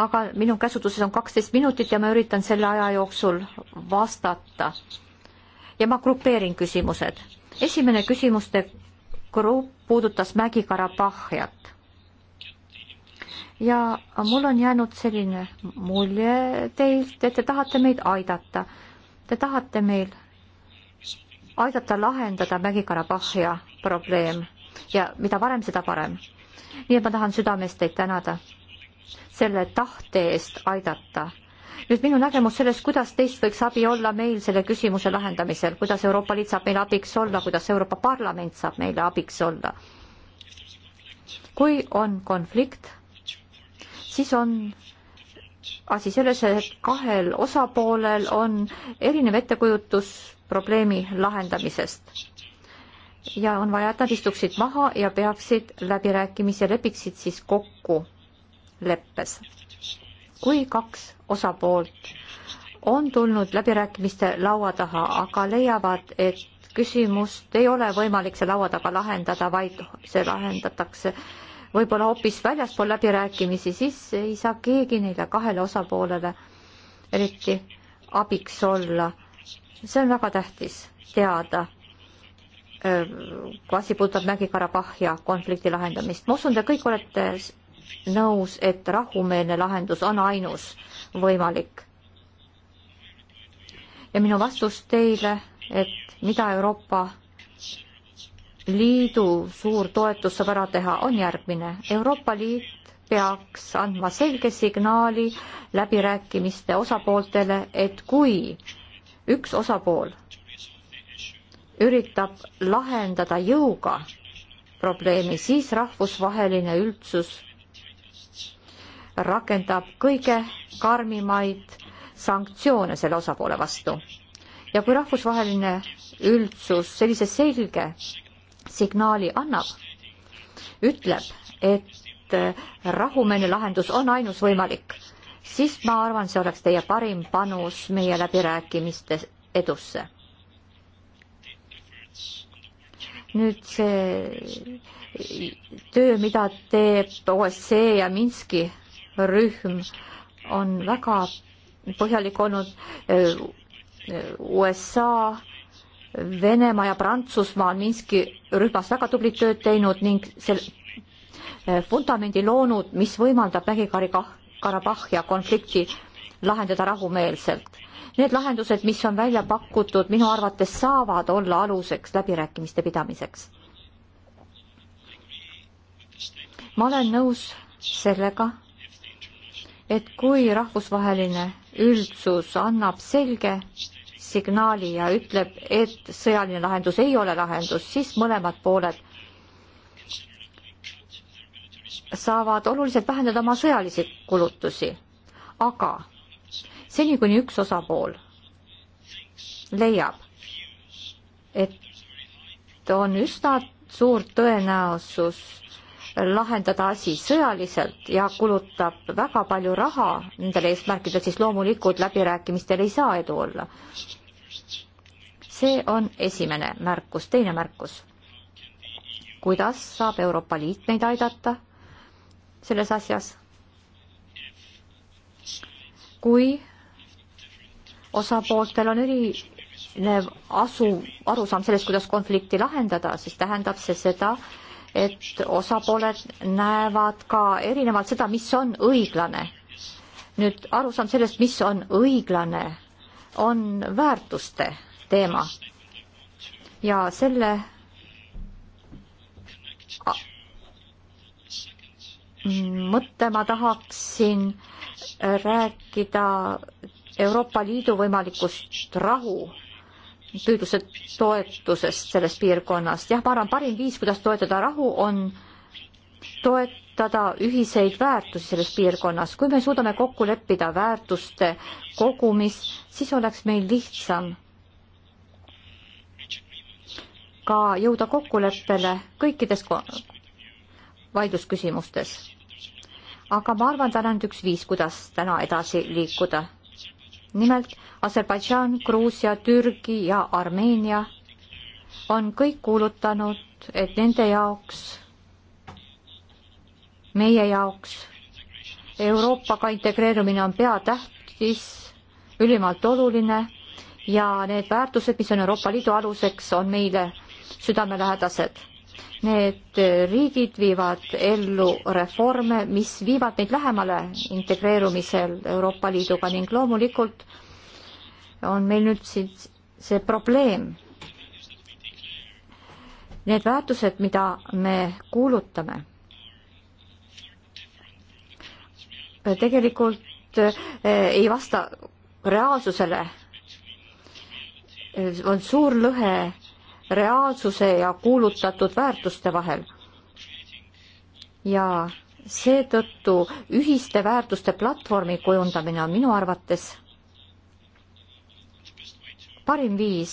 aga minu käsutuses on kaksteist minutit ja ma üritan selle aja jooksul vastata. ja ma grupeerin küsimused. esimene küsimuste grupp puudutas Mägi-Karabahhiat. ja mul on jäänud selline mulje teilt, et te tahate meid aidata. Te tahate meil aidata lahendada Mägi-Karabahhia probleem ja mida varem, seda parem. nii et ma tahan südamest teid tänada selle tahte eest aidata. nüüd minu nägemus sellest, kuidas teist võiks abi olla meil selle küsimuse lahendamisel, kuidas Euroopa Liit saab meile abiks olla, kuidas Euroopa Parlament saab meile abiks olla. kui on konflikt, siis on asi selles, et kahel osapoolel on erinev ettekujutus probleemi lahendamisest ja on vaja, et nad istuksid maha ja peaksid läbirääkimisi ja lepiksid siis kokku leppes. kui kaks osapoolt on tulnud läbirääkimiste laua taha, aga leiavad, et küsimust ei ole võimalik see laua taga lahendada, vaid see lahendatakse võib-olla hoopis väljaspool läbirääkimisi, siis ei saa keegi neile kahele osapoolele eriti abiks olla. see on väga tähtis teada kui asi puudutab Mägi-Karabahhia konflikti lahendamist. ma usun, te kõik olete nõus, et rahumeelne lahendus on ainus võimalik. ja minu vastus teile, et mida Euroopa Liidu suur toetus saab ära teha, on järgmine. Euroopa Liit peaks andma selge signaali läbirääkimiste osapooltele, et kui üks osapool üritab lahendada jõuga probleemi, siis rahvusvaheline üldsus rakendab kõige karmimaid sanktsioone selle osapoole vastu. ja kui rahvusvaheline üldsus sellise selge signaali annab, ütleb, et äh, rahumeelne lahendus on ainus võimalik, siis ma arvan, see oleks teie parim panus meie läbirääkimiste edusse nüüd see töö, mida teeb OSCE ja Minski rühm, on väga põhjalik olnud USA, Venemaa ja Prantsusmaa on Minski rühmas väga tublit tööd teinud ning selle vundamendi loonud, mis võimaldab Mägi-Karabahhi konflikti lahendada rahumeelselt need lahendused, mis on välja pakutud, minu arvates saavad olla aluseks läbirääkimiste pidamiseks. ma olen nõus sellega, et kui rahvusvaheline üldsus annab selge signaali ja ütleb, et sõjaline lahendus ei ole lahendus, siis mõlemad pooled saavad oluliselt vähendada oma sõjalisi kulutusi. aga seni, kuni üks osapool leiab, et on üsna suur tõenäosus lahendada asi sõjaliselt ja kulutab väga palju raha nendele eesmärkidele, siis loomulikult läbirääkimistel ei saa edu olla. see on esimene märkus, teine märkus. kuidas saab Euroopa Liit meid aidata selles asjas? kui osapooltel on erinev asu, arusaam sellest, kuidas konflikti lahendada, siis tähendab see seda, et osapooled näevad ka erinevalt seda, mis on õiglane. nüüd arusaam sellest, mis on õiglane, on väärtuste teema. ja selle mõtte ma tahaksin rääkida Euroopa Liidu võimalikust rahu püüdluse toetusest sellest piirkonnast. jah, ma arvan, parim viis, kuidas toetada rahu, on toetada ühiseid väärtusi selles piirkonnas. kui me suudame kokku leppida väärtuste kogumis, siis oleks meil lihtsam ka jõuda kokkuleppele kõikides vaidlusküsimustes. aga ma arvan, täna on üks viis, kuidas täna edasi liikuda nimelt Aserbaidžaan, Gruusia, Türgi ja Armeenia on kõik kuulutanud, et nende jaoks, meie jaoks Euroopaga integreerumine on peatähtis, ülimalt oluline ja need väärtused, mis on Euroopa Liidu aluseks, on meile südamelähedased Need riigid viivad ellu reforme, mis viivad meid lähemale integreerumisel Euroopa Liiduga ning loomulikult on meil nüüd siin see probleem. Need väärtused, mida me kuulutame, tegelikult eh, ei vasta reaalsusele. on suur lõhe reaalsuse ja kuulutatud väärtuste vahel. ja seetõttu ühiste väärtuste platvormi kujundamine on minu arvates parim viis,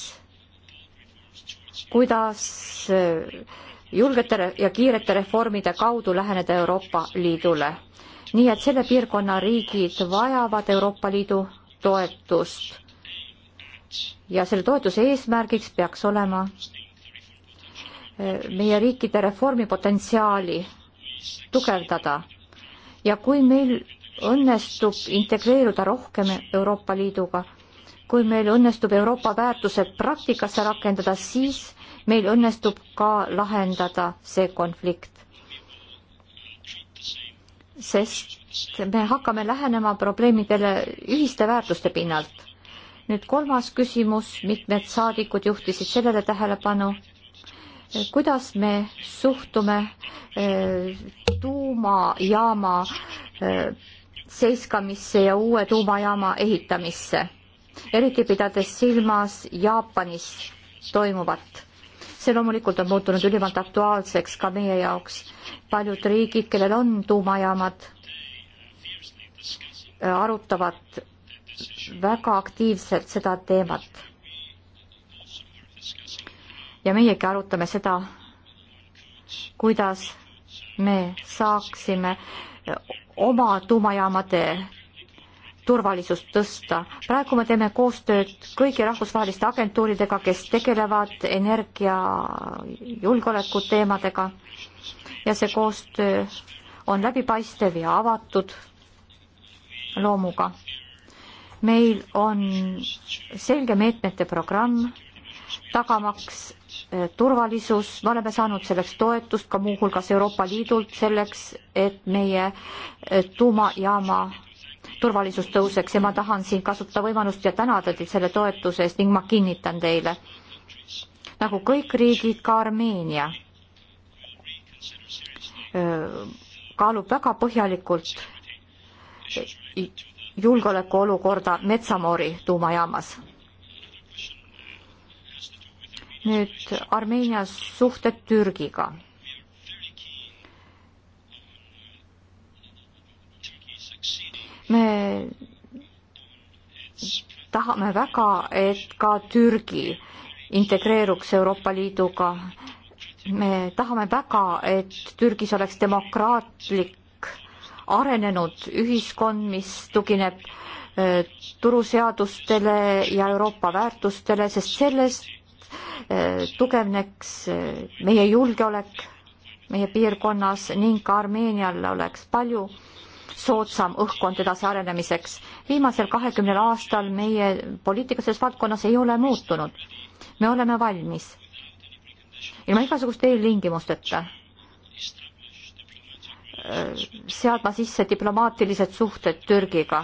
kuidas äh, julgete ja kiirete reformide kaudu läheneda Euroopa Liidule. nii et selle piirkonna riigid vajavad Euroopa Liidu toetust ja selle toetuse eesmärgiks peaks olema eh, meie riikide reformipotentsiaali tugevdada ja kui meil õnnestub integreeruda rohkem Euroopa Liiduga, kui meil õnnestub Euroopa väärtused praktikasse rakendada, siis meil õnnestub ka lahendada see konflikt. sest me hakkame lähenema probleemidele ühiste väärtuste pinnalt nüüd kolmas küsimus, mitmed saadikud juhtisid sellele tähelepanu. Eh, kuidas me suhtume eh, tuumajaama eh, seiskamisse ja uue tuumajaama ehitamisse, eriti pidades silmas Jaapanis toimuvat. see loomulikult on muutunud ülimalt aktuaalseks ka meie jaoks. paljud riigid, kellel on tuumajaamad, arutavad väga aktiivselt seda teemat. ja meiegi arutame seda, kuidas me saaksime oma tuumajaamade turvalisust tõsta. praegu me teeme koostööd kõigi rahvusvaheliste agentuuridega, kes tegelevad energiajulgeoleku teemadega ja see koostöö on läbipaistev ja avatud loomuga meil on selge meetmete programm, tagamaks eh, turvalisus, me oleme saanud selleks toetust ka muuhulgas Euroopa Liidult selleks, et meie eh, tuumajaama turvalisus tõuseks ja ma tahan siin kasutada võimalust ja tänada teid selle toetuse eest ning ma kinnitan teile, nagu kõik riigid, ka Armeenia eh, kaalub väga põhjalikult julgeolekuolukorda Metsamori tuumajaamas. nüüd Armeenia suhted Türgiga. me tahame väga, et ka Türgi integreeruks Euroopa Liiduga. me tahame väga, et Türgis oleks demokraatlik arenenud ühiskond, mis tugineb eh, turuseadustele ja Euroopa väärtustele, sest sellest eh, tugevneks eh, meie julgeolek meie piirkonnas ning ka Armeenial oleks palju soodsam õhkkond edasi arenemiseks. viimasel kahekümnel aastal meie poliitika selles valdkonnas ei ole muutunud. me oleme valmis. ilma igasuguste eeltingimusteta seadma sisse diplomaatilised suhted Türgiga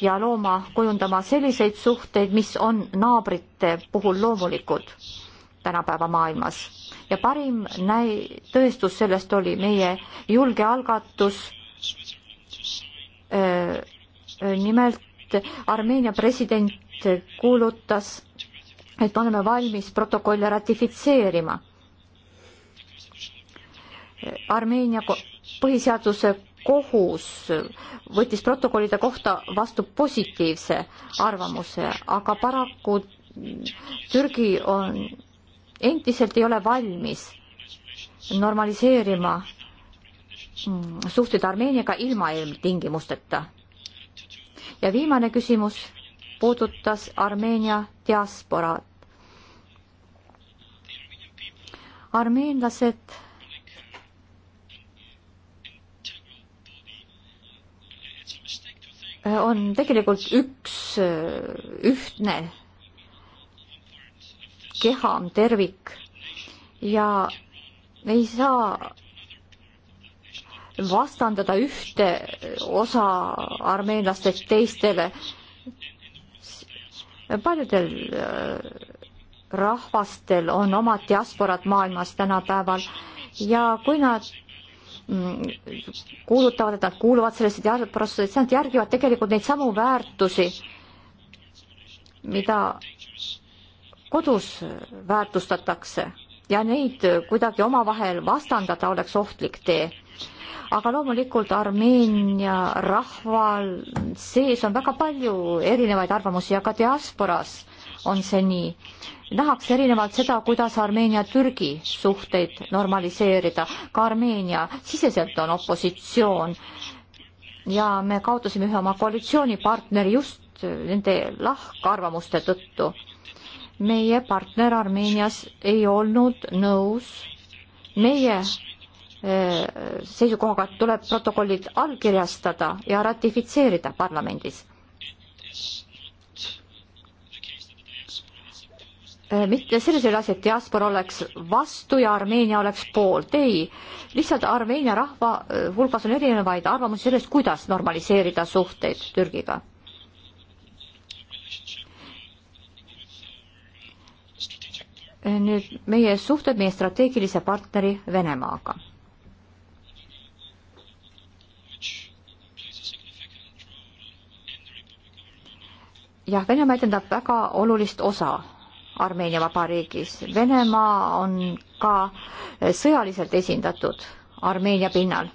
ja looma, kujundama selliseid suhteid, mis on naabrite puhul loomulikud tänapäeva maailmas. ja parim näi-, tõestus sellest oli meie julge algatus öö, nimelt Armeenia president kuulutas, et me oleme valmis protokolle ratifitseerima. Armeenia põhiseaduse kohus võttis protokollide kohta vastu positiivse arvamuse, aga paraku Türgi on endiselt ei ole valmis normaliseerima suhted Armeeniaga ilma eeltingimusteta. ja viimane küsimus puudutas Armeenia diasporaat. armeenlased on tegelikult üks ühtne keham, tervik ja ei saa vastandada ühte osa armeenlastest teistele. paljudel äh, rahvastel on omad diasporad maailmas tänapäeval ja kui nad kuulutavad, et nad kuuluvad sellesse teadusprotsessi, et nad järgivad tegelikult neid samu väärtusi, mida kodus väärtustatakse ja neid kuidagi omavahel vastandada oleks ohtlik tee. aga loomulikult Armeenia rahval sees on väga palju erinevaid arvamusi ja ka diasporas on see nii. nähakse erinevalt seda, kuidas Armeenia-Türgi suhteid normaliseerida. ka Armeenia siseselt on opositsioon ja me kaotasime ühe oma koalitsioonipartneri just nende lahkarvamuste tõttu. meie partner Armeenias ei olnud nõus meie eh, seisukohaga, et tuleb protokollid allkirjastada ja ratifitseerida parlamendis. Äh, mitte selles ei ole asi, et diaspora oleks vastu ja Armeenia oleks poolt, ei. lihtsalt Armeenia rahva äh, hulgas on erinevaid arvamusi sellest, kuidas normaliseerida suhteid Türgiga. Äh, nüüd meie suhted meie strateegilise partneri Venemaaga. jah, Venemaa etendab väga olulist osa Armeenia Vabariigis. Venemaa on ka sõjaliselt esindatud Armeenia pinnal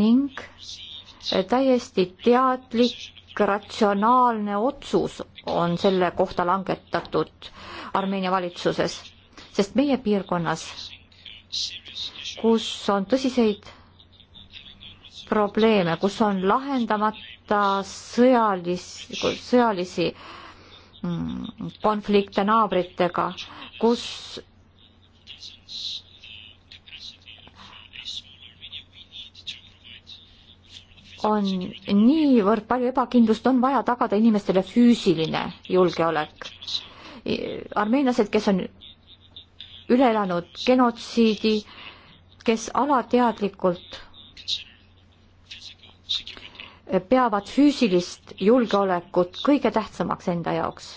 ning täiesti teadlik ratsionaalne otsus on selle kohta langetatud Armeenia valitsuses, sest meie piirkonnas, kus on tõsiseid probleeme, kus on lahendamata sõjalis, sõjalisi, sõjalisi Mm, konflikte naabritega, kus on niivõrd palju ebakindlust, on vaja tagada inimestele füüsiline julgeolek. armeenlased, kes on üle elanud genotsiidi, kes alateadlikult peavad füüsilist julgeolekut kõige tähtsamaks enda jaoks.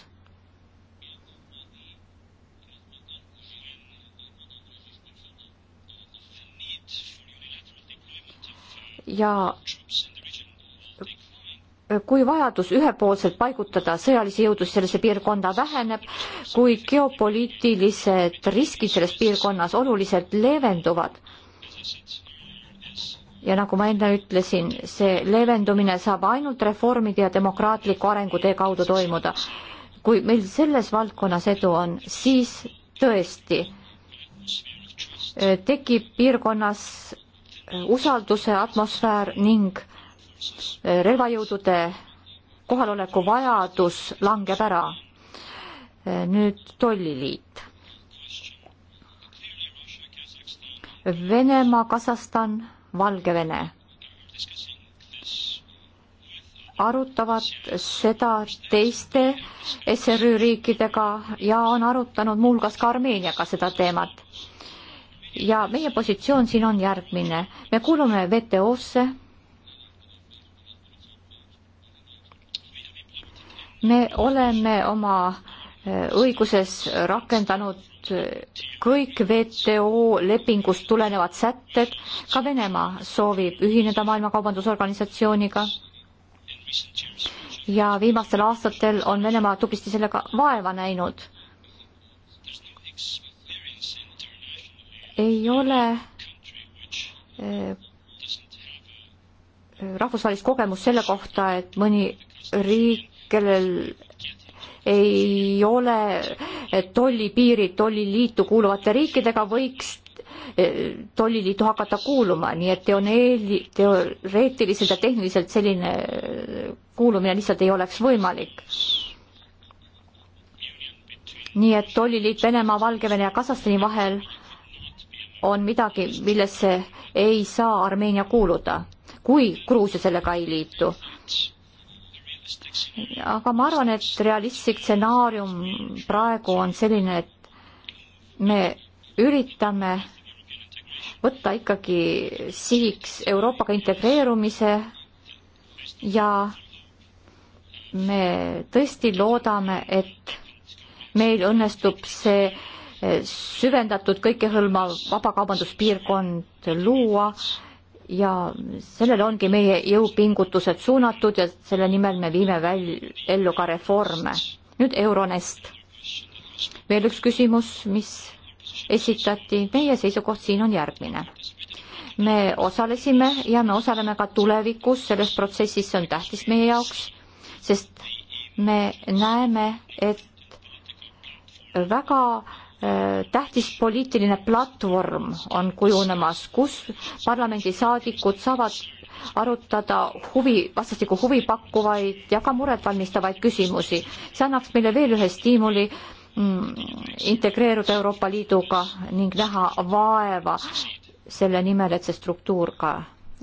ja kui vajadus ühepoolselt paigutada sõjalisi jõudusid sellesse piirkonda väheneb, kui geopoliitilised riskid selles piirkonnas oluliselt leevenduvad, ja nagu ma enne ütlesin, see leevendumine saab ainult reformide ja demokraatliku arengutee kaudu toimuda. kui meil selles valdkonnas edu on, siis tõesti äh, tekib piirkonnas äh, usalduse atmosfäär ning äh, relvajõudude kohaloleku vajadus langeb ära. nüüd tolliliit. Venemaa, Kasahstan Valgevene arutavad seda teiste SRÜ riikidega ja on arutanud muuhulgas ka Armeeniaga seda teemat. ja meie positsioon siin on järgmine, me kuulume WTO-sse. me oleme oma äh, õiguses rakendanud kõik WTO lepingust tulenevad sätted, ka Venemaa soovib ühineda Maailma Kaubandusorganisatsiooniga. ja viimastel aastatel on Venemaa tublisti sellega vaeva näinud. ei ole eh, rahvusvahelist kogemust selle kohta, et mõni riik, kellel ei ole tollipiirid tolliliitu kuuluvate riikidega, võiks eh, tolliliitu hakata kuuluma, nii et teoneeli, teoreetiliselt ja tehniliselt selline eh, kuulumine lihtsalt ei oleks võimalik. nii et tolliliit Venemaa, Valgevene ja Kasahstani vahel on midagi, millesse ei saa Armeenia kuuluda, kui Gruusia sellega ei liitu aga ma arvan, et realistlik stsenaarium praegu on selline, et me üritame võtta ikkagi sihiks Euroopaga integreerumise ja me tõesti loodame, et meil õnnestub see süvendatud kõikehõlmav vabakaubanduspiirkond luua ja sellele ongi meie jõupingutused suunatud ja selle nimel me viime väl-, ellu ka reforme. nüüd Euronest. veel üks küsimus, mis esitati, meie seisukoht siin on järgmine. me osalesime ja me osaleme ka tulevikus selles protsessis, see on tähtis meie jaoks, sest me näeme, et väga äh, tähtis poliitiline platvorm on kujunemas, kus parlamendisaadikud saavad arutada huvi, vastastikku huvi pakkuvaid ja ka muret valmistavaid küsimusi. see annaks meile veel ühe stiimuli mm, integreeruda Euroopa Liiduga ning näha vaeva selle nimel, et see struktuur ka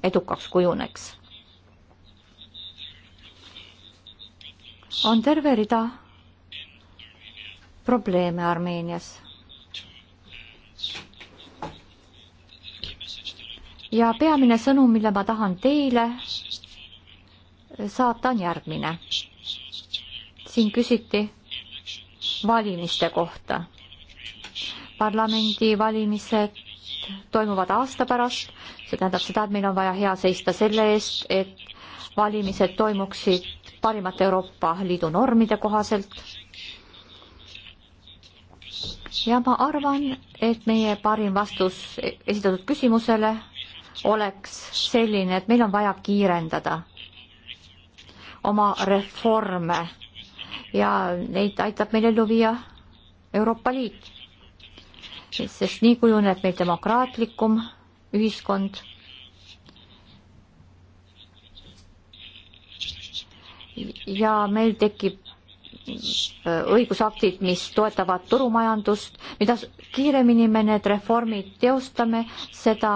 edukaks kujuneks. on terve rida probleeme Armeenias ja peamine sõnum, mille ma tahan teile saata, on järgmine. siin küsiti valimiste kohta. parlamendivalimised toimuvad aasta pärast, see tähendab seda, et meil on vaja hea seista selle eest, et valimised toimuksid parimate Euroopa Liidu normide kohaselt ja ma arvan, et meie parim vastus esitatud küsimusele oleks selline, et meil on vaja kiirendada oma reforme ja neid aitab meil ellu viia Euroopa Liit. sest nii kujuneb meil demokraatlikum ühiskond. ja meil tekib äh, õigusaktid, mis toetavad turumajandust, mida kiiremini me need reformid teostame, seda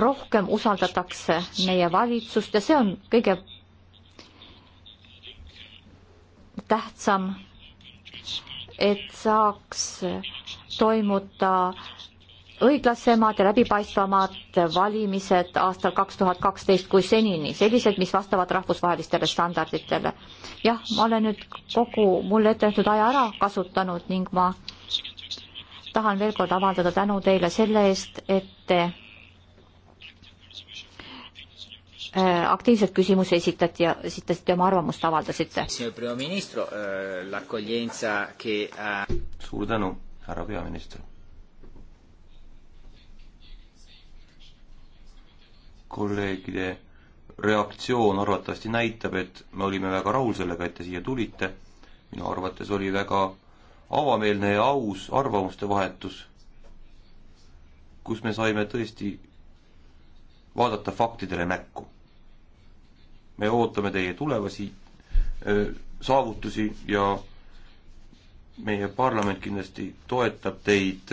rohkem usaldatakse meie valitsust ja see on kõige tähtsam, et saaks toimuda õiglasemad ja läbipaistvamad valimised aastal kaks tuhat kaksteist kui senini, sellised, mis vastavad rahvusvahelistele standarditele. jah, ma olen nüüd kogu mulle ette antud aja ära kasutanud ning ma tahan veel kord avaldada tänu teile selle eest, et te äh, aktiivselt küsimusi esitati ja esitasite oma arvamust, avaldasite. Äh, äh, suur tänu, härra peaminister. kolleegide reaktsioon arvatavasti näitab, et me olime väga rahul sellega, et te siia tulite. minu arvates oli väga avameelne ja aus arvamuste vahetus, kus me saime tõesti vaadata faktidele näkku. me ootame teie tulevasi öö, saavutusi ja meie parlament kindlasti toetab teid,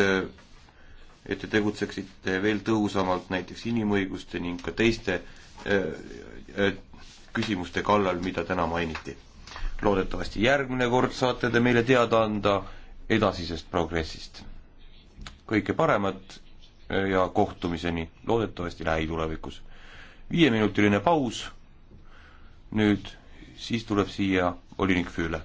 et te tegutseksite veel tõhusamalt näiteks inimõiguste ning ka teiste öö, öö, küsimuste kallal, mida täna mainiti loodetavasti järgmine kord saate te meile teada anda edasisest progressist. kõike paremat äh, ja kohtumiseni loodetavasti lähitulevikus. viieminutiline paus, nüüd siis tuleb siia volinik Füüle.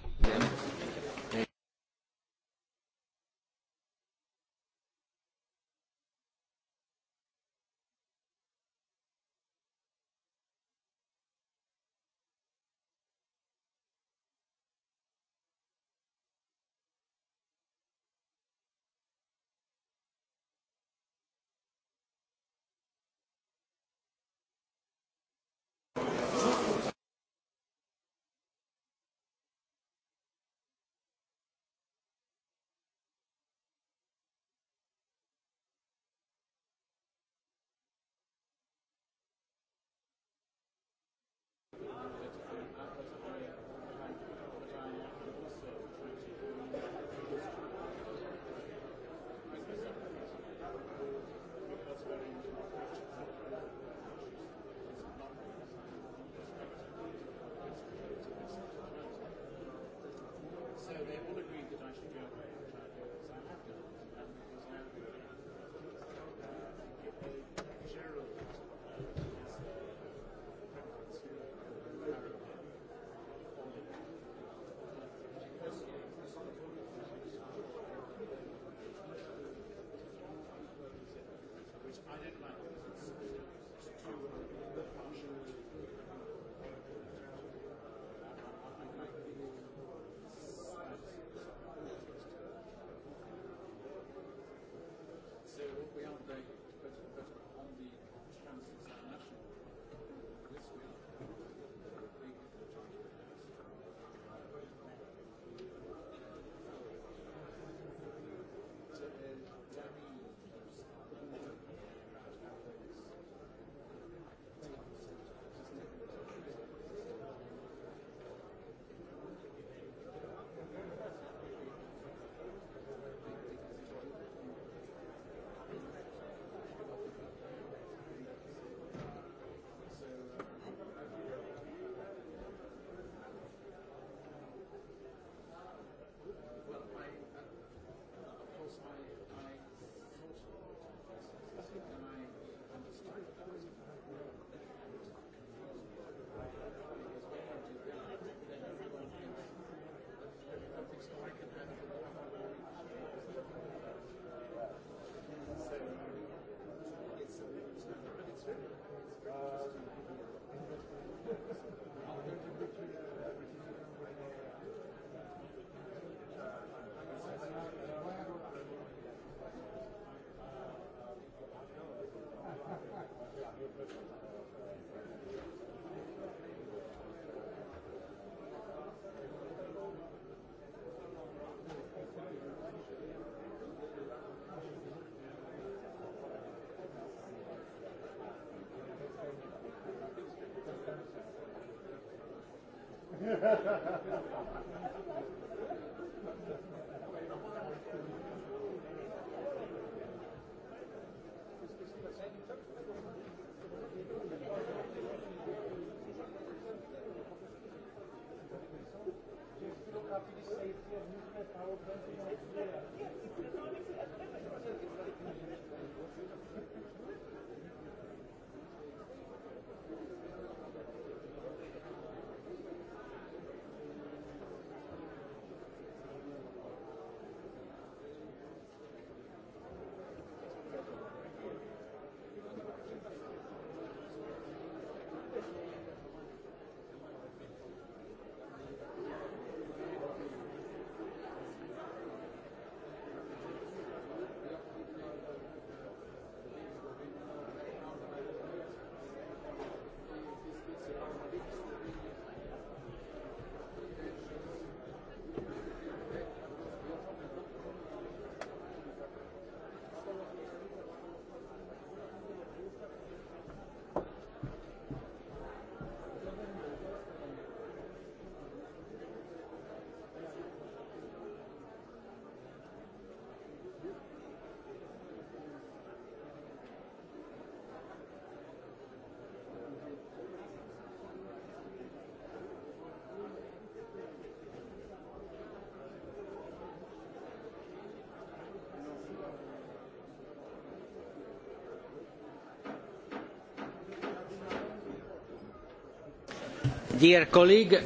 Dear colleague,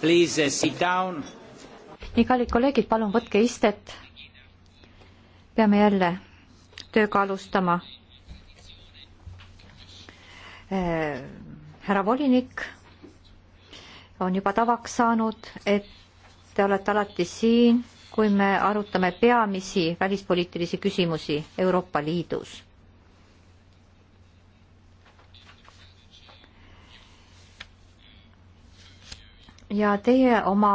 please uh, sit down. nii, kallid kolleegid, palun võtke istet. peame jälle tööga alustama äh,. härra volinik on juba tavaks saanud, et te olete alati siin, kui me arutame peamisi välispoliitilisi küsimusi Euroopa Liidus ja teie oma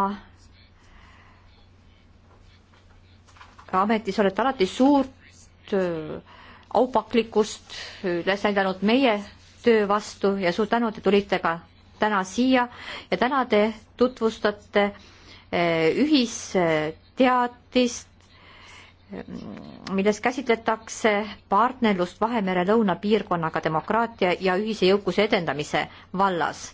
ametis olete alati suurt äh, aupaklikkust üles äh, näidanud meie töö vastu ja suur tänu, te tulite ka täna siia ja täna te tutvustate äh, ühisteatist, milles käsitletakse partnerlust Vahemere lõunapiirkonnaga demokraatia ja ühise jõukuse edendamise vallas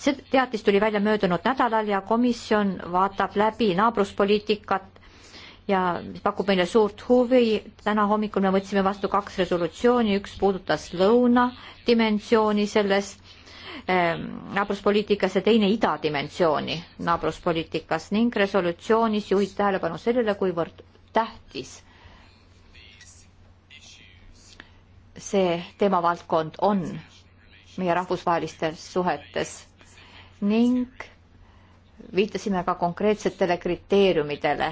see teatis tuli välja möödunud nädalal ja komisjon vaatab läbi naabruspoliitikat ja pakub meile suurt huvi. täna hommikul me võtsime vastu kaks resolutsiooni, üks puudutas lõuna dimensiooni selles ehm, naabruspoliitikas ja teine idadimensiooni naabruspoliitikas ning resolutsioonis juhid tähelepanu sellele, kuivõrd tähtis see teemavaldkond on meie rahvusvahelistes suhetes ning viitasime ka konkreetsetele kriteeriumidele,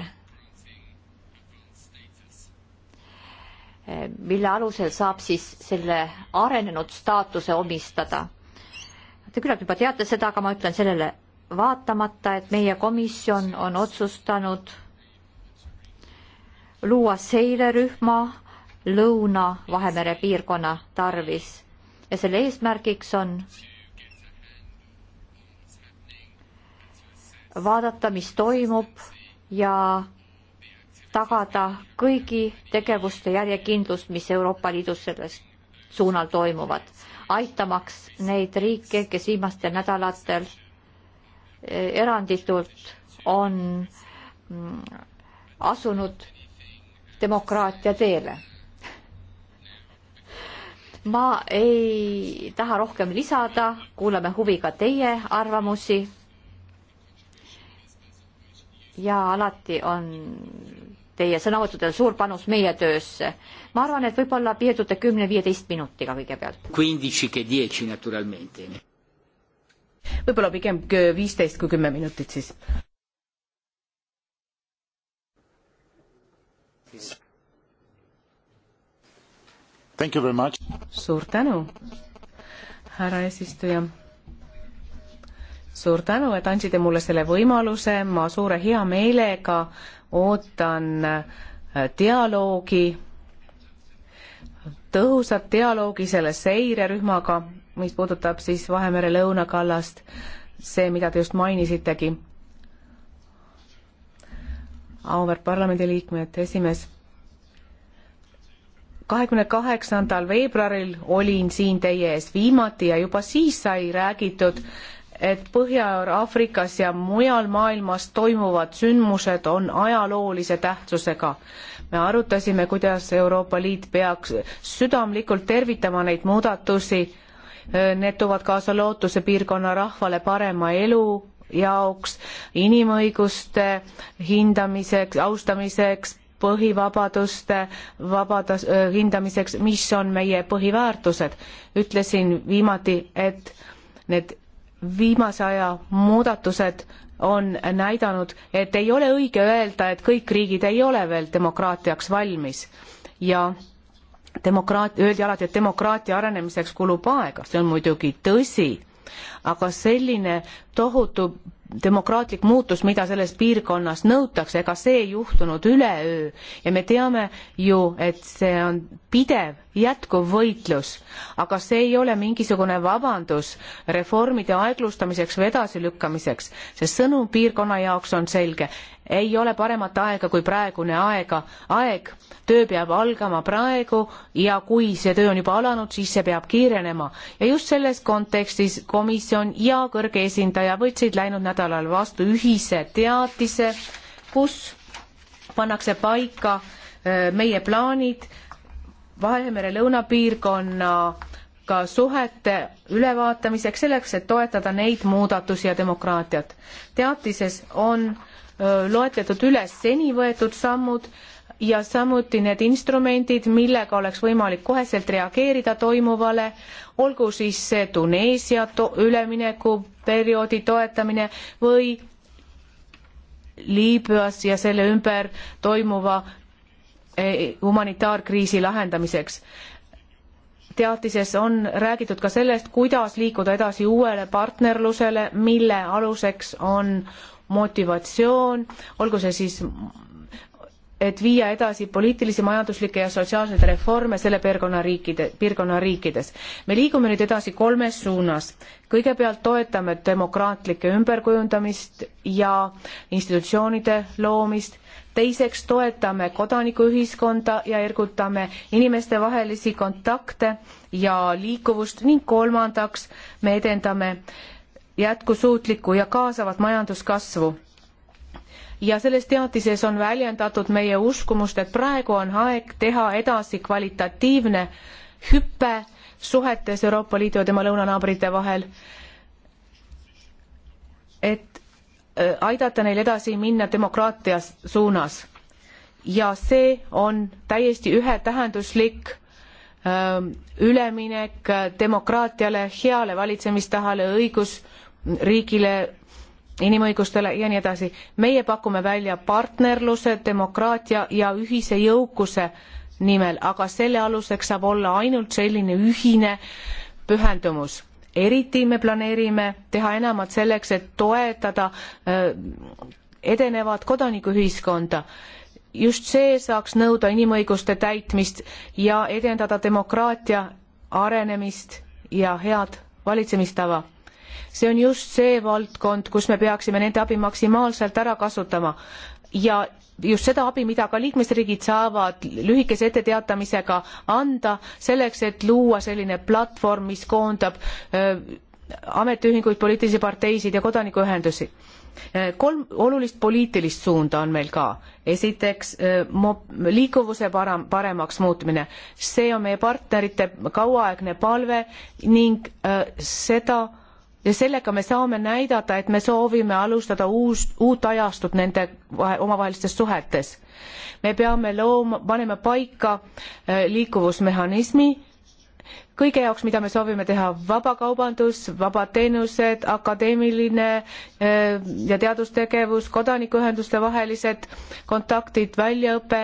mille alusel saab siis selle arenenud staatuse omistada. Te küllap juba teate seda, aga ma ütlen sellele vaatamata, et meie komisjon on otsustanud luua seirerühma Lõuna-Vahemere piirkonna tarvis ja selle eesmärgiks on vaadata, mis toimub ja tagada kõigi tegevuste järjekindlus, mis Euroopa Liidus selles suunal toimuvad, aitamaks neid riike, kes viimastel nädalatel eh, eranditult on mm, asunud demokraatia teele. ma ei taha rohkem lisada, kuulame huviga teie arvamusi ja alati on teie sõnavõttudel suur panus meie töösse. ma arvan, et võib-olla piirdute kümne-viieteist minutiga kõigepealt. võib-olla pigem viisteist kui kümme minutit siis. suur tänu, härra eesistuja suur tänu, et andsite mulle selle võimaluse, ma suure hea meelega ootan äh, dialoogi, tõhusat dialoogi selle seirerühmaga, mis puudutab siis Vahemere lõunakallast, see, mida te just mainisitegi. auväärt parlamendiliikmed, esimees kahekümne kaheksandal veebruaril olin siin teie ees viimati ja juba siis sai räägitud et Põhja-Aafrikas ja mujal maailmas toimuvad sündmused on ajaloolise tähtsusega. me arutasime, kuidas Euroopa Liit peaks südamlikult tervitama neid muudatusi. Need toovad kaasa lootuse piirkonna rahvale parema elu jaoks, inimõiguste hindamiseks, austamiseks, põhivabaduste vabadas- äh,, hindamiseks, mis on meie põhiväärtused. ütlesin viimati, et need viimase aja muudatused on näidanud, et ei ole õige öelda, et kõik riigid ei ole veel demokraatiaks valmis ja demokraat-, öeldi alati, et demokraatia arenemiseks kulub aega, see on muidugi tõsi, aga selline tohutu demokraatlik muutus, mida selles piirkonnas nõutakse, ega see ei juhtunud üleöö ja me teame ju, et see on pidev jätkuv võitlus, aga see ei ole mingisugune vabandus reformide aeglustamiseks või edasilükkamiseks, sest sõnum piirkonna jaoks on selge. ei ole paremat aega kui praegune aega, aeg, töö peab algama praegu ja kui see töö on juba alanud, siis see peab kiirenema. ja just selles kontekstis komisjon ja kõrge esindaja võtsid läinud nädalal vastu ühise teatise, kus pannakse paika äh, meie plaanid Vahemere lõunapiirkonnaga suhete ülevaatamiseks, selleks, et toetada neid muudatusi ja demokraatiat. teatises on loetletud üles seni võetud sammud ja samuti need instrumendid, millega oleks võimalik koheselt reageerida toimuvale, olgu siis see Tuneesia to üleminekuperioodi toetamine või Liibüas ja selle ümber toimuva Eh, humanitaarkriisi lahendamiseks. teatises on räägitud ka sellest, kuidas liikuda edasi uuele partnerlusele, mille aluseks on motivatsioon, olgu see siis et viia edasi poliitilisi, majanduslikke ja sotsiaalseid reforme selle piirkonna riikide, piirkonna riikides. me liigume nüüd edasi kolmes suunas. kõigepealt toetame demokraatlikke ümberkujundamist ja institutsioonide loomist teiseks toetame kodanikuühiskonda ja ergutame inimestevahelisi kontakte ja liikuvust ning kolmandaks me edendame jätkusuutlikku ja kaasavat majanduskasvu ja selles teatises on väljendatud meie uskumust, et praegu on aeg teha edasi kvalitatiivne hüpe suhetes Euroopa Liidu ja tema lõunanaabrite vahel. et Äh, aidata neil edasi minna demokraatia suunas. ja see on täiesti ühetähenduslik ähm, üleminek äh, demokraatiale, heale valitsemistahale, õigusriigile, inimõigustele ja nii edasi. meie pakume välja partnerluse, demokraatia ja ühise jõukuse nimel, aga selle aluseks saab olla ainult selline ühine pühendumus eriti me planeerime teha enamat selleks, et toetada äh, edenevat kodanikuühiskonda. just see saaks nõuda inimõiguste täitmist ja edendada demokraatia arenemist ja head valitsemistava. see on just see valdkond, kus me peaksime nende abi maksimaalselt ära kasutama ja just seda abi, mida ka liikmesriigid saavad lühikese etteteatamisega anda selleks, et luua selline platvorm, mis koondab ametiühinguid, poliitilisi parteisid ja kodanikuühendusi. kolm olulist poliitilist suunda on meil ka. esiteks liikuvuse parem, paremaks muutmine. see on meie partnerite kauaaegne palve ning seda ja sellega me saame näidata, et me soovime alustada uus, uut ajastut nende vahe, omavahelistes suhetes. me peame looma, panema paika äh, liikuvusmehhanismi kõige jaoks, mida me soovime teha, vabakaubandus, vabad teenused, akadeemiline äh, ja teadustegevus, kodanikuühenduste vahelised kontaktid, väljaõpe,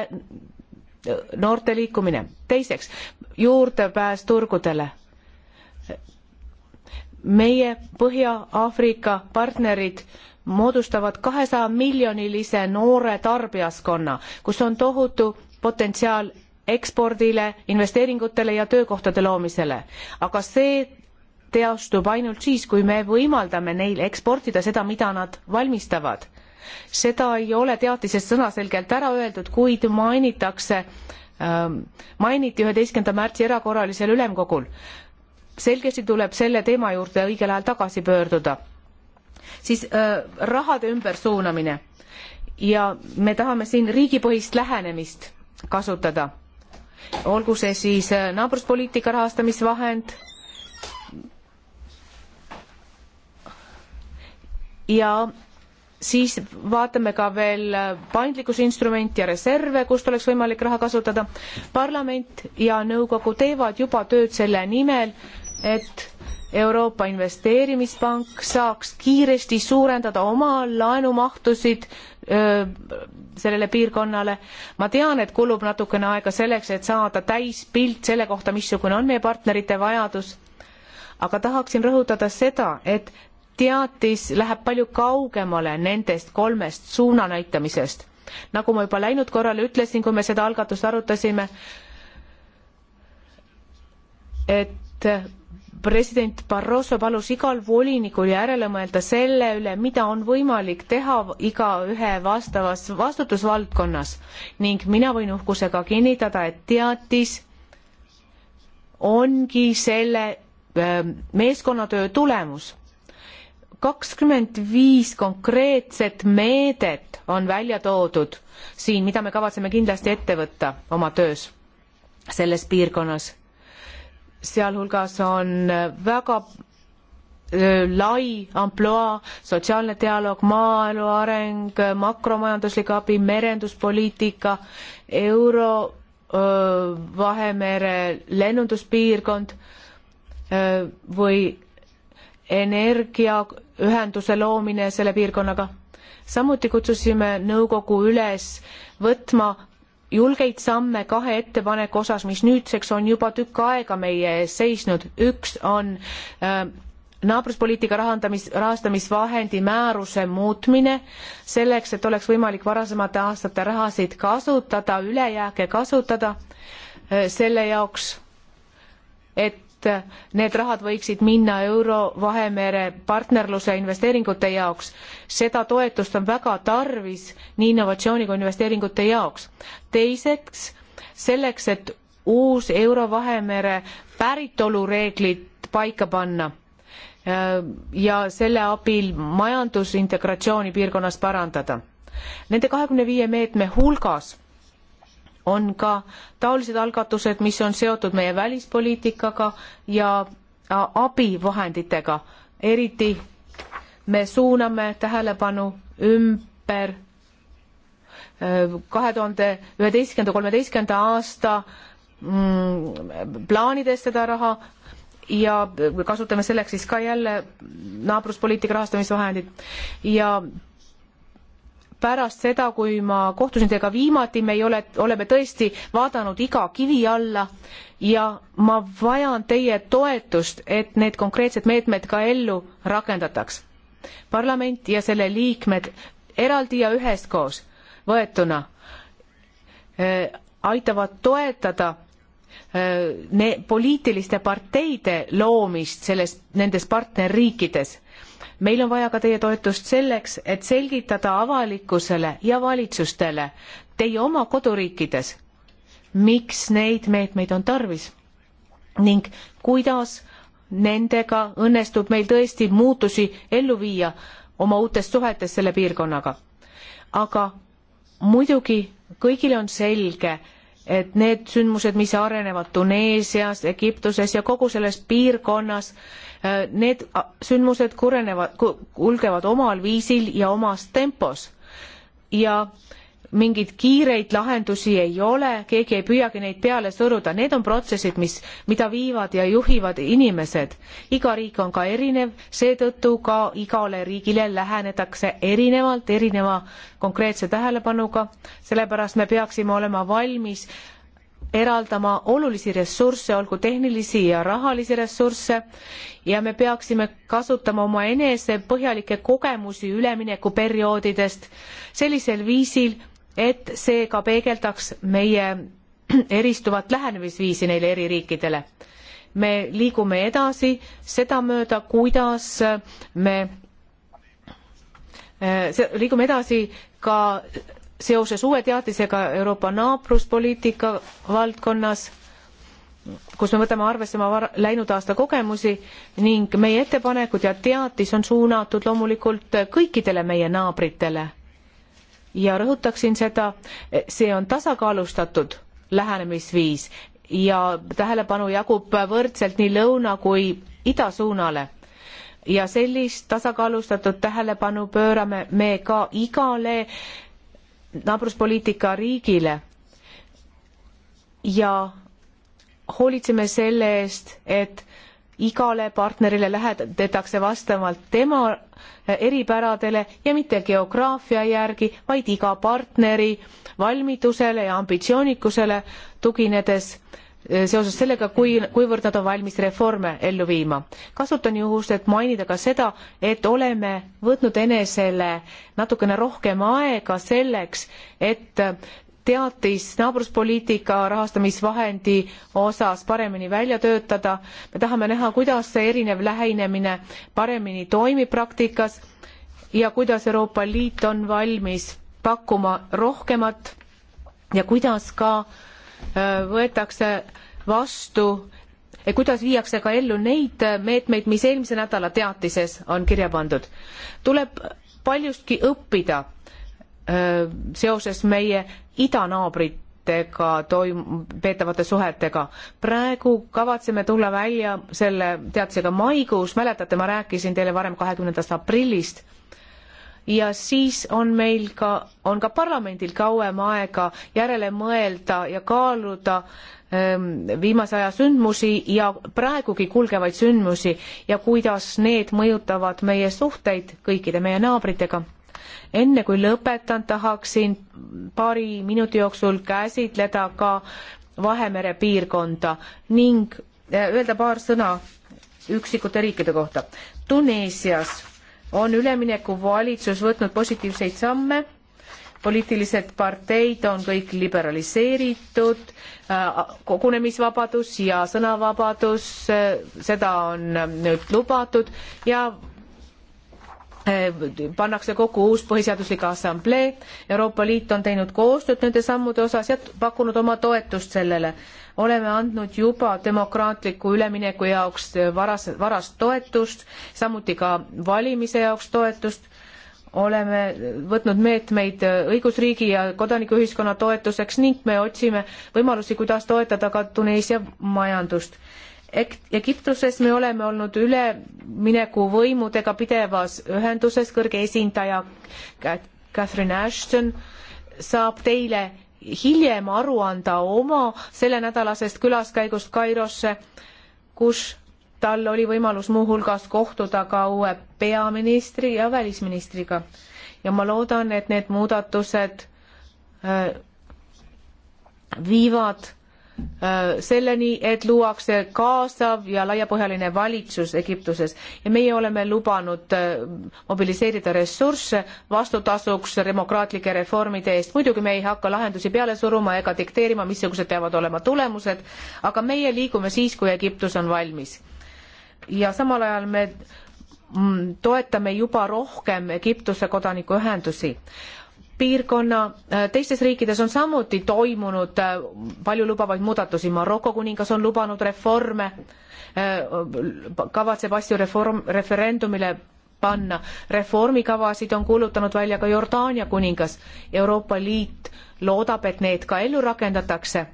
noorte liikumine. teiseks, juurdepääs turgudele meie Põhja-Aafrika partnerid moodustavad kahesaja miljonilise noore tarbijaskonna, kus on tohutu potentsiaal ekspordile, investeeringutele ja töökohtade loomisele. aga see teostub ainult siis, kui me võimaldame neil eksportida seda, mida nad valmistavad. seda ei ole teatises sõnaselgelt ära öeldud, kuid mainitakse ähm, mainiti üheteistkümnenda märtsi erakorralisel ülemkogul selgesti tuleb selle teema juurde õigel ajal tagasi pöörduda. siis äh, rahade ümbersuunamine ja me tahame siin riigipõhist lähenemist kasutada. olgu see siis äh, naabruspoliitika rahastamisvahend ja siis vaatame ka veel äh, paindlikkusinstrumenti ja reserve, kust oleks võimalik raha kasutada. parlament ja nõukogu teevad juba tööd selle nimel, et Euroopa Investeerimispank saaks kiiresti suurendada oma laenumahtusid öö, sellele piirkonnale. ma tean, et kulub natukene aega selleks, et saada täispilt selle kohta, missugune on meie partnerite vajadus. aga tahaksin rõhutada seda, et teatis läheb palju kaugemale nendest kolmest suunanäitamisest. nagu ma juba läinud korral ütlesin, kui me seda algatust arutasime, et president Barroso palus igal volinikul järele mõelda selle üle, mida on võimalik teha igaühe vastavas vastutusvaldkonnas ning mina võin uhkusega kinnitada, et teatis ongi selle ähm, meeskonnatöö tulemus. kakskümmend viis konkreetset meedet on välja toodud siin, mida me kavatseme kindlasti ette võtta oma töös selles piirkonnas sealhulgas on väga lai ampluaa, sotsiaalne dialoog, maaelu areng, makromajanduslik abi, merenduspoliitika, euro, Vahemere lennunduspiirkond või energiaühenduse loomine selle piirkonnaga. samuti kutsusime nõukogu üles võtma julgeid samme kahe ettepaneku osas, mis nüüdseks on juba tükk aega meie ees seisnud. üks on äh, naabruspoliitika rahandamis, rahastamisvahendi määruse muutmine selleks, et oleks võimalik varasemate aastate rahasid kasutada, ülejääke kasutada äh, selle jaoks, et et need rahad võiksid minna Euro-Vahemere partnerluse investeeringute jaoks. seda toetust on väga tarvis nii innovatsiooni kui investeeringute jaoks. teiseks, selleks, et uus Euro-Vahemere päritolureeglid paika panna ja selle abil majandusintegratsiooni piirkonnas parandada. Nende kahekümne viie meetme hulgas on ka taolised algatused, mis on seotud meie välispoliitikaga ja äh, abivahenditega. eriti me suuname tähelepanu ümber äh, kahe tuhande üheteistkümnenda, kolmeteistkümnenda aasta mm, plaanides seda raha ja kasutame selleks siis ka jälle naabruspoliitika rahastamisvahendit ja pärast seda, kui ma kohtusin teiega viimati, me ei ole, oleme tõesti vaadanud iga kivi alla ja ma vajan teie toetust, et need konkreetsed meetmed ka ellu rakendataks. parlament ja selle liikmed eraldi ja üheskoos võetuna äh, aitavad toetada äh, ne, poliitiliste parteide loomist selles, nendes partnerriikides meil on vaja ka teie toetust selleks, et selgitada avalikkusele ja valitsustele teie oma koduriikides, miks neid meetmeid on tarvis ning kuidas nendega õnnestub meil tõesti muutusi ellu viia oma uutes suhetes selle piirkonnaga. aga muidugi kõigile on selge, et need sündmused, mis arenevad Tuneesias, Egiptuses ja kogu selles piirkonnas, Need sündmused kurenevad, kulgevad omal viisil ja omas tempos ja mingeid kiireid lahendusi ei ole, keegi ei püüagi neid peale suruda, need on protsessid, mis, mida viivad ja juhivad inimesed. iga riik on ka erinev, seetõttu ka igale riigile lähenetakse erinevalt, erineva konkreetse tähelepanuga, sellepärast me peaksime olema valmis eraldama olulisi ressursse, olgu tehnilisi ja rahalisi ressursse ja me peaksime kasutama oma enese põhjalikke kogemusi üleminekuperioodidest sellisel viisil, et see ka peegeldaks meie eristuvat lähenemisviisi neile eri riikidele. me liigume edasi sedamööda, kuidas me äh, liigume edasi ka seoses uue teadisega Euroopa naabruspoliitika valdkonnas, kus me võtame arvesse oma var-, läinud aasta kogemusi ning meie ettepanekud ja teatis on suunatud loomulikult kõikidele meie naabritele. ja rõhutaksin seda, see on tasakaalustatud lähenemisviis ja tähelepanu jagub võrdselt nii lõuna kui ida suunale ja sellist tasakaalustatud tähelepanu pöörame me ka igale naabruspoliitika riigile ja hoolitseme selle eest, et igale partnerile lähedatakse vastavalt tema eripäradele ja mitte geograafia järgi, vaid iga partneri valmidusele ja ambitsioonikusele tuginedes Äh, seoses sellega, kui, kuivõrd nad on valmis reforme ellu viima. kasutan juhust, et mainida ka seda, et oleme võtnud enesele natukene rohkem aega selleks, et teatis naabruspoliitika rahastamisvahendi osas paremini välja töötada. me tahame näha, kuidas see erinev lähenemine paremini toimib praktikas ja kuidas Euroopa Liit on valmis pakkuma rohkemat ja kuidas ka äh, Äh, võetakse vastu, kuidas viiakse ka ellu neid meetmeid, mis eelmise nädala teatises on kirja pandud. tuleb paljustki õppida äh, seoses meie idanaabritega toim-, peetavate suhetega. praegu kavatseme tulla välja selle teadusega maikuus, mäletate, ma rääkisin teile varem kahekümnendast aprillist ja siis on meil ka, on ka parlamendil kauem aega järele mõelda ja kaaluda ähm, viimase aja sündmusi ja praegugi kulgevaid sündmusi ja kuidas need mõjutavad meie suhteid kõikide meie naabritega. enne kui lõpetan, tahaksin paari minuti jooksul käsitleda ka Vahemere piirkonda ning äh, öelda paar sõna üksikute riikide kohta. Tuneesias on üleminekuvalitsus võtnud positiivseid samme, poliitilised parteid on kõik liberaliseeritud, äh, kogunemisvabadus ja sõnavabadus, äh, seda on nüüd lubatud ja Eh, pannakse kokku uus põhiseaduslik assamblee, Euroopa Liit on teinud koostööd nende sammude osas ja pakkunud oma toetust sellele. oleme andnud juba demokraatliku ülemineku jaoks varas, varast toetust, samuti ka valimise jaoks toetust, oleme võtnud meetmeid õigusriigi ja kodanikuühiskonna toetuseks ning me otsime võimalusi, kuidas toetada ka Tuneesia majandust Egiptuses me oleme olnud ülemineku võimudega pidevas ühenduses, kõrge esindaja Catherine Ashton saab teile hiljem aru anda oma sellenädalasest külaskäigust Kairosse, kus tal oli võimalus muuhulgas kohtuda ka uue peaministri ja välisministriga. ja ma loodan, et need muudatused äh, viivad Äh, selleni, et luuakse kaasav ja laiapõhjaline valitsus Egiptuses ja meie oleme lubanud äh, mobiliseerida ressursse vastutasuks demokraatlike reformide eest. muidugi me ei hakka lahendusi peale suruma ega dikteerima, missugused peavad olema tulemused, aga meie liigume siis, kui Egiptus on valmis. ja samal ajal me mm, toetame juba rohkem Egiptuse kodanikuühendusi piirkonna äh, teistes riikides on samuti toimunud äh, palju lubavaid muudatusi. Maroko kuningas on lubanud reforme, äh, kavatseb asju reform, referendumile panna. reformikavasid on kuulutanud välja ka Jordaania kuningas. Euroopa Liit loodab, et need ka ellu rakendatakse.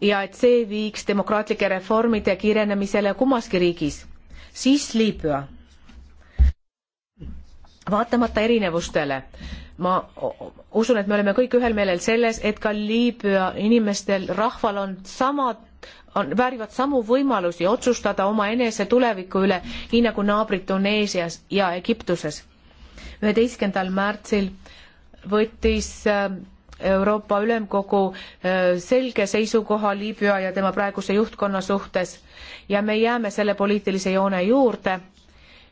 ja et see viiks demokraatlike reformide kiirenemisele kummaski riigis. siis Liibüa vaatamata erinevustele, ma usun, et me oleme kõik ühel meelel selles, et ka Liibüa inimestel, rahval on samad, on, väärivad samu võimalusi otsustada omaenese tuleviku üle, nii nagu naabrid Tuneesias ja Egiptuses. üheteistkümnendal märtsil võttis äh, Euroopa Ülemkogu äh, selge seisukoha Liibüa ja tema praeguse juhtkonna suhtes ja me jääme selle poliitilise joone juurde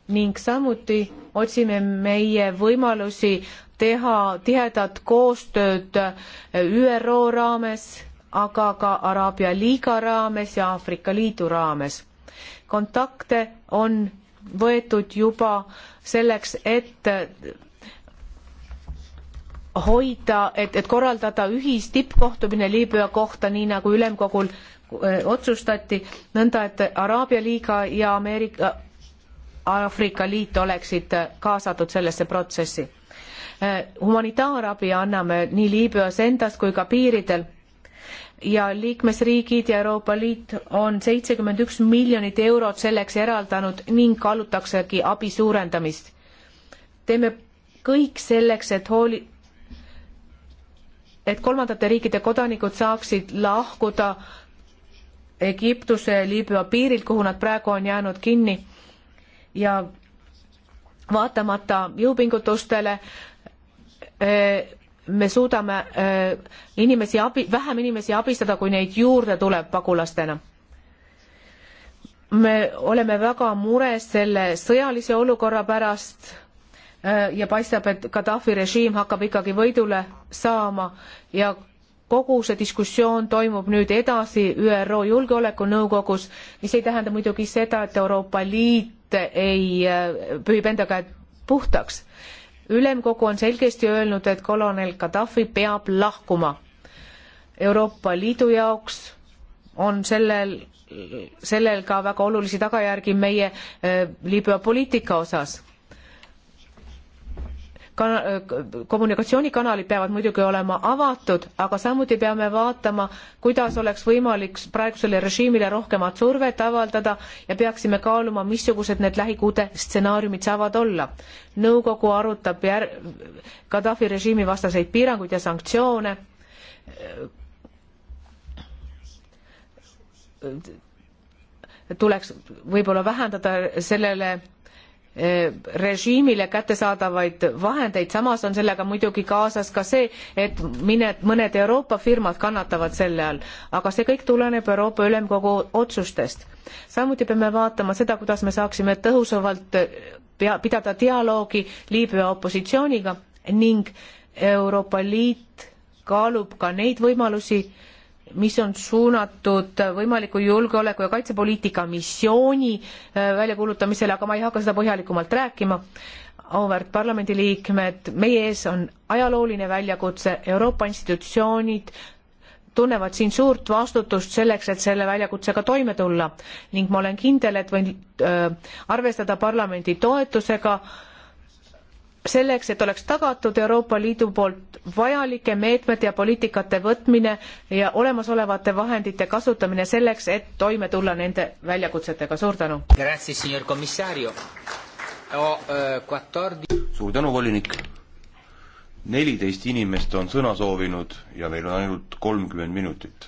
ning samuti otsime meie võimalusi teha tihedat koostööd ÜRO raames, aga ka Araabia Liiga raames ja Aafrika Liidu raames. kontakte on võetud juba selleks, et hoida, et, et korraldada ühistippkohtumine Liibüa kohta, nii nagu ülemkogul äh, otsustati, nõnda et Araabia liiga ja Ameerika, Aafrika Liit oleksid kaasatud sellesse protsessi. Eh, humanitaarabi anname nii Liibüas endas kui ka piiridel ja liikmesriigid ja Euroopa Liit on seitsekümmend üks miljonit eurot selleks eraldanud ning kaalutaksegi abi suurendamist. teeme kõik selleks, et hooli, et kolmandate riikide kodanikud saaksid lahkuda Egiptuse ja Liibüa piirilt, kuhu nad praegu on jäänud kinni ja vaatamata jõupingutustele eh, me suudame eh, inimesi abi, vähem inimesi abistada, kui neid juurde tuleb pagulastena me oleme väga mures selle sõjalise olukorra pärast eh, ja paistab, et Gaddafi režiim hakkab ikkagi võidule saama ja kogu see diskussioon toimub nüüd edasi ÜRO Julgeolekunõukogus, mis ei tähenda muidugi seda, et Euroopa Liit ei äh, pühib enda käed puhtaks. ülemkogu on selgesti öelnud, et kolonel Gaddafi peab lahkuma. Euroopa Liidu jaoks on sellel, sellel ka väga olulisi tagajärgi meie äh, Liibüa poliitika osas kommunikatsioonikanalid peavad muidugi olema avatud, aga samuti peame vaatama, kuidas oleks võimalik praegusele režiimile rohkemat survet avaldada ja peaksime kaaluma, missugused need lähikuude stsenaariumid saavad olla. nõukogu arutab jär-, Gaddafi režiimi vastaseid piiranguid ja sanktsioone, tuleks võib-olla vähendada sellele Eh, režiimile kättesaadavaid vahendeid, samas on sellega muidugi kaasas ka see, et mine, mõned Euroopa firmad kannatavad selle all, aga see kõik tuleneb Euroopa Ülemkogu otsustest. samuti peame vaatama seda, kuidas me saaksime tõhusamalt pea, pidada dialoogi Liibüa opositsiooniga ning Euroopa Liit kaalub ka neid võimalusi, mis on suunatud võimaliku julgeoleku ja kaitsepoliitika missiooni äh, väljakuulutamisele, aga ma ei hakka seda põhjalikumalt rääkima. auväärt parlamendiliikmed, meie ees on ajalooline väljakutse, Euroopa institutsioonid tunnevad siin suurt vastutust selleks, et selle väljakutsega toime tulla ning ma olen kindel, et võin öö, äh, arvestada parlamendi toetusega öö, selleks, et oleks tagatud Euroopa Liidu poolt vajalike meetmete ja poliitikate võtmine ja olemasolevate vahendite kasutamine selleks, et toime tulla nende väljakutsetega. suur tänu! Eh, suur tänu, volinik! neliteist inimest on sõna soovinud ja meil on ainult kolmkümmend minutit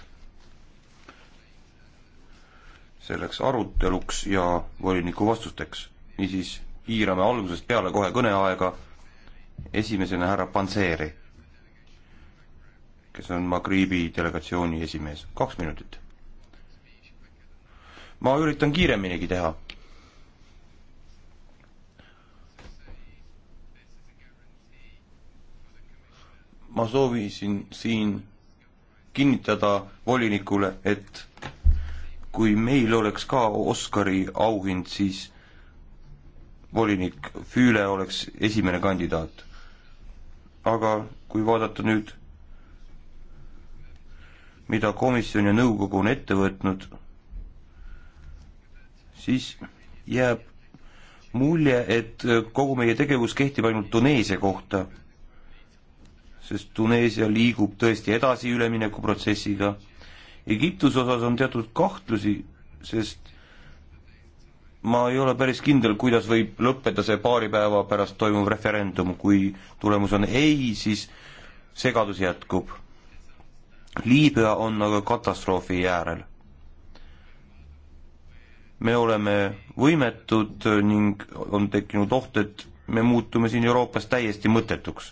selleks aruteluks ja voliniku vastusteks. niisiis piirame algusest peale kohe kõneaega esimesena härra Panseri, kes on Magribi delegatsiooni esimees. kaks minutit. ma üritan kiireminigi teha. ma soovisin siin kinnitada volinikule, et kui meil oleks ka Oscari auhind, siis volinik Füüle oleks esimene kandidaat aga kui vaadata nüüd, mida komisjon ja nõukogu on ette võtnud, siis jääb mulje, et kogu meie tegevus kehtib ainult Tuneesia kohta, sest Tuneesia liigub tõesti edasi üleminekuprotsessiga. Egiptuse osas on teatud kahtlusi, sest ma ei ole päris kindel, kuidas võib lõppeda see paari päeva pärast toimuv referendum, kui tulemus on ei, siis segadus jätkub. Liibüa on aga katastroofi jäärel. me oleme võimetud ning on tekkinud oht, et me muutume siin Euroopas täiesti mõttetuks.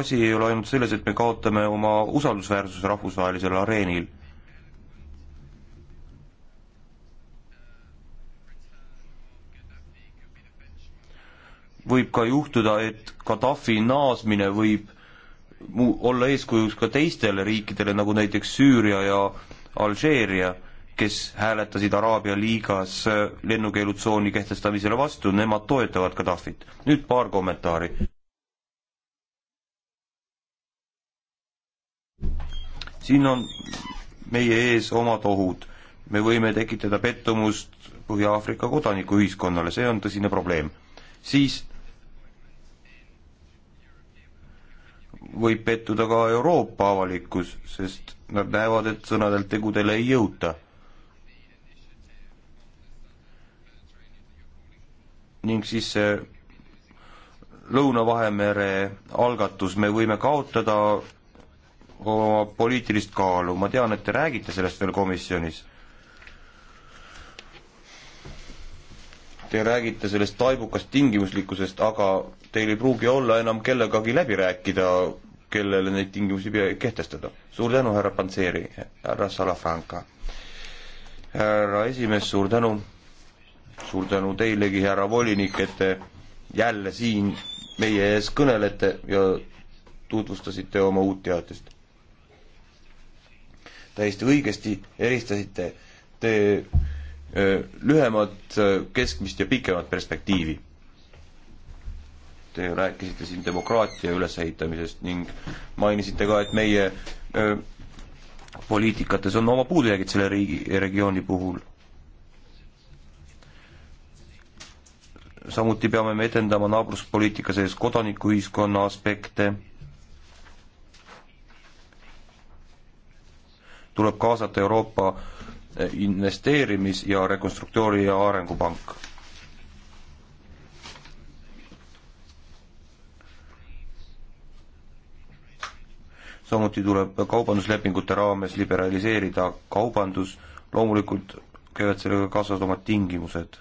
asi ei ole ainult selles, et me kaotame oma usaldusväärsuse rahvusvahelisel areenil võib ka juhtuda, et Gaddafi naasmine võib mu-, olla eeskujuks ka teistele riikidele, nagu näiteks Süüria ja Alžeeria, kes hääletasid Araabia liigas äh, lennukeelutsooni kehtestamisele vastu, nemad toetavad Gaddafit. nüüd paar kommentaari. siin on meie ees omad ohud. me võime tekitada pettumust Põhja-Aafrika kodanikuühiskonnale, see on tõsine probleem. siis võib pettuda ka Euroopa avalikkus, sest nad näevad, et sõnadelt tegudele ei jõuta. ning siis see Lõuna-Vahemere algatus, me võime kaotada oma poliitilist kaalu, ma tean, et te räägite sellest veel komisjonis Te räägite sellest taibukast tingimuslikkusest, aga teil ei pruugi olla enam kellegagi läbi rääkida, kellele neid tingimusi kehtestada. suur tänu, härra Panseri, härra Salafranca. härra esimees, suur tänu. suur tänu teilegi, härra volinik, et te jälle siin meie ees kõnelete ja tutvustasite oma uut teatist. täiesti õigesti eristasite te Äh, lühemat, äh, keskmist ja pikemat perspektiivi. Te rääkisite siin demokraatia ülesehitamisest ning mainisite ka, et meie öö, äh, poliitikates on oma puudujäägid selle riigi, regiooni puhul. samuti peame me edendama naabruspoliitika sees kodanikuühiskonna aspekte tuleb kaasata Euroopa investeerimis- ja rekonstruktoori- ja arengupank. samuti tuleb kaubanduslepingute raames liberaliseerida kaubandus, loomulikult käivad sellega kaasas omad tingimused.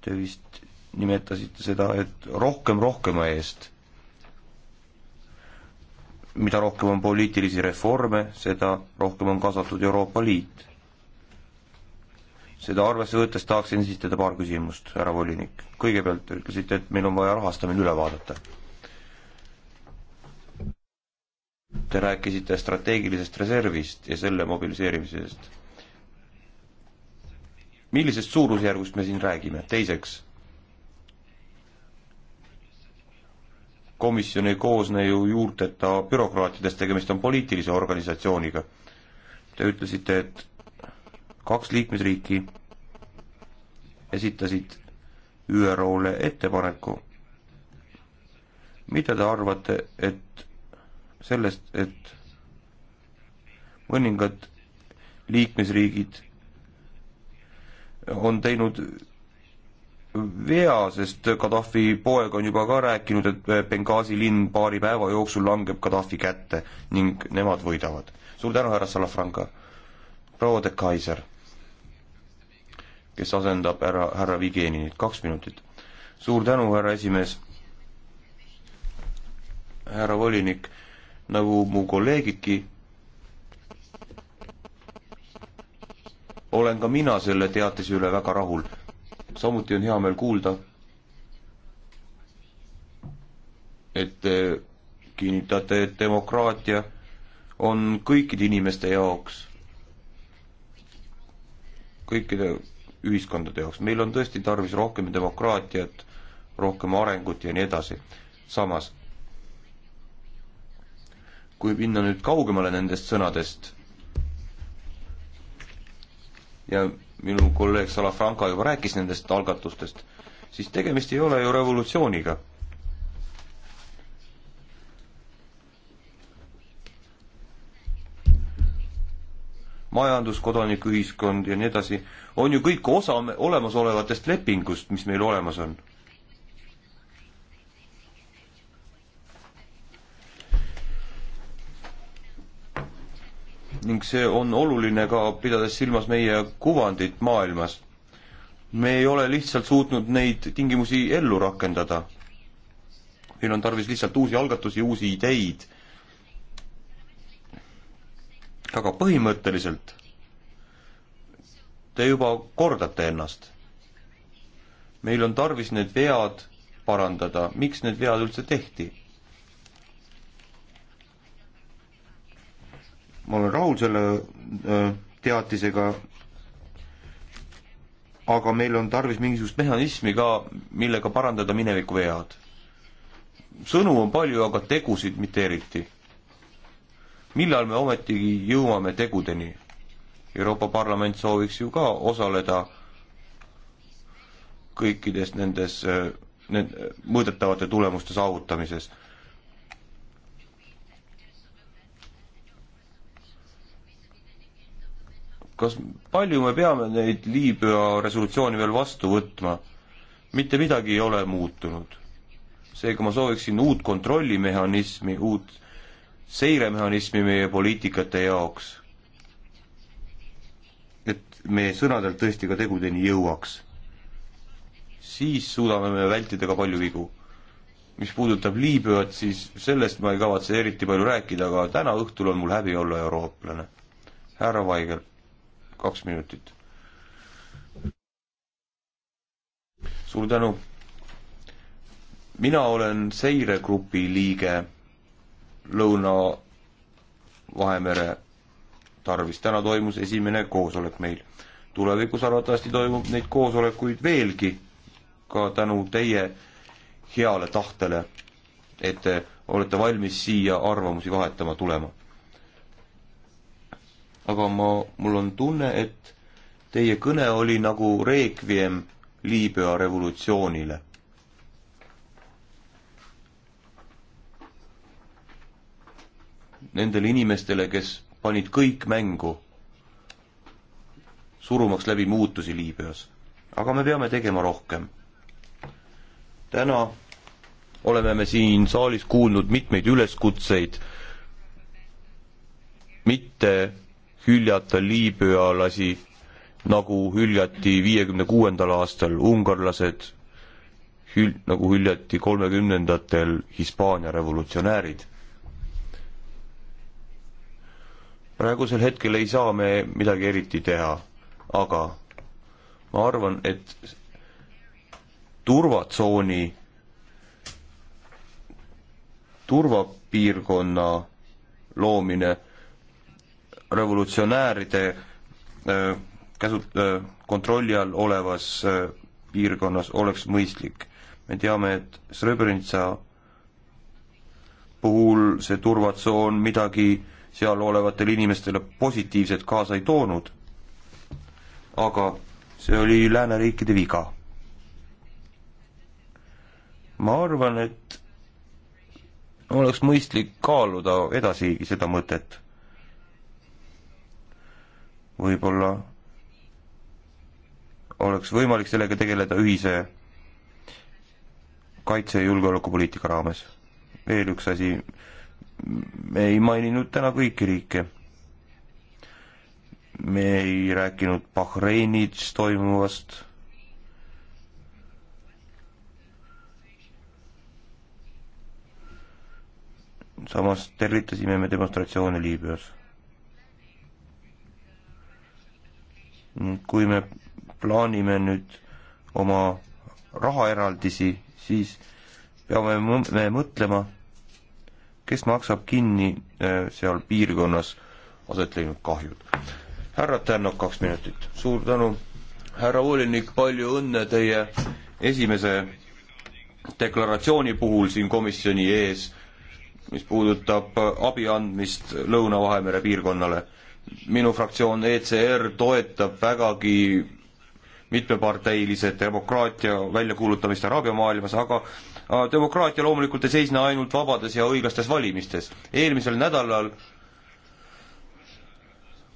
Te vist nimetasite seda, et rohkem rohkema eest mida rohkem on poliitilisi reforme, seda rohkem on kaasatud Euroopa Liit. seda arvesse võttes tahaksin esitada paar küsimust, härra volinik. kõigepealt te ütlesite, et meil on vaja rahastamine üle vaadata. Te rääkisite strateegilisest reservist ja selle mobiliseerimisest. millisest suurusjärgust me siin räägime, teiseks komisjon ei koosne ju juurteta bürokraatidest, tegemist on poliitilise organisatsiooniga. Te ütlesite, et kaks liikmesriiki esitasid ÜRO-le ettepaneku. mida te arvate, et sellest, et mõningad liikmesriigid on teinud vea, sest Gaddafi poeg on juba ka rääkinud, et Benghazi linn paari päeva jooksul langeb Gaddafi kätte ning nemad võidavad. suur tänu, härra Salafranca. proua de Kaiser, kes asendab härra, härra Vigeninit, kaks minutit. suur tänu, härra esimees. härra volinik, nagu mu kolleegidki, olen ka mina selle teatise üle väga rahul samuti on hea meel kuulda, et te kinnitate, et demokraatia on kõikide inimeste jaoks, kõikide ühiskondade jaoks, meil on tõesti tarvis rohkem demokraatiat, rohkem arengut ja nii edasi. samas, kui minna nüüd kaugemale nendest sõnadest ja minu kolleeg Salafranca juba rääkis nendest algatustest, siis tegemist ei ole ju revolutsiooniga. majandus, kodanikuühiskond ja nii edasi on ju kõik osa olemasolevatest lepingust, mis meil olemas on ning see on oluline ka pidades silmas meie kuvandit maailmas. me ei ole lihtsalt suutnud neid tingimusi ellu rakendada. meil on tarvis lihtsalt uusi algatusi, uusi ideid. aga põhimõtteliselt te juba kordate ennast. meil on tarvis need vead parandada, miks need vead üldse tehti ma olen rahul selle äh, teatisega, aga meil on tarvis mingisugust mehhanismi ka, millega parandada mineviku vead. sõnu on palju, aga tegusid mitte eriti. millal me ometigi jõuame tegudeni? Euroopa Parlament sooviks ju ka osaleda kõikides nendes, äh, nende mõõdetavate tulemuste saavutamises kas palju me peame neid Liibüa resolutsioone veel vastu võtma? mitte midagi ei ole muutunud. seega ma sooviksin uut kontrollimehhanismi, uut seiremehhanismi meie poliitikate jaoks. et meie sõnadelt tõesti ka tegudeni jõuaks. siis suudame me vältida ka palju vigu. mis puudutab Liibüat, siis sellest ma ei kavatse eriti palju rääkida, aga täna õhtul on mul häbi olla eurooplane. härra Vaigel kaks minutit. suur tänu. mina olen seiregrupi liige Lõuna-Vahemere tarvis. täna toimus esimene koosolek meil. tulevikus arvatavasti toimub neid koosolekuid veelgi, ka tänu teie heale tahtele, et te olete valmis siia arvamusi vahetama tulema aga ma, mul on tunne, et teie kõne oli nagu reekviem Liibüa revolutsioonile. Nendele inimestele, kes panid kõik mängu, surumaks läbi muutusi Liibüas. aga me peame tegema rohkem. täna oleme me siin saalis kuulnud mitmeid üleskutseid mitte hüljata liibüalasi, nagu hüljati viiekümne kuuendal aastal ungarlased, hül-, nagu hüljati kolmekümnendatel Hispaania revolutsionäärid. praegusel hetkel ei saa me midagi eriti teha, aga ma arvan, et turvatsooni, turvapiirkonna loomine revolutsionääride äh, käsut-, äh, kontrolli all olevas äh, piirkonnas oleks mõistlik. me teame, et Srebrenica puhul see turvatsoon midagi seal olevatele inimestele positiivset kaasa ei toonud, aga see oli lääneriikide viga. ma arvan, et oleks mõistlik kaaluda edasigi seda mõtet võib-olla oleks võimalik sellega tegeleda ühise kaitse- ja julgeolekupoliitika raames. veel üks asi, me ei maininud täna kõiki riike. me ei rääkinud Bahreinis toimuvast, samas tervitasime me demonstratsioone Liibüas Mm, kui me plaanime nüüd oma rahaeraldisi, siis peame me mõtlema, kes maksab kinni äh, seal piirkonnas aset leidnud kahjud. härra Tännok, kaks minutit. suur tänu, härra volinik, palju õnne teie esimese deklaratsiooni puhul siin komisjoni ees, mis puudutab äh, abi andmist Lõuna-Vahemere piirkonnale minu fraktsioon ECR toetab vägagi mitmeparteilise demokraatia väljakuulutamist Araabia maailmas, aga demokraatia loomulikult ei seisne ainult vabades ja õiglastes valimistes. eelmisel nädalal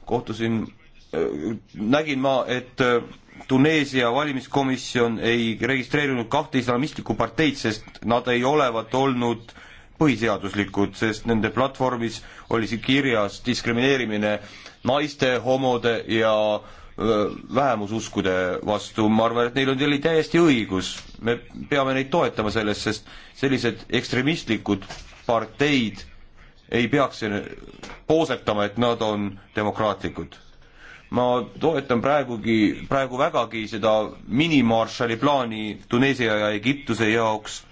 kohtusin äh,, nägin ma, et äh, Tuneesia valimiskomisjon ei registreerinud kahte islamistlikku parteid, sest nad ei olevat olnud äh, põhiseaduslikud, sest nende platvormis oli siin kirjas diskrimineerimine naiste, homode ja vähemususkude vastu, ma arvan, et neil on, oli täiesti õigus. me peame neid toetama selles, sest sellised ekstremistlikud parteid ei peaks poosetama, et nad on demokraatlikud. ma toetan praegugi, praegu vägagi seda mini Marshalli plaani Tuneesia ja Egiptuse jaoks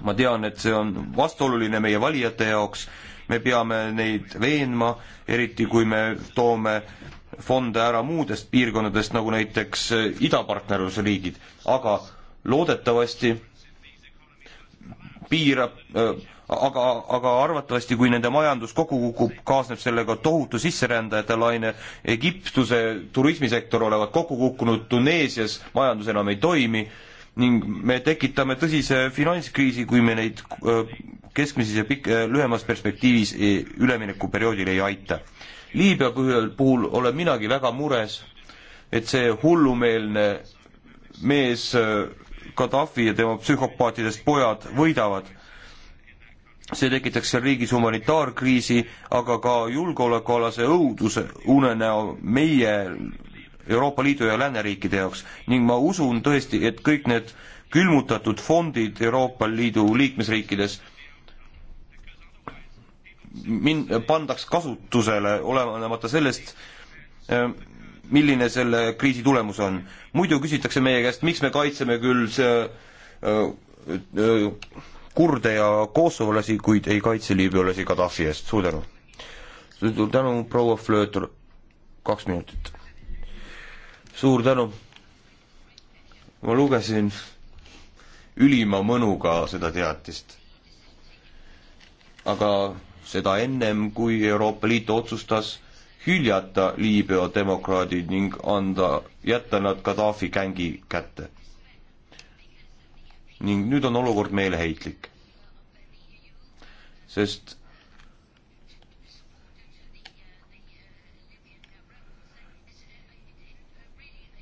ma tean, et see on vastuoluline meie valijate jaoks, me peame neid veenma, eriti kui me toome fonde ära muudest piirkondadest, nagu näiteks eh, idapartnerluse riigid, aga loodetavasti piirab äh, aga, aga arvatavasti, kui nende majandus kokku kukub, kaasneb sellega tohutu sisserändajate laine, Egiptuse turismisektor olevat kokku kukkunud, Tuneesias majandus enam ei toimi ning me tekitame tõsise finantskriisi, kui me neid äh, keskmises ja pikk, äh, lühemas perspektiivis äh, üleminekuperioodil ei aita. Liibüa puhul olen minagi väga mures, et see hullumeelne mees Gaddafi ja tema psühhopaatidest pojad võidavad. see tekitaks seal riigis humanitaarkriisi, aga ka julgeolekualase õuduse unenäo meie Euroopa Liidu ja lääneriikide jaoks ning ma usun tõesti, et kõik need külmutatud fondid Euroopa Liidu liikmesriikides min-, pandaks kasutusele, olenemata sellest, ähm, milline selle kriisi tulemus on. muidu küsitakse meie käest, miks me kaitseme küll see äh, äh, kurde ja kosovolasi, kuid ei kaitse liibüalasi Gaddafi eest, suur tänu. suur tänu, proua Flöötor, kaks minutit suur tänu. ma lugesin ülima mõnuga seda teatist. aga seda ennem, kui Euroopa Liit otsustas hüljata Liibüa demokraadid ning anda, jätta nad Gaddafi gängi kätte. ning nüüd on olukord meeleheitlik. sest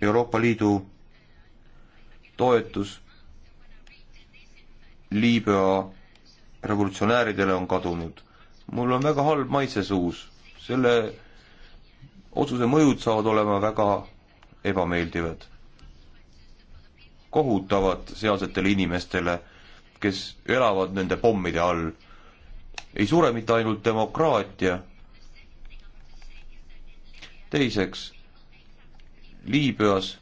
Euroopa Liidu toetus Liibüa revolutsionääridele on kadunud. mul on väga halb maitse suus, selle otsuse mõjud saavad olema väga ebameeldivad. kohutavad sealsetele inimestele, kes elavad nende pommide all. ei sure mitte ainult demokraatia, teiseks Liibüas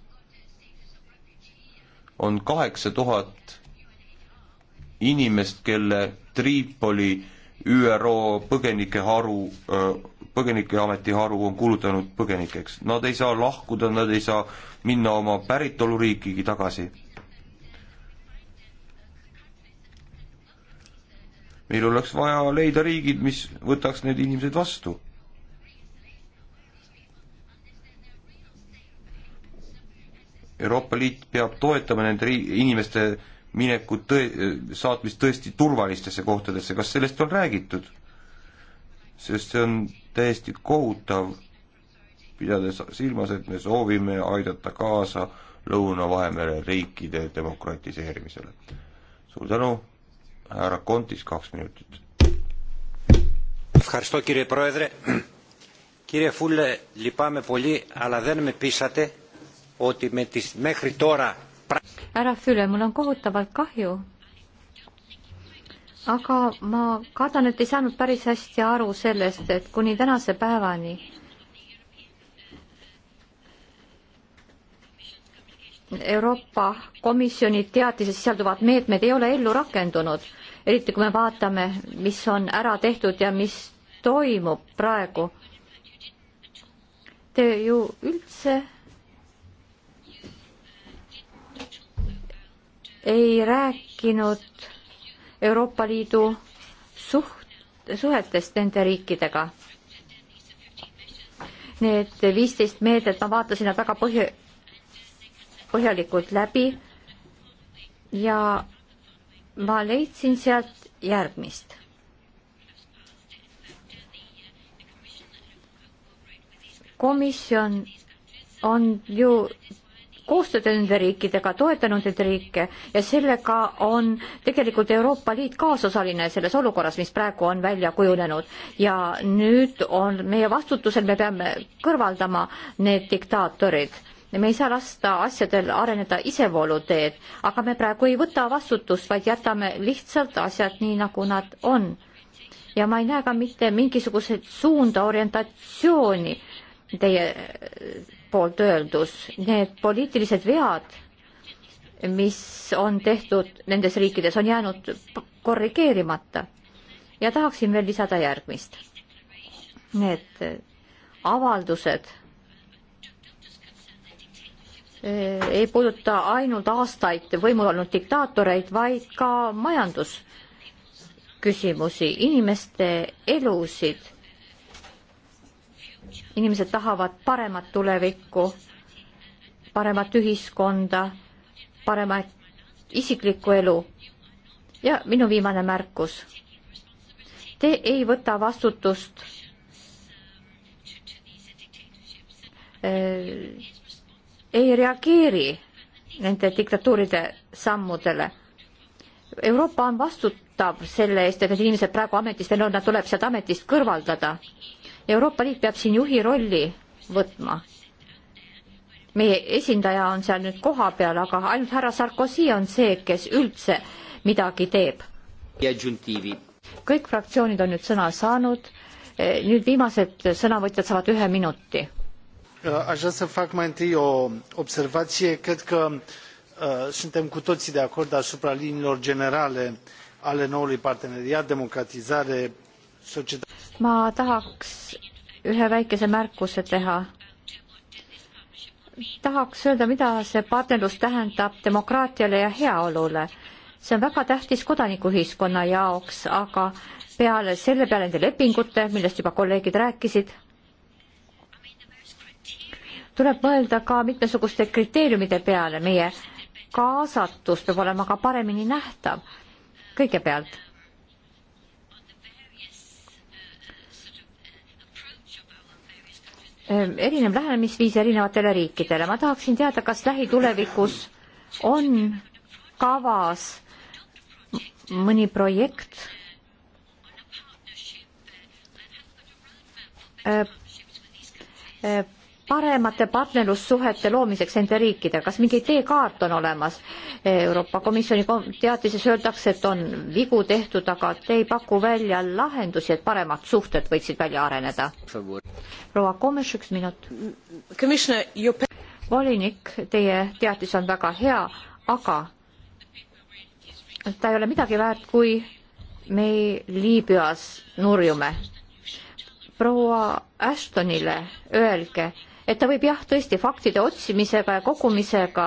on kaheksa tuhat inimest, kelle Tripoli ÜRO põgenike haru, põgenikeameti haru on kuulutanud põgenikeks. Nad ei saa lahkuda, nad ei saa minna oma päritoluriikigi tagasi. meil oleks vaja leida riigid, mis võtaks need inimesed vastu Euroopa Liit peab toetama nende ri-, inimeste minekut tõe-, saatmist tõesti turvalistesse kohtadesse, kas sellest on räägitud? sest see on täiesti kohutav, pidades silmas, et me soovime aidata kaasa Lõuna-Vahemere riikide demokratiseerimisele. suur tänu, härra Kontis, kaks minutit. Ευχαριστώ κύριε Πρόεδρε. Κύριε Φούλε, λυπάμαι πολύ, αλλά δεν με πείσατε härra Füle, mul on kohutavalt kahju, aga ma kardan, et ei saanud päris hästi aru sellest, et kuni tänase päevani Euroopa Komisjoni teatises sisalduvad meetmed ei ole ellu rakendunud, eriti kui me vaatame, mis on ära tehtud ja mis toimub praegu. Te ju üldse ei rääkinud Euroopa Liidu suht-, suhetest nende riikidega. Need viisteist meedet, ma vaatasin nad väga põhja, põhjalikult läbi ja ma leidsin sealt järgmist komisjon on ju koostööd nende riikidega, toetanud neid riike ja sellega on tegelikult Euroopa Liit kaasosaline selles olukorras, mis praegu on välja kujunenud. ja nüüd on meie vastutusel, me peame kõrvaldama need diktaatorid me ei saa lasta asjadel areneda isevoolu teed, aga me praegu ei võta vastutust, vaid jätame lihtsalt asjad nii, nagu nad on. ja ma ei näe ka mitte mingisuguseid suunda, orientatsiooni teie poolt öeldus, need poliitilised vead, mis on tehtud nendes riikides, on jäänud korrigeerimata. ja tahaksin veel lisada järgmist. Need avaldused eh, ei puuduta ainult aastaid võimul olnud diktaatoreid, vaid ka majandusküsimusi, inimeste elusid inimesed tahavad paremat tulevikku, paremat ühiskonda, paremat isiklikku elu. ja minu viimane märkus. Te ei võta vastutust äh, ei reageeri nende diktatuuride sammudele. Euroopa on vastutav selle eest, et need inimesed praegu ametist ei ole, nad tuleb sealt ametist kõrvaldada Euroopa Liit peab siin juhi rolli võtma. meie esindaja on seal nüüd kohapeal, aga ainult härra Sarkozy on see, kes üldse midagi teeb. kõik fraktsioonid on nüüd sõna saanud. E, nüüd viimased sõnavõtjad saavad ühe minuti. E, aș vrea să fac mai întâi o observație. Cred că uh, suntem cu toții de acord asupra liniilor generale ale noului parteneriat, democratizare, ma tahaks ühe väikese märkuse teha. tahaks öelda, mida see partnerlus tähendab demokraatiale ja heaolule. see on väga tähtis kodanikuühiskonna jaoks, aga peale selle, peale nende lepingute, millest juba kolleegid rääkisid, tuleb mõelda ka mitmesuguste kriteeriumide peale, meie kaasatus peab olema ka paremini nähtav kõigepealt Ehm, erinev lähenemisviis erinevatele riikidele. ma tahaksin teada, kas lähitulevikus on kavas mõni projekt ehm, ehm, paremate partnerlussuhete loomiseks nende riikidega, kas mingi teekaart on olemas? Euroopa Komisjoni teatises öeldakse, et on vigu tehtud, aga te ei paku välja lahendusi, et paremad suhted võiksid välja areneda. proua Komes, üks minut. volinik, teie teatis on väga hea, aga ta ei ole midagi väärt, kui me Liibüas nurjume. proua Ashtonile öelge et ta võib jah, tõesti faktide otsimisega ja kogumisega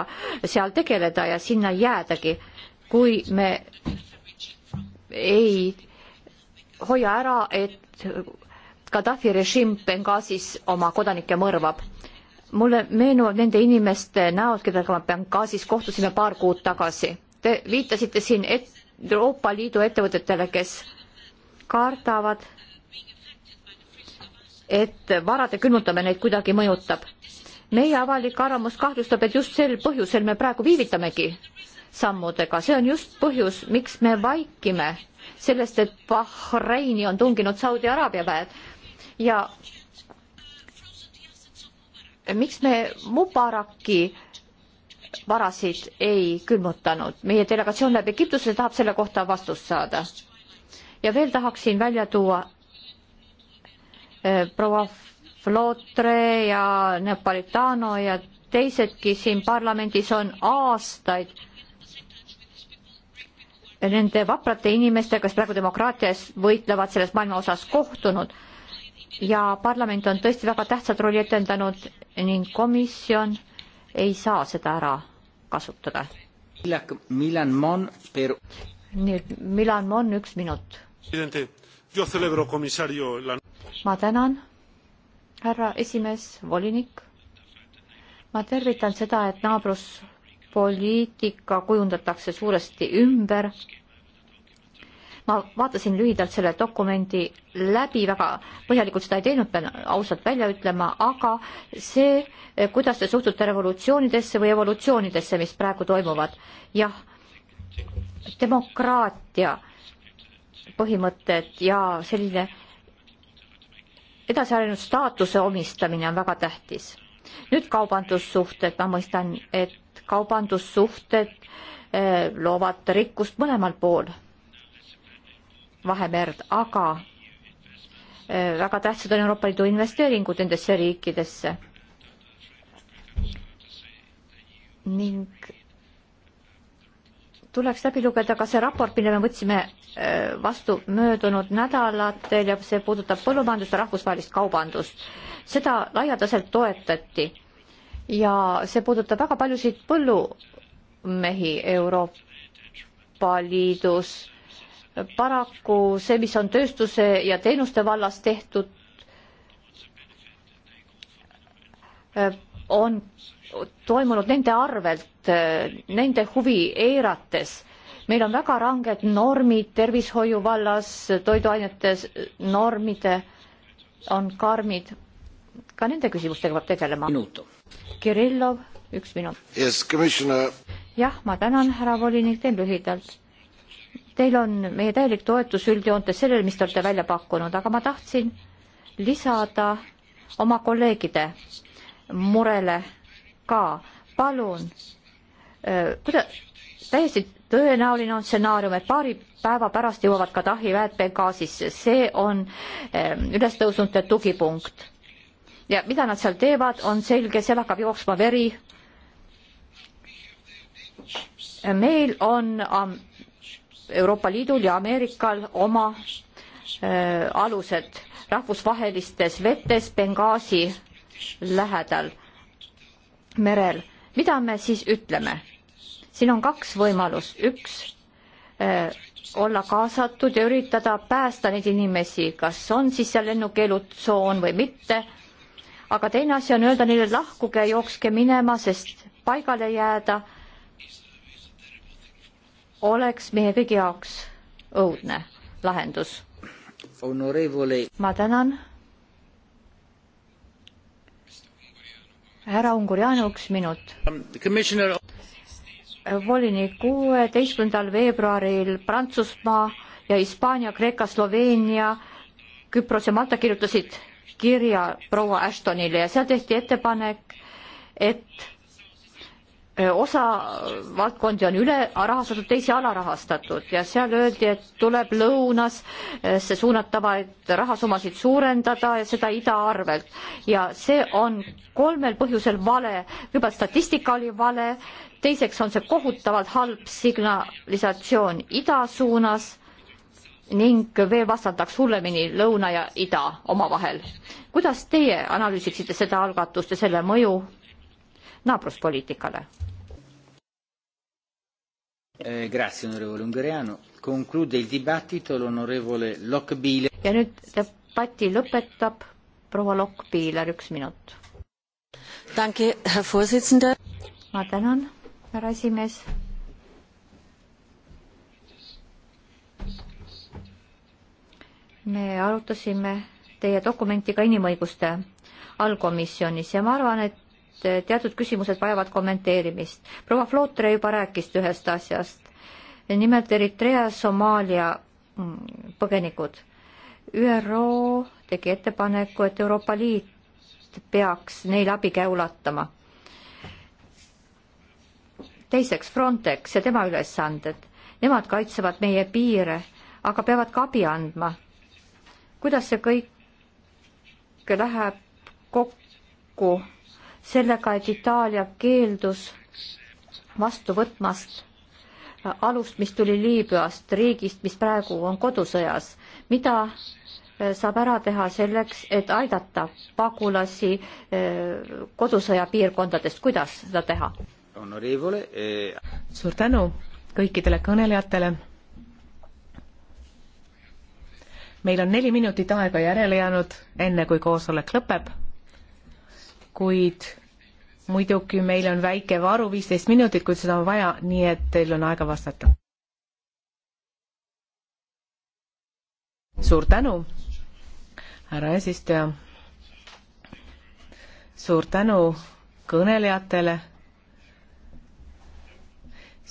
seal tegeleda ja sinna jäädagi, kui me ei hoia ära, et Gaddafi režiim Benghazis oma kodanikke mõrvab. mulle meenuvad nende inimeste näod, kellega ma Benghazis kohtusime paar kuud tagasi. Te viitasite siin et Euroopa Liidu ettevõtetele, kes kardavad et varade külmutamine neid kuidagi mõjutab. meie avalik arvamus kahjustab, et just sel põhjusel me praegu viivitamegi sammudega, see on just põhjus, miks me vaikime sellest, et Bahreini on tunginud Saudi Araabia väed ja miks me Mubaraki varasid ei külmutanud, meie delegatsioon läheb Egiptusse, tahab selle kohta vastust saada. ja veel tahaksin välja tuua, Eh, proua Flotre ja Napolitano ja teisedki siin parlamendis on aastaid nende vaprate inimestega, kes praegu demokraatia eest võitlevad selles maailma osas kohtunud ja parlament on tõesti väga tähtsat rolli etendanud ning komisjon ei saa seda ära kasutada. Milan Mon, Milan Mon, üks minut ma tänan, härra esimees, volinik. ma tervitan seda, et naabruspoliitika kujundatakse suuresti ümber. ma vaatasin lühidalt selle dokumendi läbi, väga põhjalikult seda ei teinud, pean ausalt välja ütlema, aga see, kuidas te suhtute revolutsioonidesse või evolutsioonidesse, mis praegu toimuvad, jah, demokraatia põhimõtted ja selline edasiarenenud staatuse omistamine on väga tähtis. nüüd kaubandussuhted, ma mõistan, et kaubandussuhted eh, loovad rikkust mõlemal pool Vahemerd, aga eh, väga tähtsad on Euroopa Liidu investeeringud nendesse riikidesse. ning tuleks läbi lugeda ka see raport, mille me võtsime äh, vastu möödunud nädalatel ja see puudutab põllumajandust ja rahvusvahelist kaubandust. seda laialdaselt toetati ja see puudutab väga paljusid põllumehi Euroopa Liidus. paraku see, mis on tööstuse ja teenuste vallas tehtud, äh, on toimunud nende arvelt, nende huvi eirates. meil on väga ranged normid tervishoiu vallas, toiduainete normide on karmid. ka nende küsimustega peab tegelema. Kirillov, üks minut yes,. jah, ma tänan, härra volinik, teen lühidalt. Teil on meie täielik toetus üldjoontes sellele, mis te olete välja pakkunud, aga ma tahtsin lisada oma kolleegide murele ka, palun, kuida-, äh, täiesti tõenäoline on stsenaarium, et paari päeva pärast jõuavad Kadahi väed Benghazisse, see on ähm, ülestõusnute tugipunkt. ja mida nad seal teevad, on selge, seal hakkab jooksma veri. meil on Euroopa Liidul ja Ameerikal oma äh, alused rahvusvahelistes vetes Benghazi lähedal merel. mida me siis ütleme? siin on kaks võimalust, üks öö, eh, olla kaasatud ja üritada päästa neid inimesi, kas on siis seal lennukeelutsoon või mitte. aga teine asi on öelda neile lahkuge, jookske minema, sest paigale jääda oleks meie kõigi jaoks õudne lahendus. ma tänan härra Ungurjanu, üks minut. Um, volinik kuueteistkümnendal veebruaril Prantsusmaa ja Hispaania, Kreeka, Sloveenia, Küpros ja Malta kirjutasid kirja proua Ashtonile ja seal tehti ettepanek, et osa valdkondi on üle rahastatud, teisi alarahastatud ja seal öeldi, et tuleb lõunasse suunatavaid rahasummasid suurendada ja seda ida arvelt. ja see on kolmel põhjusel vale. kõigepealt statistika oli vale, teiseks on see kohutavalt halb signalisatsioon ida suunas ning veel vastandaks hullemini lõuna ja ida omavahel. kuidas teie analüüsiksite seda algatust ja selle mõju? naabruspoliitikale. Eh, grazie, onorevole Ungareanu. Conclude il dibattito l'onorevole Lockbile. ja nüüd debati lõpetab proua Lockbiler, üks minut. Danke, Herr Vorsitzender. ma tänan, härra esimees. me arutasime teie dokumenti ka inimõiguste allkomisjonis ja ma arvan, et teatud küsimused vajavad kommenteerimist. proua Flootre juba rääkis ühest asjast, nimelt Eritrea, Somaalia mm, põgenikud. ÜRO tegi ettepaneku, et Euroopa Liit peaks neile abikäe ulatama. teiseks Frontex ja tema ülesanded. Nemad kaitsevad meie piire, aga peavad ka abi andma. kuidas see kõik läheb kokku? sellega, et Itaalia keeldus vastu võtmast alust, mis tuli Liibüast, riigist, mis praegu on kodusõjas. mida äh, saab ära teha selleks, et aidata pagulasi äh, kodusõja piirkondadest, kuidas seda teha? Eh, suur tänu kõikidele kõnelejatele. meil on neli minutit aega järele jäänud, enne kui koosolek lõpeb kuid muidugi meil on väike varu, viisteist minutit, kuid seda on vaja, nii et teil on aega vastata. suur tänu, härra eesistuja. suur tänu kõnelejatele.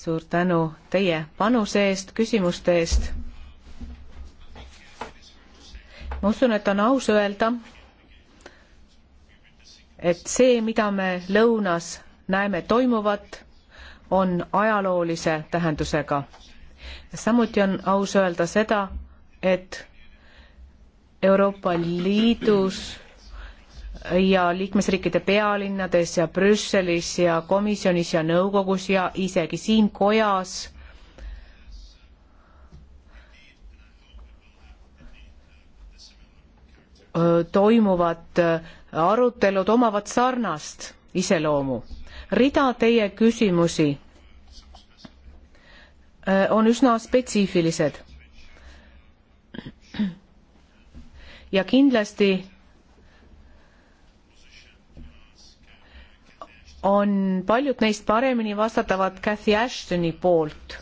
suur tänu teie panuse eest, küsimuste eest. ma usun, et on aus öelda et see, mida me lõunas näeme toimuvat, on ajaloolise tähendusega. samuti on aus öelda seda, et Euroopa Liidus ja liikmesriikide pealinnades ja Brüsselis ja komisjonis ja nõukogus ja isegi siin kojas toimuvad arutelud omavad sarnast iseloomu. rida teie küsimusi äh, on üsna spetsiifilised. ja kindlasti on paljud neist paremini vastatavad Cathy Ashtoni poolt.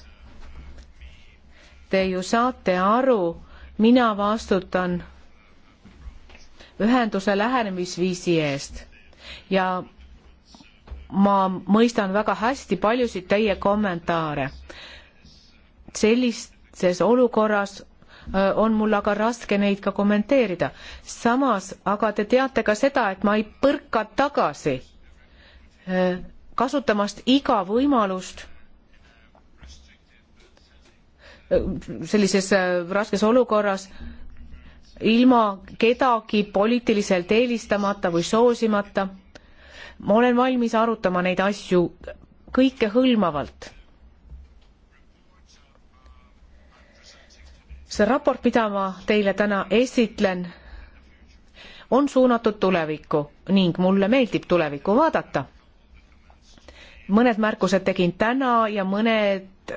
Te ju saate aru, mina vastutan ühenduse lähenemisviisi eest ja ma mõistan väga hästi paljusid teie kommentaare. sellises olukorras äh, on mul aga raske neid ka kommenteerida. samas aga te teate ka seda, et ma ei põrka tagasi äh, kasutamast iga võimalust äh, sellises raskes olukorras ilma kedagi poliitiliselt eelistamata või soosimata. ma olen valmis arutama neid asju kõikehõlmavalt. see raport, mida ma teile täna esitlen, on suunatud tulevikku ning mulle meeldib tulevikku vaadata. mõned märkused tegin täna ja mõned öö,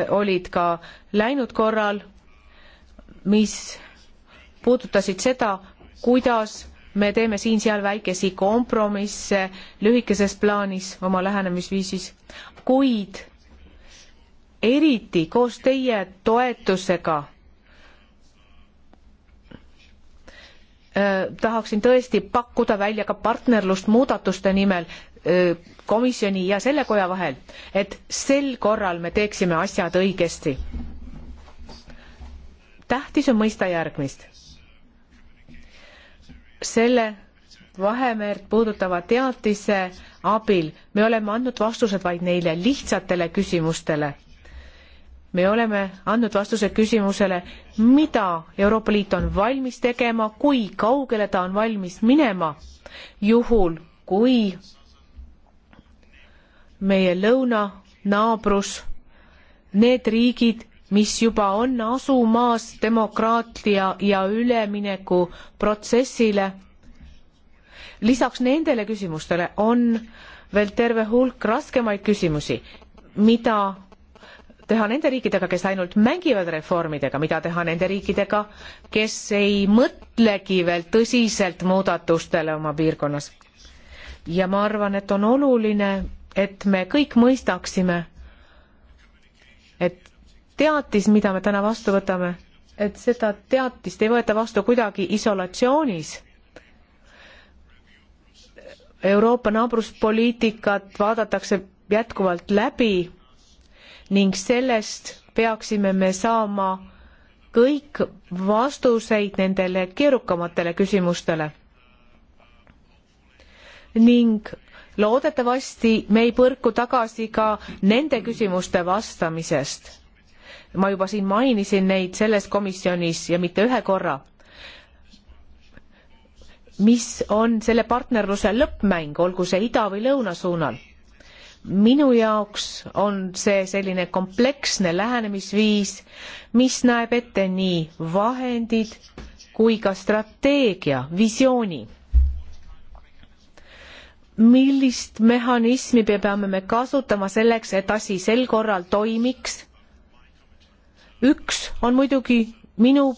äh, olid ka läinud korral, mis puudutasid seda, kuidas me teeme siin-seal väikesi kompromisse lühikeses plaanis oma lähenemisviisis, kuid eriti koos teie toetusega äh, tahaksin tõesti pakkuda välja ka partnerlust muudatuste nimel äh, komisjoni ja selle koja vahel, et sel korral me teeksime asjad õigesti. tähtis on mõista järgmist selle Vahemerd puudutava teatise abil me oleme andnud vastused vaid neile lihtsatele küsimustele. me oleme andnud vastuse küsimusele, mida Euroopa Liit on valmis tegema, kui kaugele ta on valmis minema, juhul kui meie lõunanaabrus, need riigid mis juba on asumas demokraatia ja ülemineku protsessile. lisaks nendele küsimustele on veel terve hulk raskemaid küsimusi, mida teha nende riikidega, kes ainult mängivad reformidega, mida teha nende riikidega, kes ei mõtlegi veel tõsiselt muudatustele oma piirkonnas. ja ma arvan, et on oluline, et me kõik mõistaksime, et teatis, mida me täna vastu võtame, et seda teatist ei võeta vastu kuidagi isolatsioonis. Euroopa naabruspoliitikat vaadatakse jätkuvalt läbi ning sellest peaksime me saama kõik vastuseid nendele keerukamatele küsimustele. ning loodetavasti me ei põrku tagasi ka nende küsimuste vastamisest ma juba siin mainisin neid selles komisjonis ja mitte ühe korra. mis on selle partnerluse lõppmäng, olgu see ida või lõuna suunal? minu jaoks on see selline kompleksne lähenemisviis, mis näeb ette nii vahendid kui ka strateegia, visiooni. millist mehhanismi me peame me kasutama selleks, et asi sel korral toimiks üks on muidugi minu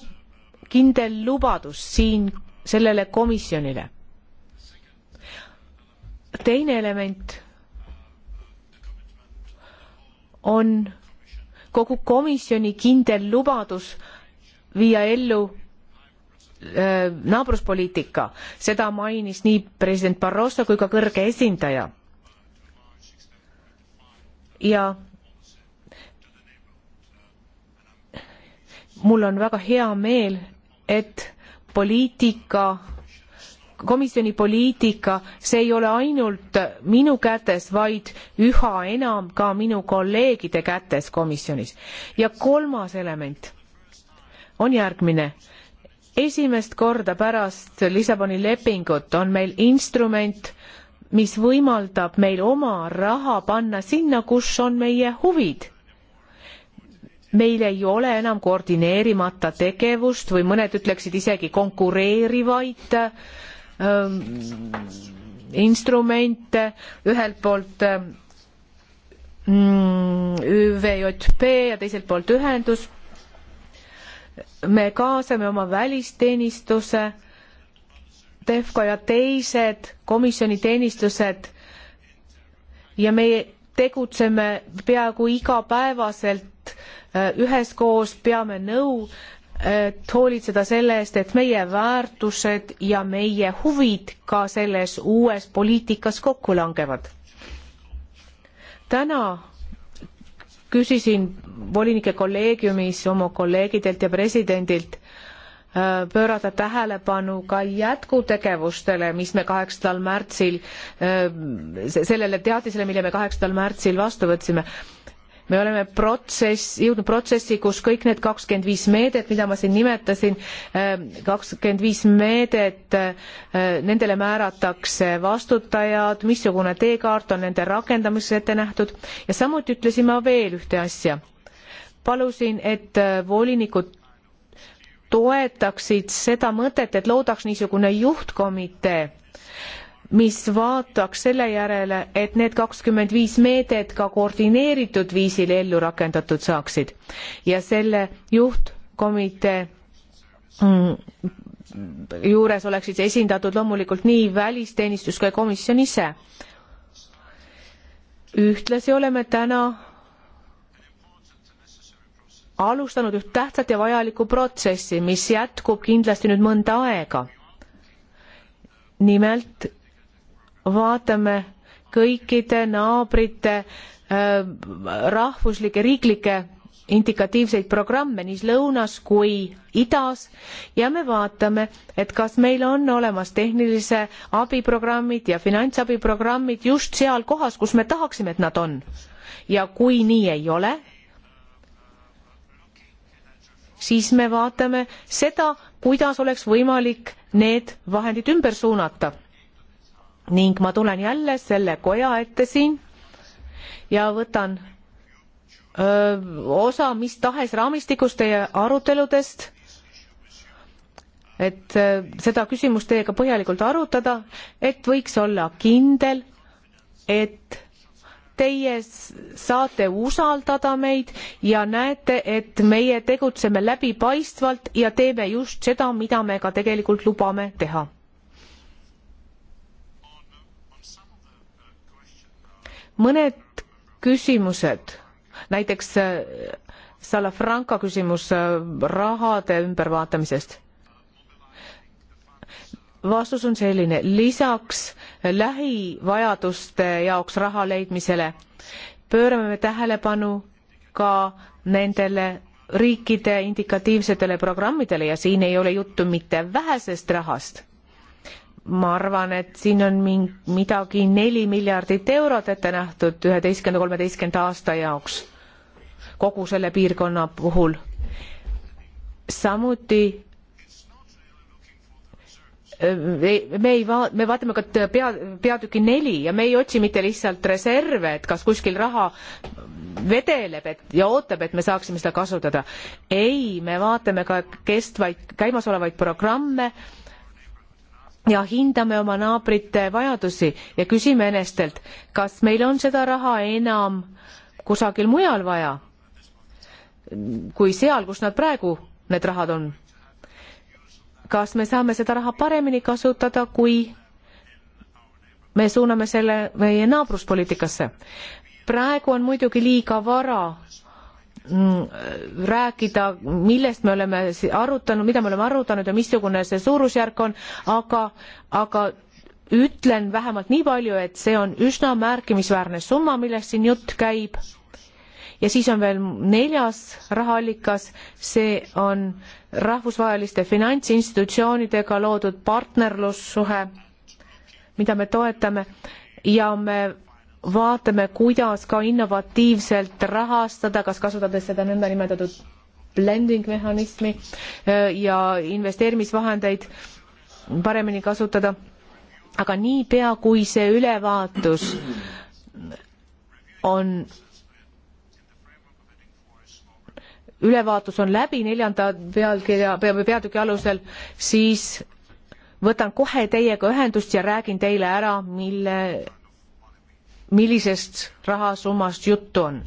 kindel lubadus siin sellele komisjonile. teine element on kogu komisjoni kindel lubadus viia ellu äh, naabruspoliitika, seda mainis nii president Barroso kui ka kõrge esindaja. ja mul on väga hea meel, et poliitika, komisjoni poliitika, see ei ole ainult minu kätes, vaid üha enam ka minu kolleegide kätes komisjonis. ja kolmas element on järgmine. esimest korda pärast Lissaboni lepingut on meil instrument, mis võimaldab meil oma raha panna sinna, kus on meie huvid meil ei ole enam koordineerimata tegevust või mõned ütleksid isegi konkureerivaid ähm, instrumente, ühelt poolt mm, ÜVJP ja teiselt poolt ühendus. me kaasame oma välisteenistuse, TEFCO ja teised komisjoni teenistused ja meie tegutseme peaaegu igapäevaselt et äh, üheskoos peame nõu, et äh, hoolitseda selle eest, et meie väärtused ja meie huvid ka selles uues poliitikas kokku langevad. täna küsisin volinike kolleegiumis oma kolleegidelt ja presidendilt äh, pöörata tähelepanu ka jätkutegevustele, mis me kaheksandal märtsil, sellele teadisele, mille me kaheksandal märtsil vastu võtsime me oleme protsess, jõudnud protsessi, kus kõik need kakskümmend viis meedet, mida ma siin nimetasin, ähm, kakskümmend viis meedet, äh, nendele määratakse vastutajad, missugune teekaart on nende rakendamiseks ette nähtud ja samuti ütlesin ma veel ühte asja. palusin, et äh, volinikud toetaksid seda mõtet, et loodaks niisugune juhtkomitee mis vaataks selle järele, et need kakskümmend viis meedet ka koordineeritud viisil ellu rakendatud saaksid ja selle juhtkomitee mm, juures oleksid esindatud loomulikult nii välisteenistus kui komisjon ise. ühtlasi oleme täna alustanud üht tähtsat ja vajalikku protsessi, mis jätkub kindlasti nüüd mõnda aega. nimelt vaatame kõikide naabrite äh, rahvuslike riiklike indikatiivseid programme nii lõunas kui idas ja me vaatame, et kas meil on olemas tehnilise abi programmid ja finantsabi programmid just seal kohas, kus me tahaksime, et nad on. ja kui nii ei ole, siis me vaatame seda, kuidas oleks võimalik need vahendid ümber suunata ning ma tulen jälle selle koja ette siin ja võtan öö, osa mis tahes raamistikust teie aruteludest, et öö, seda küsimust teiega põhjalikult arutada, et võiks olla kindel, et teie saate usaldada meid ja näete, et meie tegutseme läbipaistvalt ja teeme just seda, mida me ka tegelikult lubame teha mõned küsimused, näiteks äh, Salafranca küsimus äh, rahade ümbervaatamisest. vastus on selline, lisaks lähivajaduste jaoks raha leidmisele pöörame me tähelepanu ka nendele riikide indikatiivsetele programmidele ja siin ei ole juttu mitte vähesest rahast ma arvan, et siin on ming-, midagi neli miljardit eurot ette nähtud üheteistkümnenda, kolmeteistkümnenda aasta jaoks kogu selle piirkonna puhul. samuti me ei vaa-, me vaatame ka pea, peatüki neli ja me ei otsi mitte lihtsalt reserve, et kas kuskil raha vedeleb, et ja ootab, et me saaksime seda kasutada. ei, me vaatame ka kestvaid, käimasolevaid programme äh,, ja hindame oma naabrite vajadusi ja küsime enestelt, kas meil on seda raha enam kusagil mujal vaja kui seal, kus nad praegu, need rahad on. kas me saame seda raha paremini kasutada, kui me suuname selle meie naabruspoliitikasse? praegu on muidugi liiga vara Mm, rääkida, millest me oleme arutanud, mida me oleme arutanud ja missugune see suurusjärk on, aga, aga ütlen vähemalt nii palju, et see on üsna märkimisväärne summa, millest siin jutt käib. ja siis on veel neljas rahaallikas, see on rahvusvaheliste finantsinstitutsioonidega loodud partnerlussuhe, mida me toetame ja me vaatame, kuidas ka innovatiivselt rahastada, kas kasutades seda nõndanimetatud blending mehhanismi äh, ja investeerimisvahendeid paremini kasutada. aga niipea, kui see ülevaatus on ülevaatus on läbi neljanda pealkirja, peatüki alusel, siis võtan kohe teiega ühendust ja räägin teile ära, mille millisest rahasummast juttu on?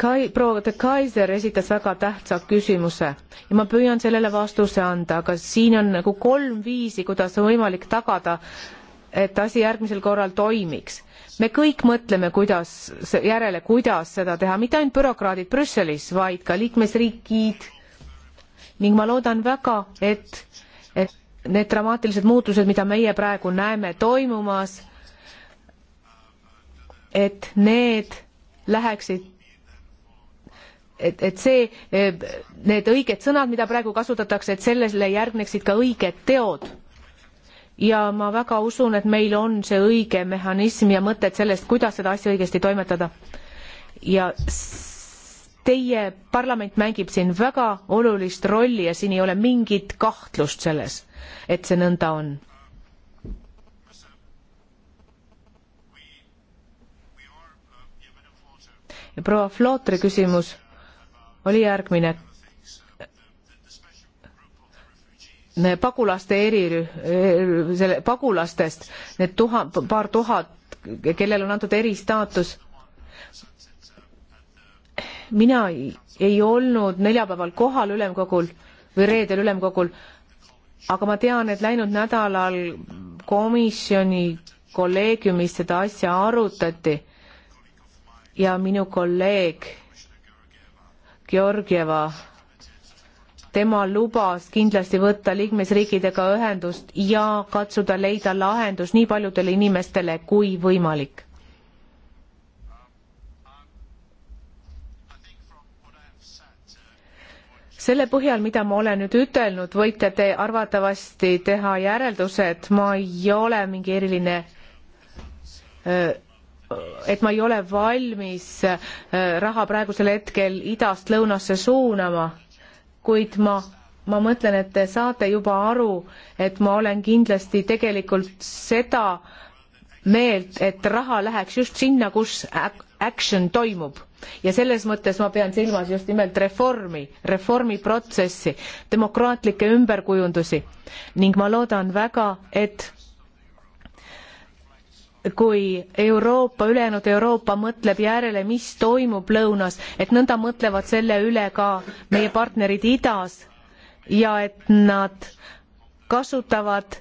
Kai-, proua de Kaiser esitas väga tähtsa küsimuse ja ma püüan sellele vastuse anda, aga siin on nagu kolm viisi, kuidas on võimalik tagada, et asi järgmisel korral toimiks. me kõik mõtleme, kuidas, järele, kuidas seda teha, mitte ainult bürokraadid Brüsselis, vaid ka liikmesriigid ning ma loodan väga, et, et need dramaatilised muutused, mida meie praegu näeme toimumas, et need läheksid, et, et see, need õiged sõnad, mida praegu kasutatakse, et sellele järgneksid ka õiged teod. ja ma väga usun, et meil on see õige mehhanism ja mõtted sellest, kuidas seda asja õigesti toimetada. ja teie parlament mängib siin väga olulist rolli ja siin ei ole mingit kahtlust selles, et see nõnda on. ja proua Flootri küsimus oli järgmine. pagulaste erirühm, selle pagulastest need tuhat, paar tuhat, kellele on antud eristaatus mina ei, ei olnud neljapäeval kohal ülemkogul või reedel ülemkogul, aga ma tean, et läinud nädalal komisjoni kolleegiumis seda asja arutati ja minu kolleeg Georgieva, tema lubas kindlasti võtta liikmesriikidega ühendust ja katsuda leida lahendus nii paljudele inimestele kui võimalik selle põhjal, mida ma olen nüüd ütelnud, võite te arvatavasti teha järelduse, et ma ei ole mingi eriline et ma ei ole valmis raha praegusel hetkel idast lõunasse suunama, kuid ma, ma mõtlen, et te saate juba aru, et ma olen kindlasti tegelikult seda meelt, et raha läheks just sinna, kus action toimub ja selles mõttes ma pean silmas just nimelt reformi, reformiprotsessi, demokraatlikke ümberkujundusi ning ma loodan väga, et kui Euroopa, ülejäänud Euroopa mõtleb järele, mis toimub lõunas, et nõnda mõtlevad selle üle ka meie partnerid idas ja et nad kasutavad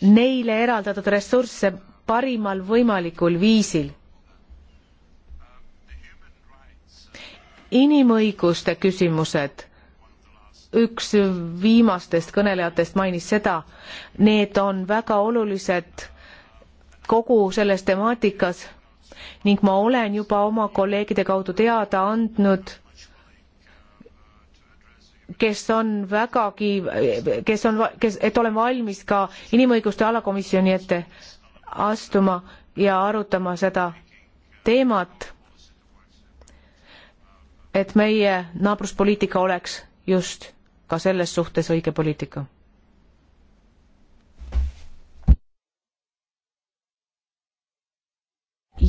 neile eraldatud ressursse parimal võimalikul viisil inimõiguste küsimused, üks viimastest kõnelejatest mainis seda, need on väga olulised kogu selles temaatikas ning ma olen juba oma kolleegide kaudu teada andnud, kes on vägagi, kes on, kes, et olen valmis ka inimõiguste alakomisjoni ette astuma ja arutama seda teemat et meie naabruspoliitika oleks just ka selles suhtes õige poliitika.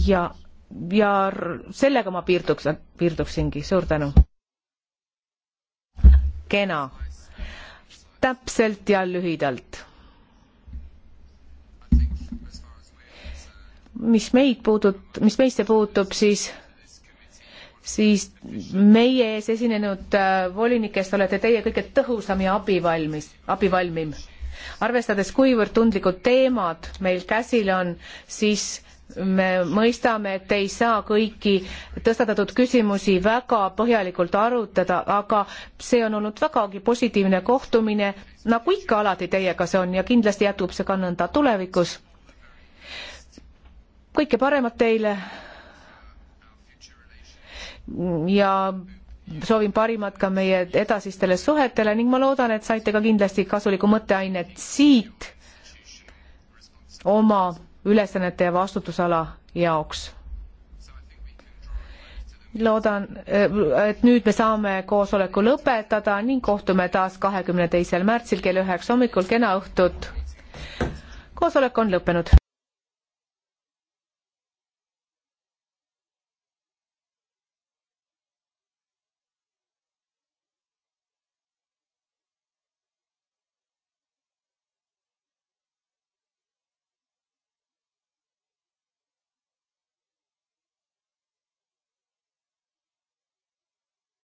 ja, ja sellega ma piirduks, piirduksingi, suur tänu. kena. täpselt ja lühidalt. mis meid puudut-, mis meisse puutub, siis siis meie ees esinenud äh, volinikest olete teie kõige tõhusam ja abivalmis, abivalmim. arvestades, kuivõrd tundlikud teemad meil käsil on, siis me mõistame, et ei saa kõiki tõstatatud küsimusi väga põhjalikult arutada, aga see on olnud vägagi positiivne kohtumine, nagu ikka alati teiega see on ja kindlasti jätkub see ka nõnda tulevikus. kõike paremat teile ja soovin parimat ka meie edasistele suhetele ning ma loodan, et saite ka kindlasti kasulikku mõtteainet siit oma ülesannete ja vastutusala jaoks. loodan, et nüüd me saame koosoleku lõpetada ning kohtume taas kahekümne teisel märtsil kell üheksa hommikul, kena õhtut. koosolek on lõppenud.